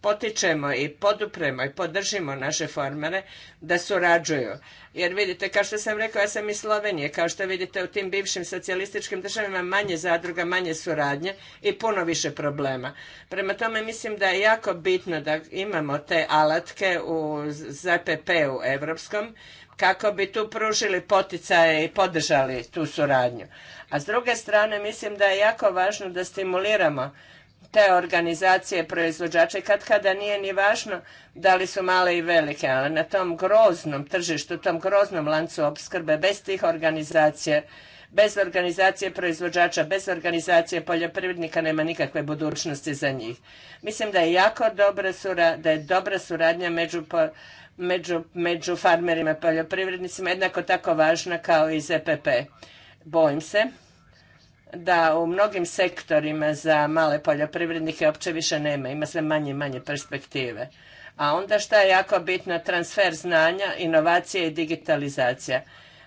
potičemo i podupremo i podržimo naše farmere da surađuju. Jer vidite, kao što sam rekao, ja sam iz Slovenije, kao što vidite u tim bivšim socijalističkim državama manje zadruga, manje suradnje i puno više problema. Prema tome mislim da je jako bitno da imamo te alatke u ZPP-u evropskom, kako bi tu pružili poticaje i podržali tu suradnju. A s druge strane mislim da je jako važno da stimuliramo te organizacije proizvođača kad kada nije ni važno da li su male i velike, ali na tom groznom tržištu, tom groznom lancu opskrbe, bez tih organizacija, bez organizacije proizvođača, bez organizacije poljoprivrednika nema nikakve budućnosti za njih. Mislim da je jako da je dobra suradnja među među, farmerima i poljoprivrednicima jednako tako važna kao i ZPP. Bojim se da u mnogim sektorima za male poljoprivrednike uopće više nema, ima sve manje i manje perspektive. A onda šta je jako bitno, transfer znanja, inovacije i digitalizacija.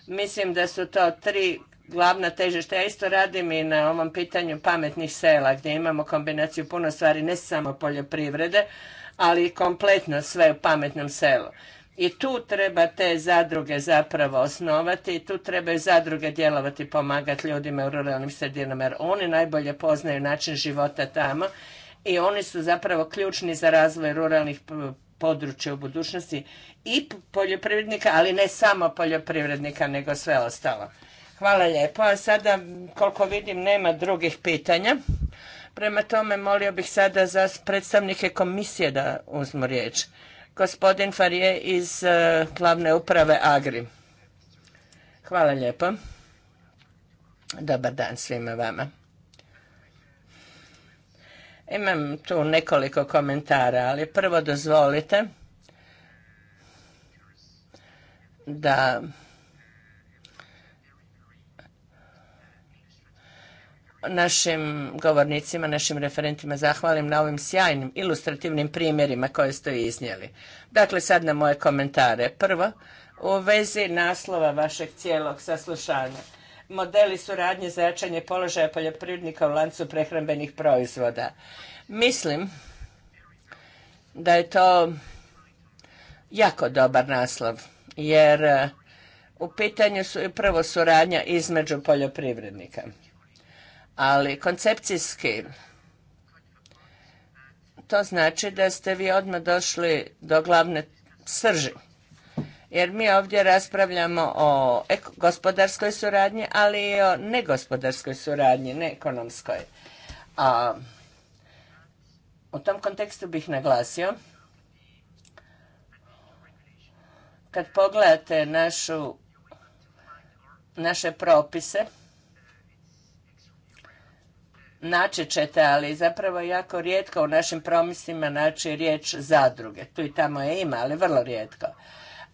Mislim da su to tri glavna težišta. Ja isto radim i na ovom pitanju pametnih sela gdje imamo kombinaciju puno stvari, ne samo poljoprivrede, ali i kompletno sve u pametnom selu. I tu treba te zadruge zapravo osnovati i tu trebaju zadruge djelovati, pomagati ljudima u ruralnim sredinama jer oni najbolje poznaju način života tamo i oni su zapravo ključni za razvoj ruralnih područja u budućnosti i poljoprivrednika, ali ne samo poljoprivrednika, nego sve ostalo. Hvala lijepo. A sada, koliko vidim, nema drugih pitanja. Prema tome, molio bih sada za predstavnike komisije da uzmu riječ. Gospodin Farije iz e, glavne uprave Agri. Hvala lijepo. Dobar dan svima vama. Imam tu nekoliko komentara, ali prvo dozvolite da našim govornicima, našim referentima zahvalim na ovim sjajnim ilustrativnim primjerima koje ste iznijeli. Dakle, sad na moje komentare. Prvo, u vezi naslova vašeg cijelog saslušanja. Modeli suradnje za jačanje položaja poljoprivrednika u lancu prehrambenih proizvoda. Mislim da je to jako dobar naslov, jer e, u pitanju su prvo suradnja između poljoprivrednika – ali koncepcijski to znači da ste vi odmah došli do glavne srži. Jer mi ovdje raspravljamo o gospodarskoj suradnji, ali i o negospodarskoj suradnji, ne ekonomskoj. A u tom kontekstu bih naglasio kad pogledate našu, naše propise naći ćete, ali zapravo jako rijetko u našim promisima naći riječ zadruge. Tu i tamo je ima, ali vrlo rijetko.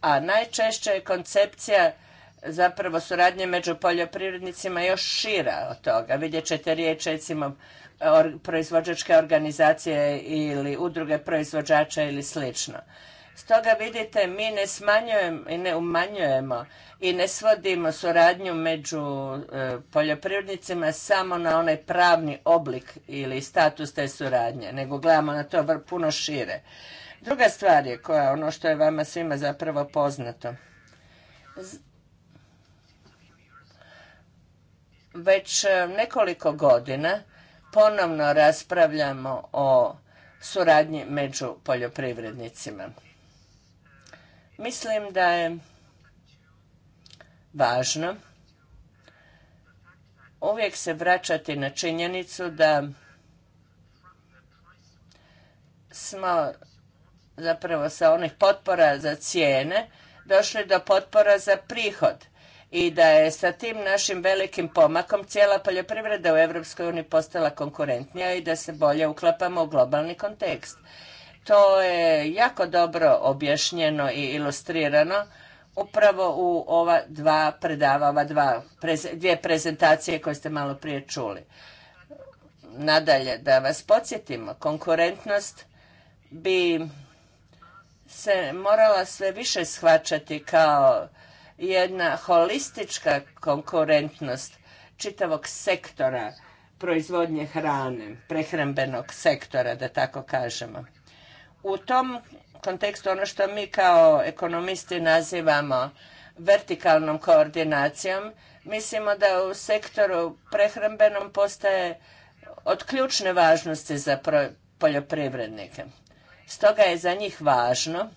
A najčešće je koncepcija zapravo suradnje među poljoprivrednicima još šira od toga. Vidjet ćete riječ recimo proizvođačke organizacije ili udruge proizvođača ili slično. Stoga vidite, mi ne smanjujemo i ne umanjujemo i ne svodimo suradnju među e, poljoprivrednicima samo na onaj pravni oblik ili status te suradnje, nego gledamo na to puno šire. Druga stvar je koja ono što je vama svima zapravo poznato. Već e, nekoliko godina ponovno raspravljamo o suradnji među poljoprivrednicima. Mislim da je važno uvijek se vraćati na činjenicu da smo zapravo sa onih potpora za cijene došli do potpora za prihod i da je sa tim našim velikim pomakom cijela poljoprivreda u EU postala konkurentnija i da se bolje uklapamo u globalni kontekst. To je jako dobro objašnjeno i ilustrirano upravo u ova dva predava, dva, dvije prezentacije koje ste malo prije čuli. Nadalje, da vas podsjetimo, konkurentnost bi se morala sve više shvaćati kao jedna holistička konkurentnost čitavog sektora proizvodnje hrane, prehrambenog sektora, da tako kažemo. U tom kontekstu ono što mi kao ekonomisti nazivamo vertikalnom koordinacijom, mislimo da u sektoru prehrambenom postaje od ključne važnosti za poljoprivrednike. Stoga je za njih važno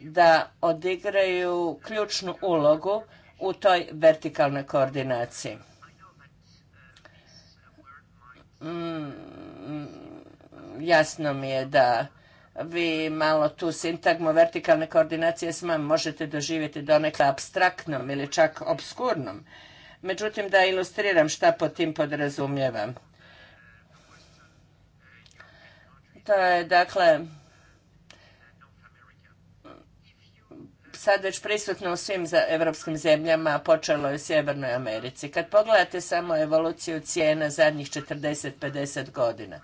da odigraju ključnu ulogu u toj vertikalnoj koordinaciji. Mm, jasno mi je da vi malo tu sintagmu vertikalne koordinacije sma možete doživjeti donekle abstraktnom ili čak obskurnom. Međutim, da ilustriram šta pod tim podrazumijevam. To je, dakle, sad već prisutno u svim evropskim zemljama, a počelo je u Sjevernoj Americi. Kad pogledate samo evoluciju cijena zadnjih 40-50 godina,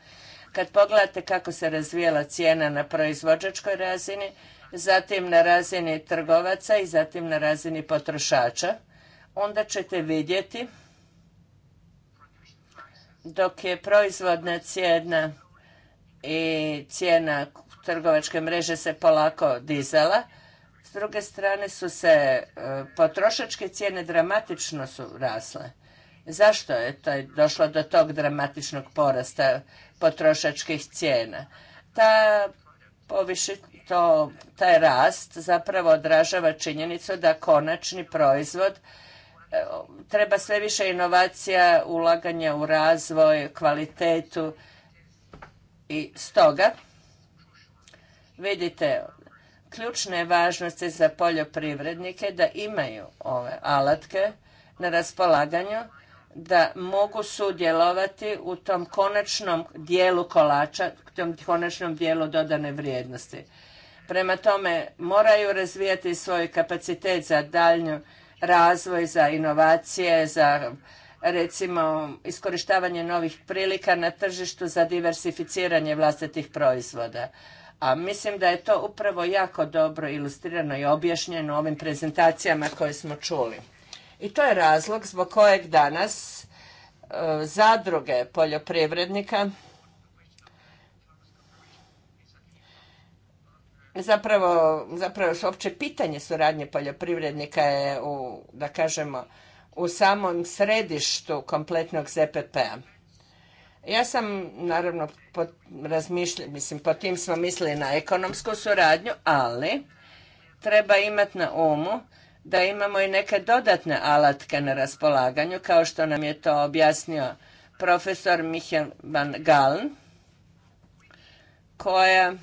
kad pogledate kako se razvijela cijena na proizvođačkoj razini, zatim na razini trgovaca i zatim na razini potrošača, onda ćete vidjeti dok je proizvodna cijena i cijena trgovačke mreže se polako dizala, s druge strane su se e, potrošačke cijene dramatično su rasle. Zašto je taj, došlo do tog dramatičnog porasta potrošačkih cijena? Ta poviši, to, taj rast zapravo odražava činjenicu da konačni proizvod e, treba sve više inovacija, ulaganja u razvoj, kvalitetu i stoga vidite ključne važnosti za poljoprivrednike da imaju ove alatke na raspolaganju da mogu sudjelovati u tom konačnom dijelu kolača, tom konačnom dijelu dodane vrijednosti. Prema tome, moraju razvijati svoj kapacitet za daljnju razvoj, za inovacije, za recimo iskorištavanje novih prilika na tržištu za diversificiranje vlastitih proizvoda. A mislim da je to upravo jako dobro ilustrirano i objašnjeno ovim prezentacijama koje smo čuli. I to je razlog zbog kojeg danas e, zadruge poljoprivrednika zapravo, zapravo uopće pitanje suradnje poljoprivrednika je u, da kažemo, u samom središtu kompletnog ZPP-a. Ja sam, naravno, pod, mislim, po tim smo mislili na ekonomsku suradnju, ali treba imati na umu da imamo i neke dodatne alatke na raspolaganju, kao što nam je to objasnio profesor Michel van Galen, koja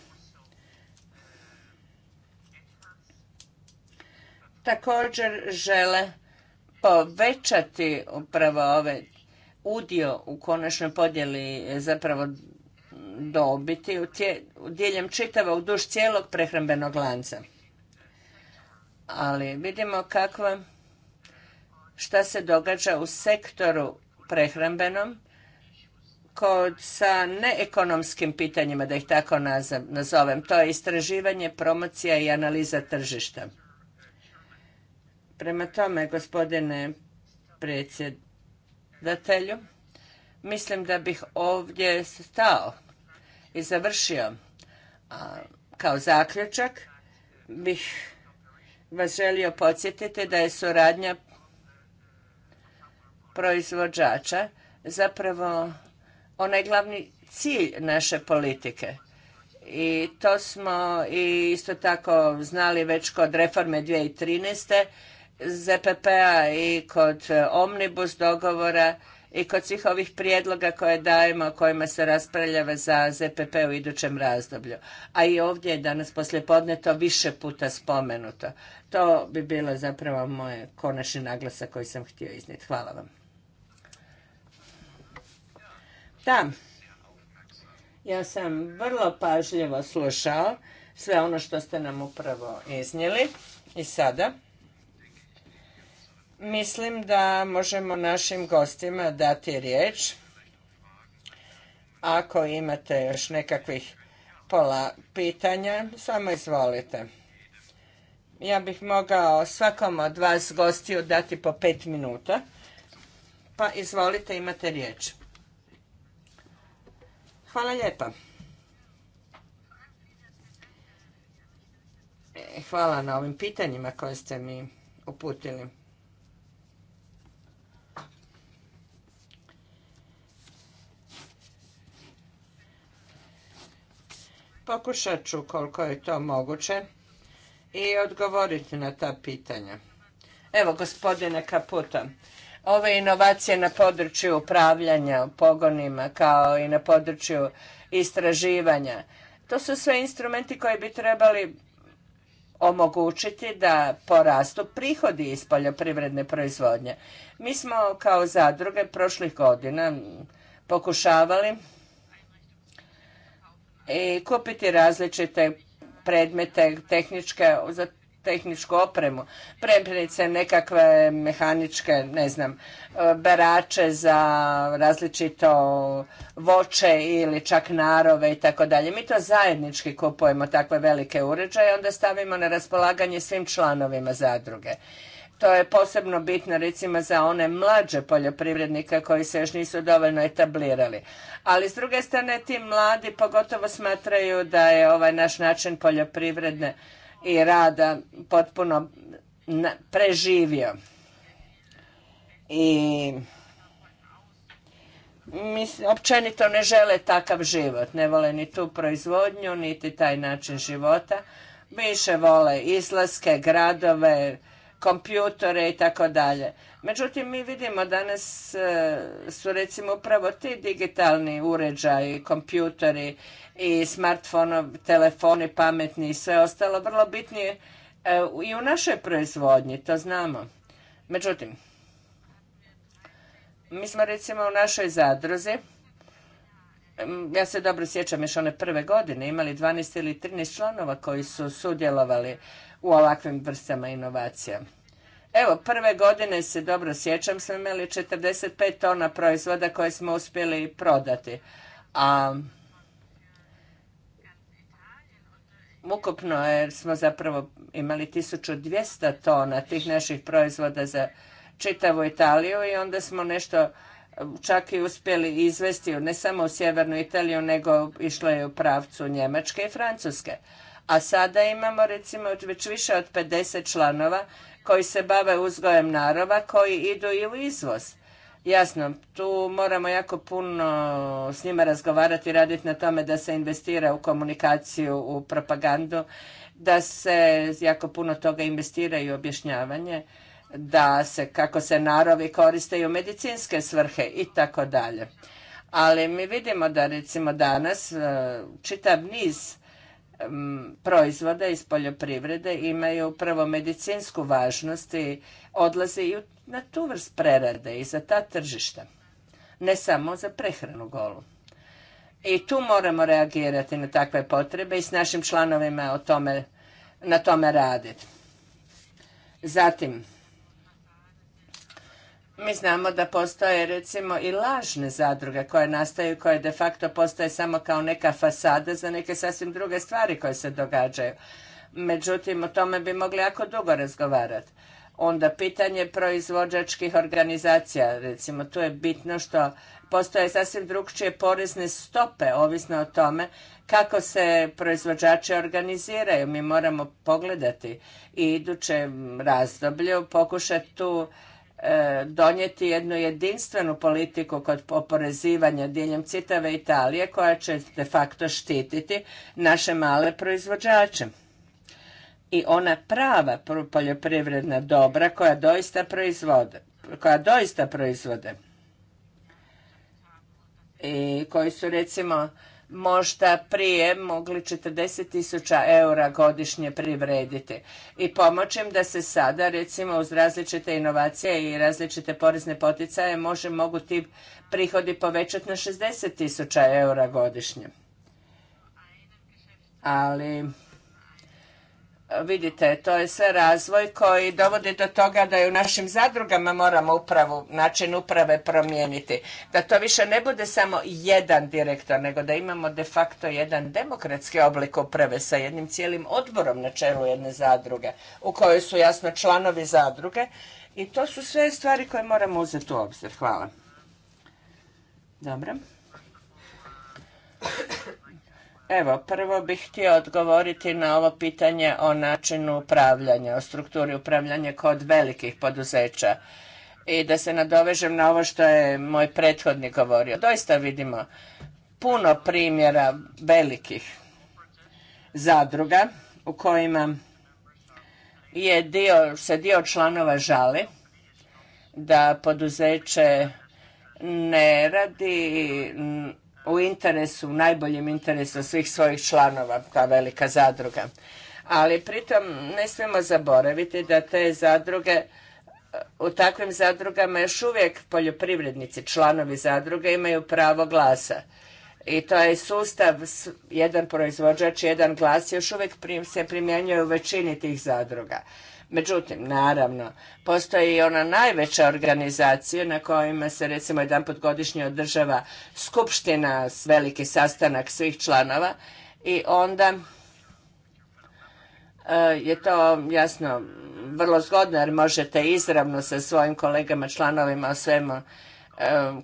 također žele povećati upravo ovaj udio u konačnoj podjeli zapravo dobiti u diljem čitavog duž cijelog prehrambenog lanca ali vidimo kakva, šta se događa u sektoru prehrambenom kod, sa neekonomskim pitanjima, da ih tako nazovem. To je istraživanje, promocija i analiza tržišta. Prema tome, gospodine predsjedatelju, mislim da bih ovdje stao i završio. kao zaključak bih vas želio podsjetiti da je suradnja proizvođača zapravo onaj glavni cilj naše politike. I to smo i isto tako znali već kod reforme 2013. ZPP-a i kod omnibus dogovora i kod svih ovih prijedloga koje dajemo, o kojima se raspravljava za ZPP u idućem razdoblju. A i ovdje je danas poslijepodne to više puta spomenuto. To bi bilo zapravo moje konačni naglasak koji sam htio iznijeti. Hvala vam. Da, ja sam vrlo pažljivo slušao sve ono što ste nam upravo iznijeli i sada Mislim da možemo našim gostima dati riječ. Ako imate još nekakvih pola pitanja, samo izvolite. Ja bih mogao svakom od vas gostiju dati po pet minuta. Pa izvolite, imate riječ. Hvala lijepa. E, hvala na ovim pitanjima koje ste mi uputili. Pokušat ću koliko je to moguće i odgovoriti na ta pitanja. Evo, gospodine Kaputa, ove inovacije na području upravljanja pogonima kao i na području istraživanja, to su sve instrumenti koji bi trebali omogućiti da porastu prihodi iz poljoprivredne proizvodnje. Mi smo kao zadruge prošlih godina pokušavali i e, kupiti različite predmete tehničke, za tehničku opremu, premjenice nekakve mehaničke, ne znam, e, berače za različito voće ili čak narove i tako dalje. Mi to zajednički kupujemo takve velike uređaje, onda stavimo na raspolaganje svim članovima zadruge. To je posebno bitno recimo za one mlađe poljoprivrednike koji se još nisu dovoljno etablirali. Ali s druge strane ti mladi pogotovo smatraju da je ovaj naš način poljoprivredne i rada potpuno preživio. I mislim, općenito ne žele takav život. Ne vole ni tu proizvodnju, niti taj način života. Više vole izlaske, gradove, kompjutore i tako dalje. Međutim, mi vidimo danas e, su recimo upravo ti digitalni uređaji, kompjutori i smartfonovi, telefoni pametni i sve ostalo vrlo bitni e, i u našoj proizvodnji, to znamo. Međutim, mi smo recimo u našoj zadruzi, ja se dobro sjećam još one prve godine, imali 12 ili 13 članova koji su sudjelovali u ovakvim vrstama inovacija. Evo, prve godine se dobro sjećam, smo imali 45 tona proizvoda koje smo uspjeli prodati. A ukupno je smo zapravo imali 1200 tona tih naših proizvoda za čitavu Italiju i onda smo nešto čak i uspjeli izvesti ne samo u sjevernu Italiju, nego išlo je u pravcu Njemačke i Francuske a sada imamo recimo već više od 50 članova koji se bave uzgojem narova koji idu i u izvoz. Jasno, tu moramo jako puno s njima razgovarati raditi na tome da se investira u komunikaciju, u propagandu, da se jako puno toga investira i u objašnjavanje, da se kako se narovi koriste i u medicinske svrhe i tako dalje. Ali mi vidimo da recimo danas e, čitav niz proizvoda iz poljoprivrede imaju upravo medicinsku važnost i odlaze i na tu vrst prerade i za ta tržišta. Ne samo za prehranu golu. I tu moramo reagirati na takve potrebe i s našim članovima o tome, na tome raditi. Zatim, mi znamo da postoje recimo i lažne zadruge koje nastaju, koje de facto postoje samo kao neka fasada za neke sasvim druge stvari koje se događaju. Međutim, o tome bi mogli jako dugo razgovarati. Onda pitanje proizvođačkih organizacija, recimo tu je bitno što postoje sasvim drugčije porezne stope, ovisno o tome kako se proizvođači organiziraju. Mi moramo pogledati i iduće razdoblju pokušati tu E, donijeti jednu jedinstvenu politiku kod oporezivanja diljem citave Italije koja će de facto štititi naše male proizvođače. I ona prava poljoprivredna dobra koja doista proizvode, koja doista proizvode i koji su recimo možda prije mogli 40.000 tisuća eura godišnje privrediti i pomoći im da se sada recimo uz različite inovacije i različite porezne poticaje može, mogu ti prihodi povećati na 60.000 eura godišnje. Ali Vidite, to je sve razvoj koji dovodi do toga da je u našim zadrugama moramo upravu, način uprave promijeniti. Da to više ne bude samo jedan direktor, nego da imamo de facto jedan demokratski oblik uprave sa jednim cijelim odborom na čelu jedne zadruge, u kojoj su jasno članovi zadruge. I to su sve stvari koje moramo uzeti u obzir. Hvala. Dobro. Evo, prvo bih htio odgovoriti na ovo pitanje o načinu upravljanja, o strukturi upravljanja kod velikih poduzeća i da se nadovežem na ovo što je moj prethodnik govorio. Doista vidimo puno primjera velikih zadruga u kojima je dio, se dio članova žali da poduzeće ne radi u interesu, u najboljem interesu svih svojih članova, ta velika zadruga. Ali pritom ne smijemo zaboraviti da te zadruge, u takvim zadrugama još uvijek poljoprivrednici, članovi zadruge imaju pravo glasa. I to je sustav, jedan proizvođač, jedan glas, još uvijek se primjenjuje u većini tih zadruga. Međutim, naravno, postoji i ona najveća organizacija na kojima se recimo jedanput godišnje održava skupština, veliki sastanak svih članova i onda e, je to jasno vrlo zgodno jer možete izravno sa svojim kolegama članovima o svemu e,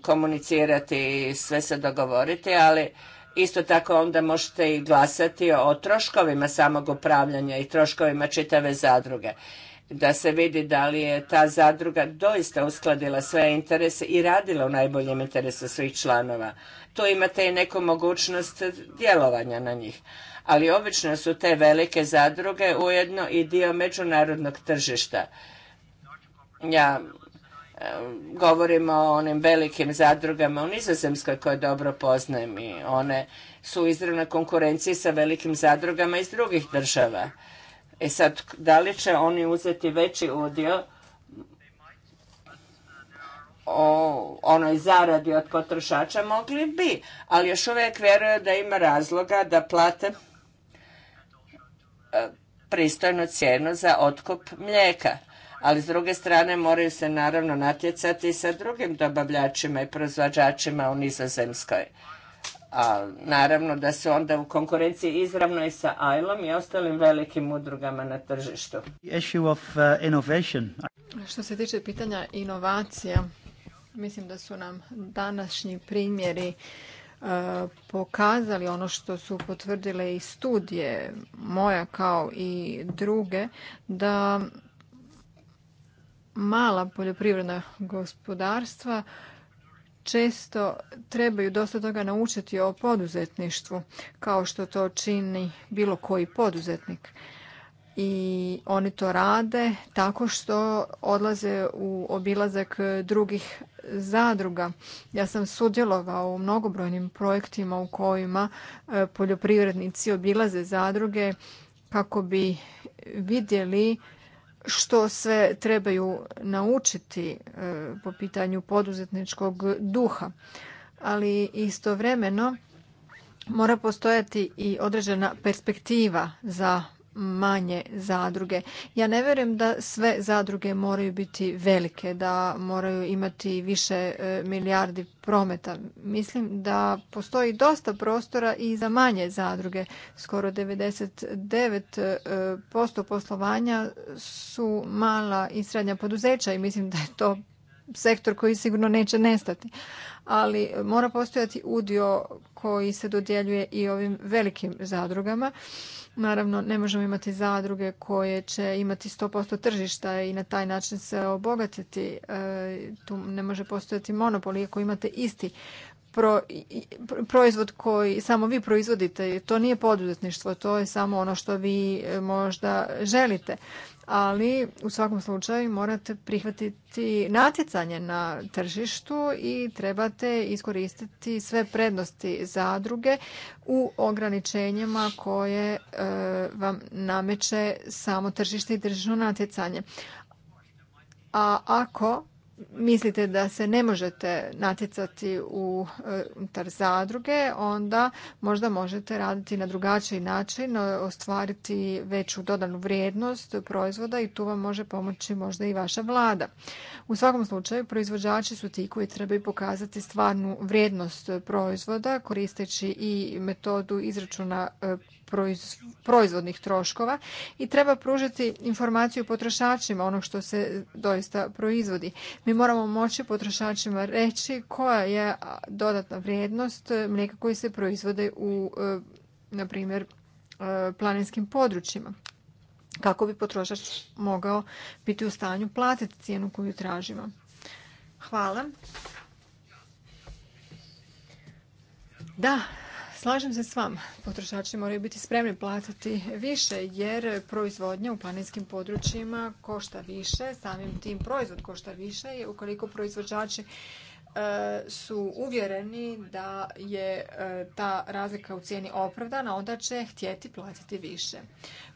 komunicirati i sve se dogovoriti, ali Isto tako onda možete i glasati o troškovima samog upravljanja i troškovima čitave zadruge da se vidi da li je ta zadruga doista uskladila sve interese i radila u najboljem interesu svih članova. Tu imate i neku mogućnost djelovanja na njih. Ali obično su te velike zadruge ujedno i dio međunarodnog tržišta. Ja govorimo o onim velikim zadrugama u Nizozemskoj koje dobro poznajem i one su u izravnoj konkurenciji sa velikim zadrugama iz drugih država. E sad, da li će oni uzeti veći udio o onoj zaradi od potrošača mogli bi, ali još uvijek vjeruju da ima razloga da plate e, pristojnu cijenu za otkup mlijeka ali s druge strane moraju se naravno natjecati sa drugim dobavljačima i proizvođačima u Nizozemskoj. A naravno da su onda u konkurenciji izravno i sa AILom i ostalim velikim udrugama na tržištu. Uh, što se tiče pitanja inovacija, mislim da su nam današnji primjeri uh, pokazali ono što su potvrdile i studije moja kao i druge da mala poljoprivredna gospodarstva često trebaju dosta toga naučiti o poduzetništvu, kao što to čini bilo koji poduzetnik. I oni to rade tako što odlaze u obilazak drugih zadruga. Ja sam sudjelovao u mnogobrojnim projektima u kojima e, poljoprivrednici obilaze zadruge kako bi vidjeli što sve trebaju naučiti e, po pitanju poduzetničkog duha. Ali istovremeno mora postojati i određena perspektiva za manje zadruge. Ja ne vjerujem da sve zadruge moraju biti velike, da moraju imati više e, milijardi prometa. Mislim da postoji dosta prostora i za manje zadruge. Skoro 99% e, poslovanja su mala i srednja poduzeća i mislim da je to sektor koji sigurno neće nestati ali mora postojati udio koji se dodjeljuje i ovim velikim zadrugama. Naravno, ne možemo imati zadruge koje će imati 100% tržišta i na taj način se obogatiti. E, tu ne može postojati monopol, iako imate isti proizvod koji samo vi proizvodite. To nije poduzetništvo, to je samo ono što vi e, možda želite. Ali u svakom slučaju morate prihvatiti natjecanje na tržištu i treba te iskoristiti sve prednosti zadruge u ograničenjima koje e, vam nameće samo tržište i tržišno natjecanje. A ako mislite da se ne možete natjecati e, tar zadruge, onda možda možete raditi na drugačiji način, e, ostvariti veću dodanu vrijednost proizvoda i tu vam može pomoći možda i vaša vlada. U svakom slučaju, proizvođači su ti koji trebaju pokazati stvarnu vrijednost proizvoda koristeći i metodu izračuna e, proizvodnih troškova i treba pružiti informaciju potrošačima ono što se doista proizvodi. Mi moramo moći potrošačima reći koja je dodatna vrijednost mlijeka koji se proizvode u, e, na primjer, e, planinskim područjima kako bi potrošač mogao biti u stanju platiti cijenu koju tražimo. Hvala. Da, Slažem se s vama. Potrošači moraju biti spremni platiti više jer proizvodnja u planinskim područjima košta više, samim tim proizvod košta više i ukoliko proizvođači e, su uvjereni da je e, ta razlika u cijeni opravdana, onda će htjeti platiti više.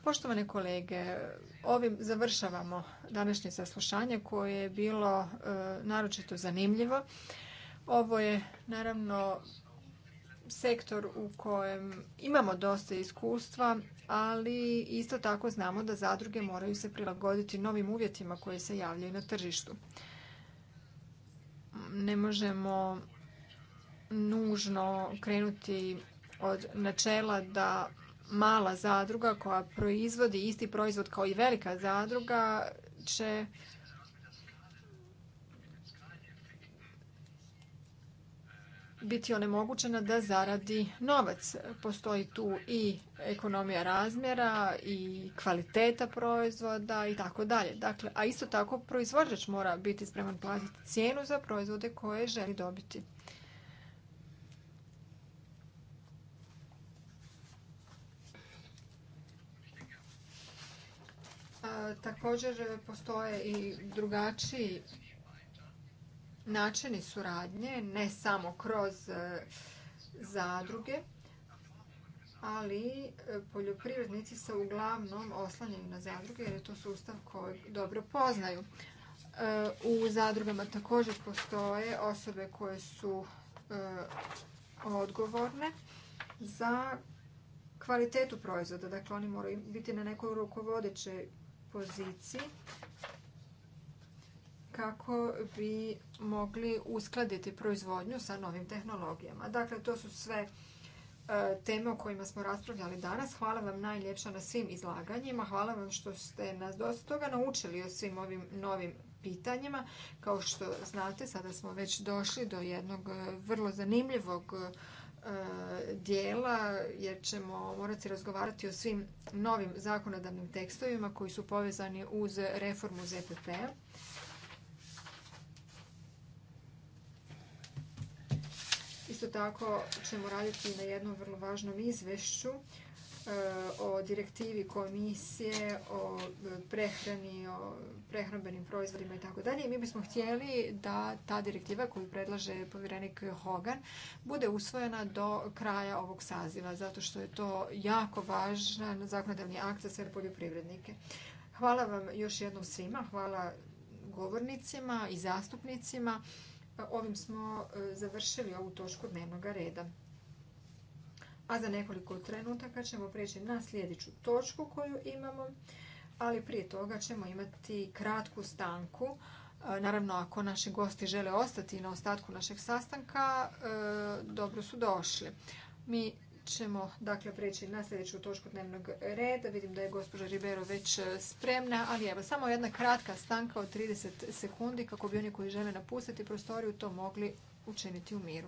Poštovane kolege, ovim završavamo današnje saslušanje koje je bilo e, naročito zanimljivo. Ovo je naravno sektor u kojem imamo dosta iskustva, ali isto tako znamo da zadruge moraju se prilagoditi novim uvjetima koji se javljaju na tržištu. Ne možemo nužno krenuti od načela da mala zadruga koja proizvodi isti proizvod kao i velika zadruga će biti onemogućena da zaradi novac. Postoji tu i ekonomija razmjera i kvaliteta proizvoda i tako dalje. Dakle, a isto tako proizvođač mora biti spreman platiti cijenu za proizvode koje želi dobiti. Također postoje i drugačiji načini suradnje, ne samo kroz e, zadruge, ali e, poljoprivrednici se uglavnom oslanjaju na zadruge jer je to sustav koji dobro poznaju. E, u zadrugama također postoje osobe koje su odgovorne za kvalitetu proizvoda. Dakle, oni moraju biti na nekoj rukovodećoj poziciji kako bi mogli uskladiti proizvodnju sa novim tehnologijama. Dakle, to su sve e, teme o kojima smo raspravljali danas. Hvala vam najljepša na svim izlaganjima. Hvala vam što ste nas dosta toga naučili o svim ovim novim pitanjima. Kao što znate, sada smo već došli do jednog e, vrlo zanimljivog e, dijela jer ćemo morati razgovarati o svim novim zakonodavnim tekstovima koji su povezani uz reformu ZPP-a. Isto tako ćemo raditi na jednom vrlo važnom izvešću e, o direktivi komisije, o prehrani, o prehrambenim proizvodima i tako dalje. Mi bismo htjeli da ta direktiva koju predlaže povjerenik Hogan bude usvojena do kraja ovog saziva, zato što je to jako važan zakonodavni akt za sve poljoprivrednike. Hvala vam još jednom svima, hvala govornicima i zastupnicima. Pa ovim smo e, završili ovu točku dnevnog reda. A za nekoliko trenutaka ćemo prijeći na sljedeću točku koju imamo, ali prije toga ćemo imati kratku stanku. E, naravno, ako naši gosti žele ostati na ostatku našeg sastanka, e, dobro su došli. Mi ćemo dakle preći na sljedeću točku dnevnog reda. Vidim da je gospođa Ribero već e, spremna, ali evo samo jedna kratka stanka od 30 sekundi kako bi oni koji žele napustiti prostoriju to mogli učiniti u miru.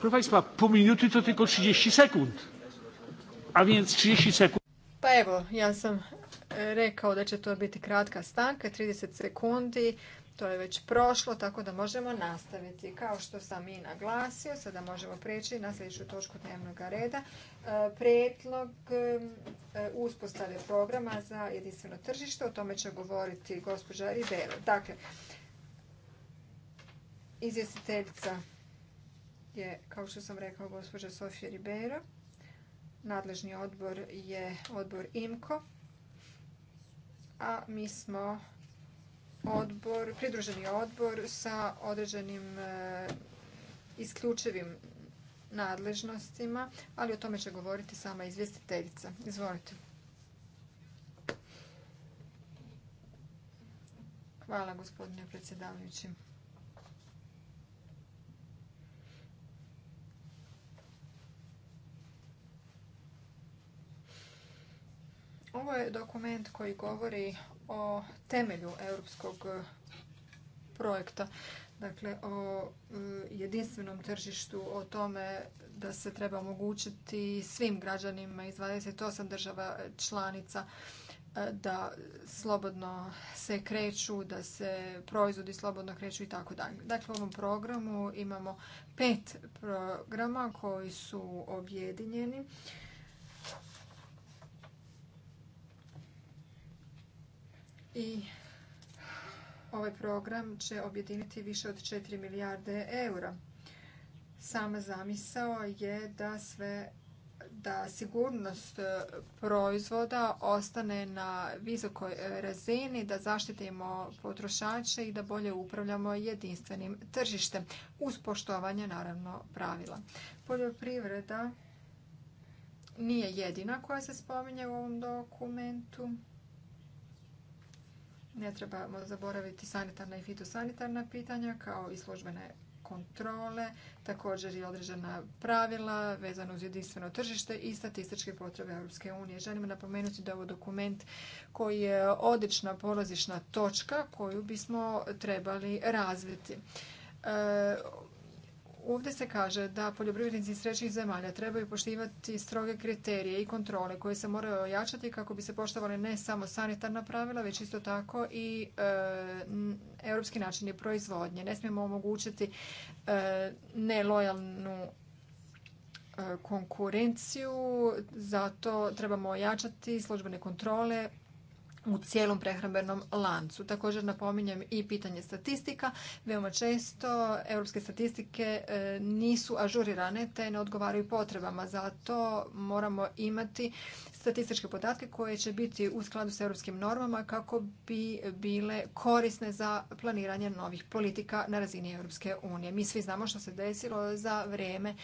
Proszę Państwa, to 30 A więc 30 sekund. Pa evo, ja sam e, rekao da će to biti kratka stanka, 30 sekundi. To je već prošlo, tako da možemo nastaviti. Kao što sam i naglasio, sada možemo preći na sljedeću točku dnevnog reda. E, prijedlog e, uspostave programa za jedinstveno tržište, o tome će govoriti gospođa Ribelo. Dakle, izvjestiteljica je, kao što sam rekao, gospođa Sofija Ribeiro. Nadležni odbor je odbor IMCO, a mi smo odbor, pridruženi odbor sa određenim e, isključivim nadležnostima, ali o tome će govoriti sama izvjestiteljica. Izvolite. Hvala gospodine predsjedavajući. Ovo je dokument koji govori o temelju europskog e, projekta, dakle o e, jedinstvenom tržištu, o tome da se treba omogućiti svim građanima iz 28 država članica e, da slobodno se kreću, da se proizvodi slobodno kreću i tako dalje. Dakle, u ovom programu imamo pet programa koji su objedinjeni i ovaj program će objediniti više od 4 milijarde eura. Sama zamisao je da sve da sigurnost e, proizvoda ostane na visokoj e, razini, da zaštitimo potrošače i da bolje upravljamo jedinstvenim tržištem uz poštovanje naravno pravila. Poljoprivreda nije jedina koja se spominje u ovom dokumentu. Ne trebamo zaboraviti sanitarna i fitosanitarna pitanja kao i službene kontrole, također i određena pravila vezano uz jedinstveno tržište i statističke potrebe Europske unije. Želimo napomenuti da je ovo dokument koji je odlična polazišna točka koju bismo trebali razviti. E, Ovdje se kaže da poljoprivrednici iz trećih zemalja trebaju poštivati stroge kriterije i kontrole koje se moraju ojačati kako bi se poštovali ne samo sanitarna pravila, već isto tako i e, europski načini proizvodnje. Ne smijemo omogućiti e, nelojalnu e, konkurenciju, zato trebamo ojačati službene kontrole, u cijelom prehrambenom lancu. Također napominjem i pitanje statistika. Veoma često europske statistike e, nisu ažurirane te ne odgovaraju potrebama. Zato moramo imati statističke podatke koje će biti u skladu s europskim normama kako bi bile korisne za planiranje novih politika na razini Europske unije. Mi svi znamo što se desilo za vrijeme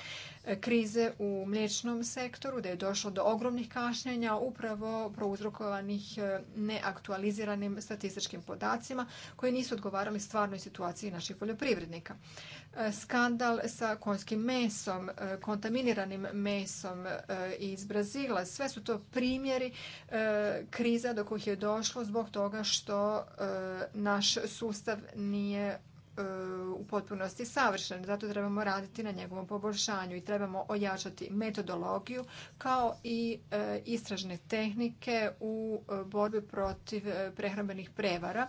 e, krize u mliječnom sektoru, da je došlo do ogromnih kašnjenja upravo prouzrokovanih e, neaktualiziranim statističkim podacima koji nisu odgovarali stvarnoj situaciji naših poljoprivrednika. E, skandal sa konjskim mesom, kontaminiranim mesom iz Brazila, sve su to primjeri e, kriza do kojih je došlo zbog toga što e, naš sustav nije e, u potpunosti savršen. Zato trebamo raditi na njegovom poboljšanju i trebamo ojačati metodologiju kao i istražne tehnike u borbi protiv prehrambenih prevara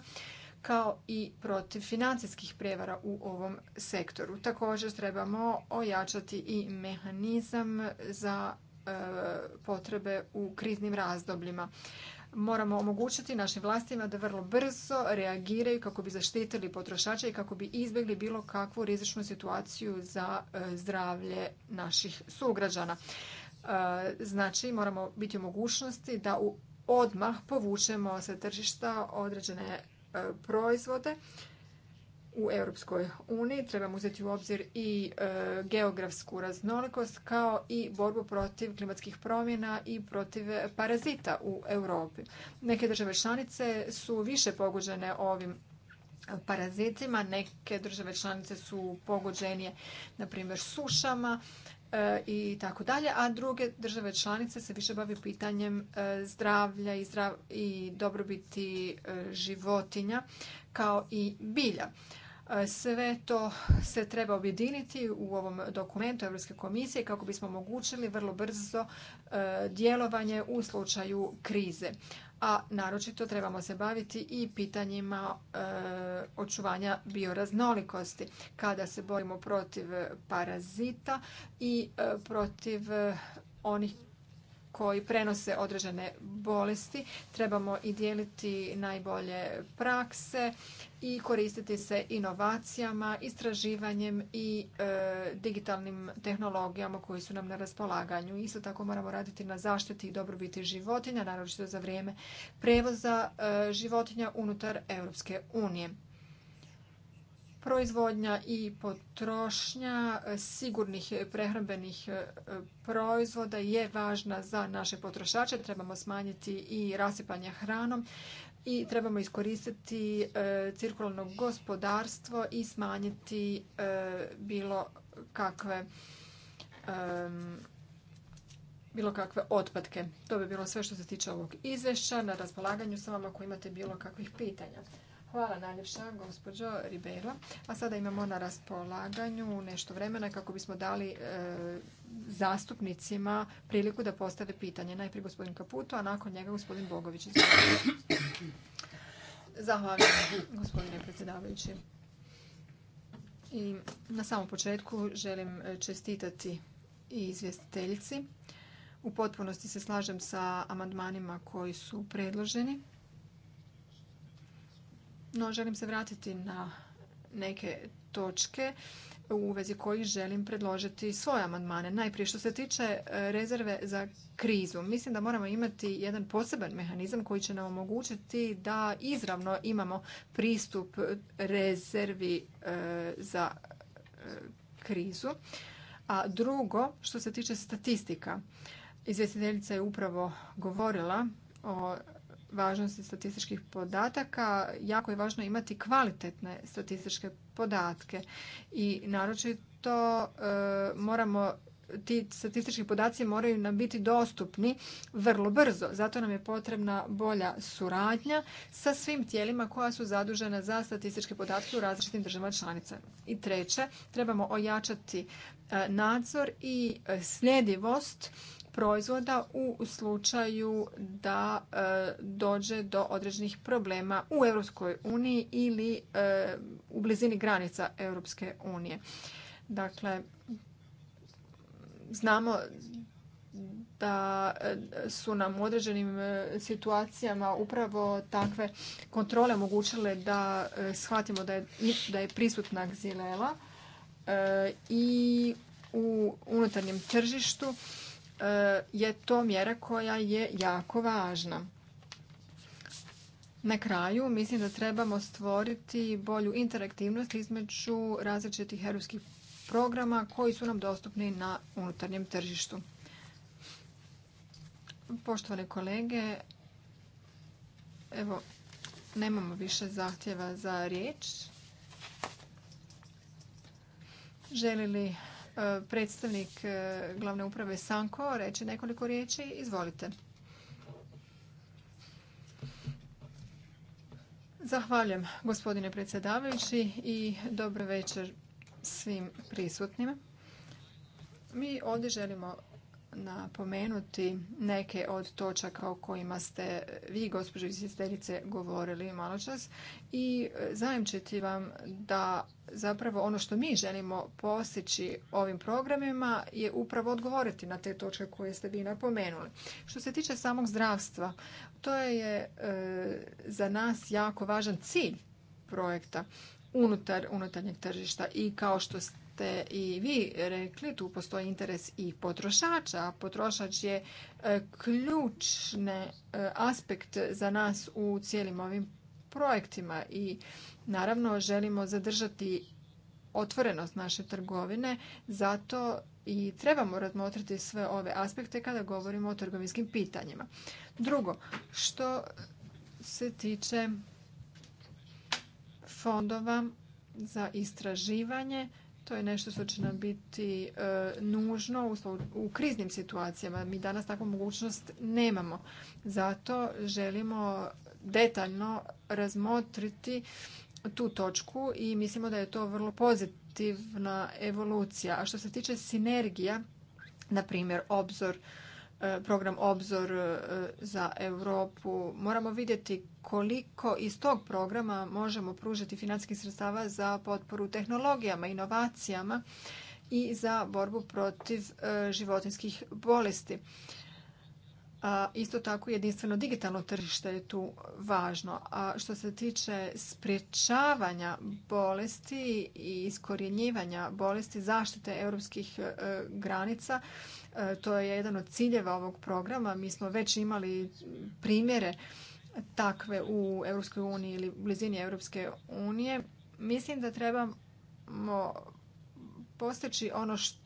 kao i protiv financijskih prevara u ovom sektoru. Također trebamo ojačati i mehanizam za E, potrebe u kriznim razdobljima. Moramo omogućiti našim vlastima da vrlo brzo reagiraju kako bi zaštitili potrošača i kako bi izbjegli bilo kakvu rizičnu situaciju za e, zdravlje naših sugrađana. E, znači, moramo biti u mogućnosti da odmah povučemo sa tržišta određene proizvode u Europskoj uniji. Trebamo uzeti u obzir i e, geografsku raznolikost kao i borbu protiv klimatskih promjena i protiv parazita u Europi. Neke države članice su više pogođene ovim parazitima, neke države članice su pogođenije na primjer sušama e, i tako dalje, a druge države članice se više bavi pitanjem e, zdravlja i dobrobiti životinja kao i bilja. Sve to se treba objediniti u ovom dokumentu Europske komisije kako bismo omogućili vrlo brzo e, djelovanje u slučaju krize. A naročito trebamo se baviti i pitanjima e, očuvanja bioraznolikosti kada se borimo protiv parazita i e, protiv onih koji prenose određene bolesti. Trebamo i dijeliti najbolje prakse i koristiti se inovacijama, istraživanjem i e, digitalnim tehnologijama koji su nam na raspolaganju. Isto tako moramo raditi na zaštiti i dobrobiti životinja, naročito za vrijeme prevoza e, životinja unutar Europske unije proizvodnja i potrošnja e, sigurnih prehrambenih e, proizvoda je važna za naše potrošače. Trebamo smanjiti i rasipanje hranom i trebamo iskoristiti e, cirkularno gospodarstvo i smanjiti bilo kakve bilo kakve otpadke. To bi bilo sve što se tiče ovog izvješća. Na raspolaganju sam vama ako imate bilo kakvih pitanja. Hvala najljepša, gospođo Ribeiro. A sada imamo na raspolaganju nešto vremena kako bismo dali e, zastupnicima priliku da postave pitanje. Najprije gospodin Kaputo, a nakon njega gospodin Bogović. Zahvaljujem, gospodine predsjedavajući. I na samom početku želim e, čestitati i izvjestiteljci. U potpunosti se slažem sa amandmanima koji su predloženi. No, želim se vratiti na neke točke u vezi kojih želim predložiti svoje amandmane. Najprije što se tiče e, rezerve za krizu, mislim da moramo imati jedan poseban mehanizam koji će nam omogućiti da izravno imamo pristup rezervi e, za e, krizu. A drugo, što se tiče statistika, izvjestiteljica je upravo govorila o važnosti statističkih podataka, jako je važno imati kvalitetne statističke podatke i naročito e, moramo ti statistički podaci moraju nam biti dostupni vrlo brzo. Zato nam je potrebna bolja suradnja sa svim tijelima koja su zadužena za statističke podatke u različitim državama članica. I treće, trebamo ojačati e, nadzor i e, sljedivost proizvoda u slučaju da e, dođe do određenih problema u Europskoj uniji ili e, u blizini granica Europske unije. Dakle, znamo da e, su nam u određenim situacijama upravo takve kontrole omogućile da shvatimo da je, da je prisutna gzilela i u unutarnjem tržištu E, je to mjera koja je jako važna. Na kraju, mislim da trebamo stvoriti bolju interaktivnost između različitih europskih programa koji su nam dostupni na unutarnjem tržištu. Poštovane kolege, evo, nemamo više zahtjeva za riječ. Želi li E, predstavnik e, glavne uprave Sanko reći nekoliko riječi. Izvolite. Zahvaljujem gospodine predsjedavajući i dobro večer svim prisutnim. Mi ovdje želimo napomenuti neke od točaka o kojima ste vi, gospođo izvjestiteljice, govorili malo čas i e, zajemčiti vam da zapravo ono što mi želimo postići ovim programima je upravo odgovoriti na te točke koje ste vi napomenuli. Što se tiče samog zdravstva, to je e, za nas jako važan cilj projekta unutar unutarnjeg tržišta i kao što ste ste i vi rekli, tu postoji interes i potrošača. a Potrošač je e, ključni e, aspekt za nas u cijelim ovim projektima i naravno želimo zadržati otvorenost naše trgovine, zato i trebamo razmotriti sve ove aspekte kada govorimo o trgovinskim pitanjima. Drugo, što se tiče fondova za istraživanje, to je nešto što će nam biti e, nužno u kriznim situacijama. Mi danas takvu mogućnost nemamo. Zato želimo detaljno razmotriti tu točku i mislimo da je to vrlo pozitivna evolucija. A što se tiče sinergija, na primjer obzor, e, program Obzor e, za Europu, moramo vidjeti koliko iz tog programa možemo pružiti financijskih sredstava za potporu tehnologijama, inovacijama i za borbu protiv e, životinskih bolesti. isto tako jedinstveno digitalno tržište je tu važno. A što se tiče sprječavanja bolesti i iskorjenjivanja bolesti zaštite europskih e, granica, e, to je jedan od ciljeva ovog programa. Mi smo već imali primjere takve u Europskoj uniji ili blizini Europske unije, mislim da trebamo postići ono što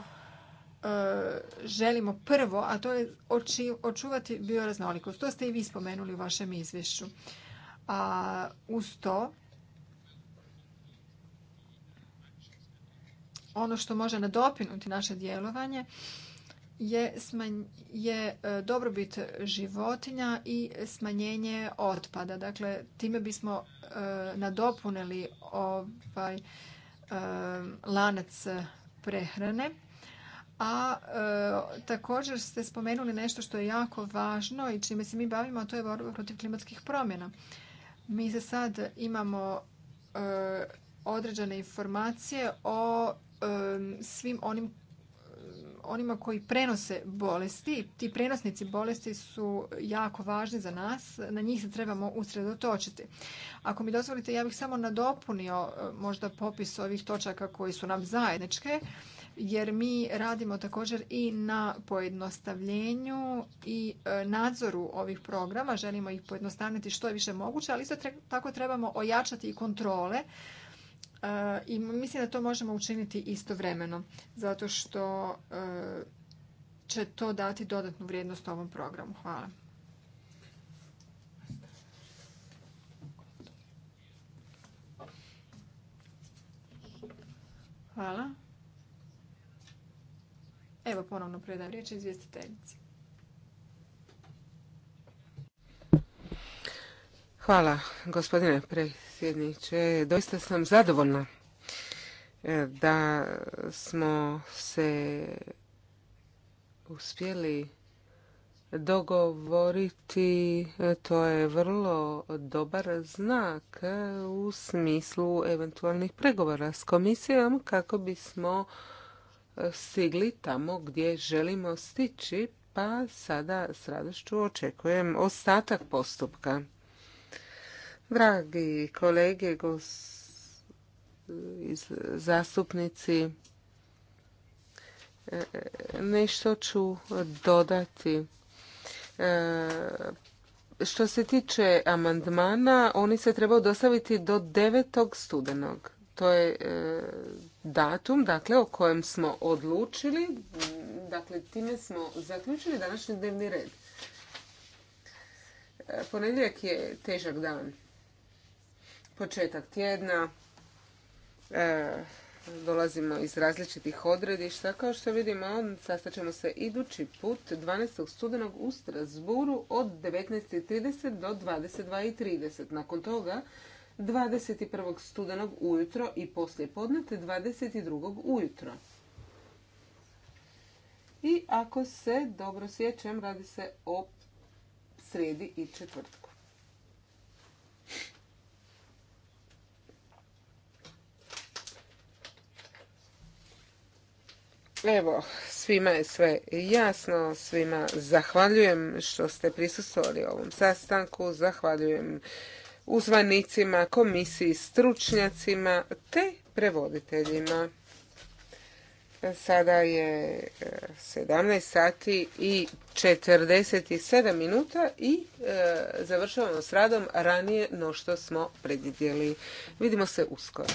e, želimo prvo, a to je očuvati bioraznolikost. To ste i vi spomenuli u vašem izvješću. A uz to ono što može nadopinuti naše djelovanje je, je e, dobrobit životinja i smanjenje otpada. Dakle, time bismo e, nadopunili ovaj e, lanac prehrane. A također ste spomenuli nešto što je jako važno i čime se mi bavimo, a to je borba protiv klimatskih promjena. Mi za sad imamo određene informacije o svim onim onima koji prenose bolesti. Ti prenosnici bolesti su jako važni za nas, na njih se trebamo usredotočiti. Ako mi dozvolite, ja bih samo nadopunio e, možda popis ovih točaka koji su nam zajedničke, jer mi radimo također i na pojednostavljenju i e, nadzoru ovih programa. Želimo ih pojednostavniti što je više moguće, ali isto tako trebamo ojačati i kontrole E, I mislim da to možemo učiniti istovremeno, zato što e, će to dati dodatnu vrijednost ovom programu. Hvala. Hvala. Evo ponovno predajem riječ izvjestiteljici. Hvala gospodine Doista sam zadovoljna e, da smo se uspjeli dogovoriti. E, to je vrlo dobar znak e, u smislu eventualnih pregovora s komisijom kako bismo stigli tamo gdje želimo stići, pa sada s radošću očekujem ostatak postupka. Dragi kolege, zastupnici, e, nešto ću dodati. E, što se tiče amandmana, oni se trebaju dostaviti do 9. studenog. To je e, datum, dakle, o kojem smo odlučili. Dakle, time smo zaključili današnji dnevni red. Ponedjeljak je težak dan početak tjedna. E, dolazimo iz različitih odredišta. Kao što vidimo, sastat ćemo se idući put 12. studenog u Strasburu od 19.30 do 22.30. Nakon toga 21. studenog ujutro i poslije podne 22. ujutro. I ako se dobro sjećam, radi se o sredi i četvrtku. Evo, svima je sve jasno, svima zahvaljujem što ste prisustvovali ovom sastanku, zahvaljujem uzvanicima, komisiji, stručnjacima te prevoditeljima. Sada je 17 e, sati i 47 minuta i e, završavamo s radom ranije no što smo predvidjeli. Vidimo se uskoro.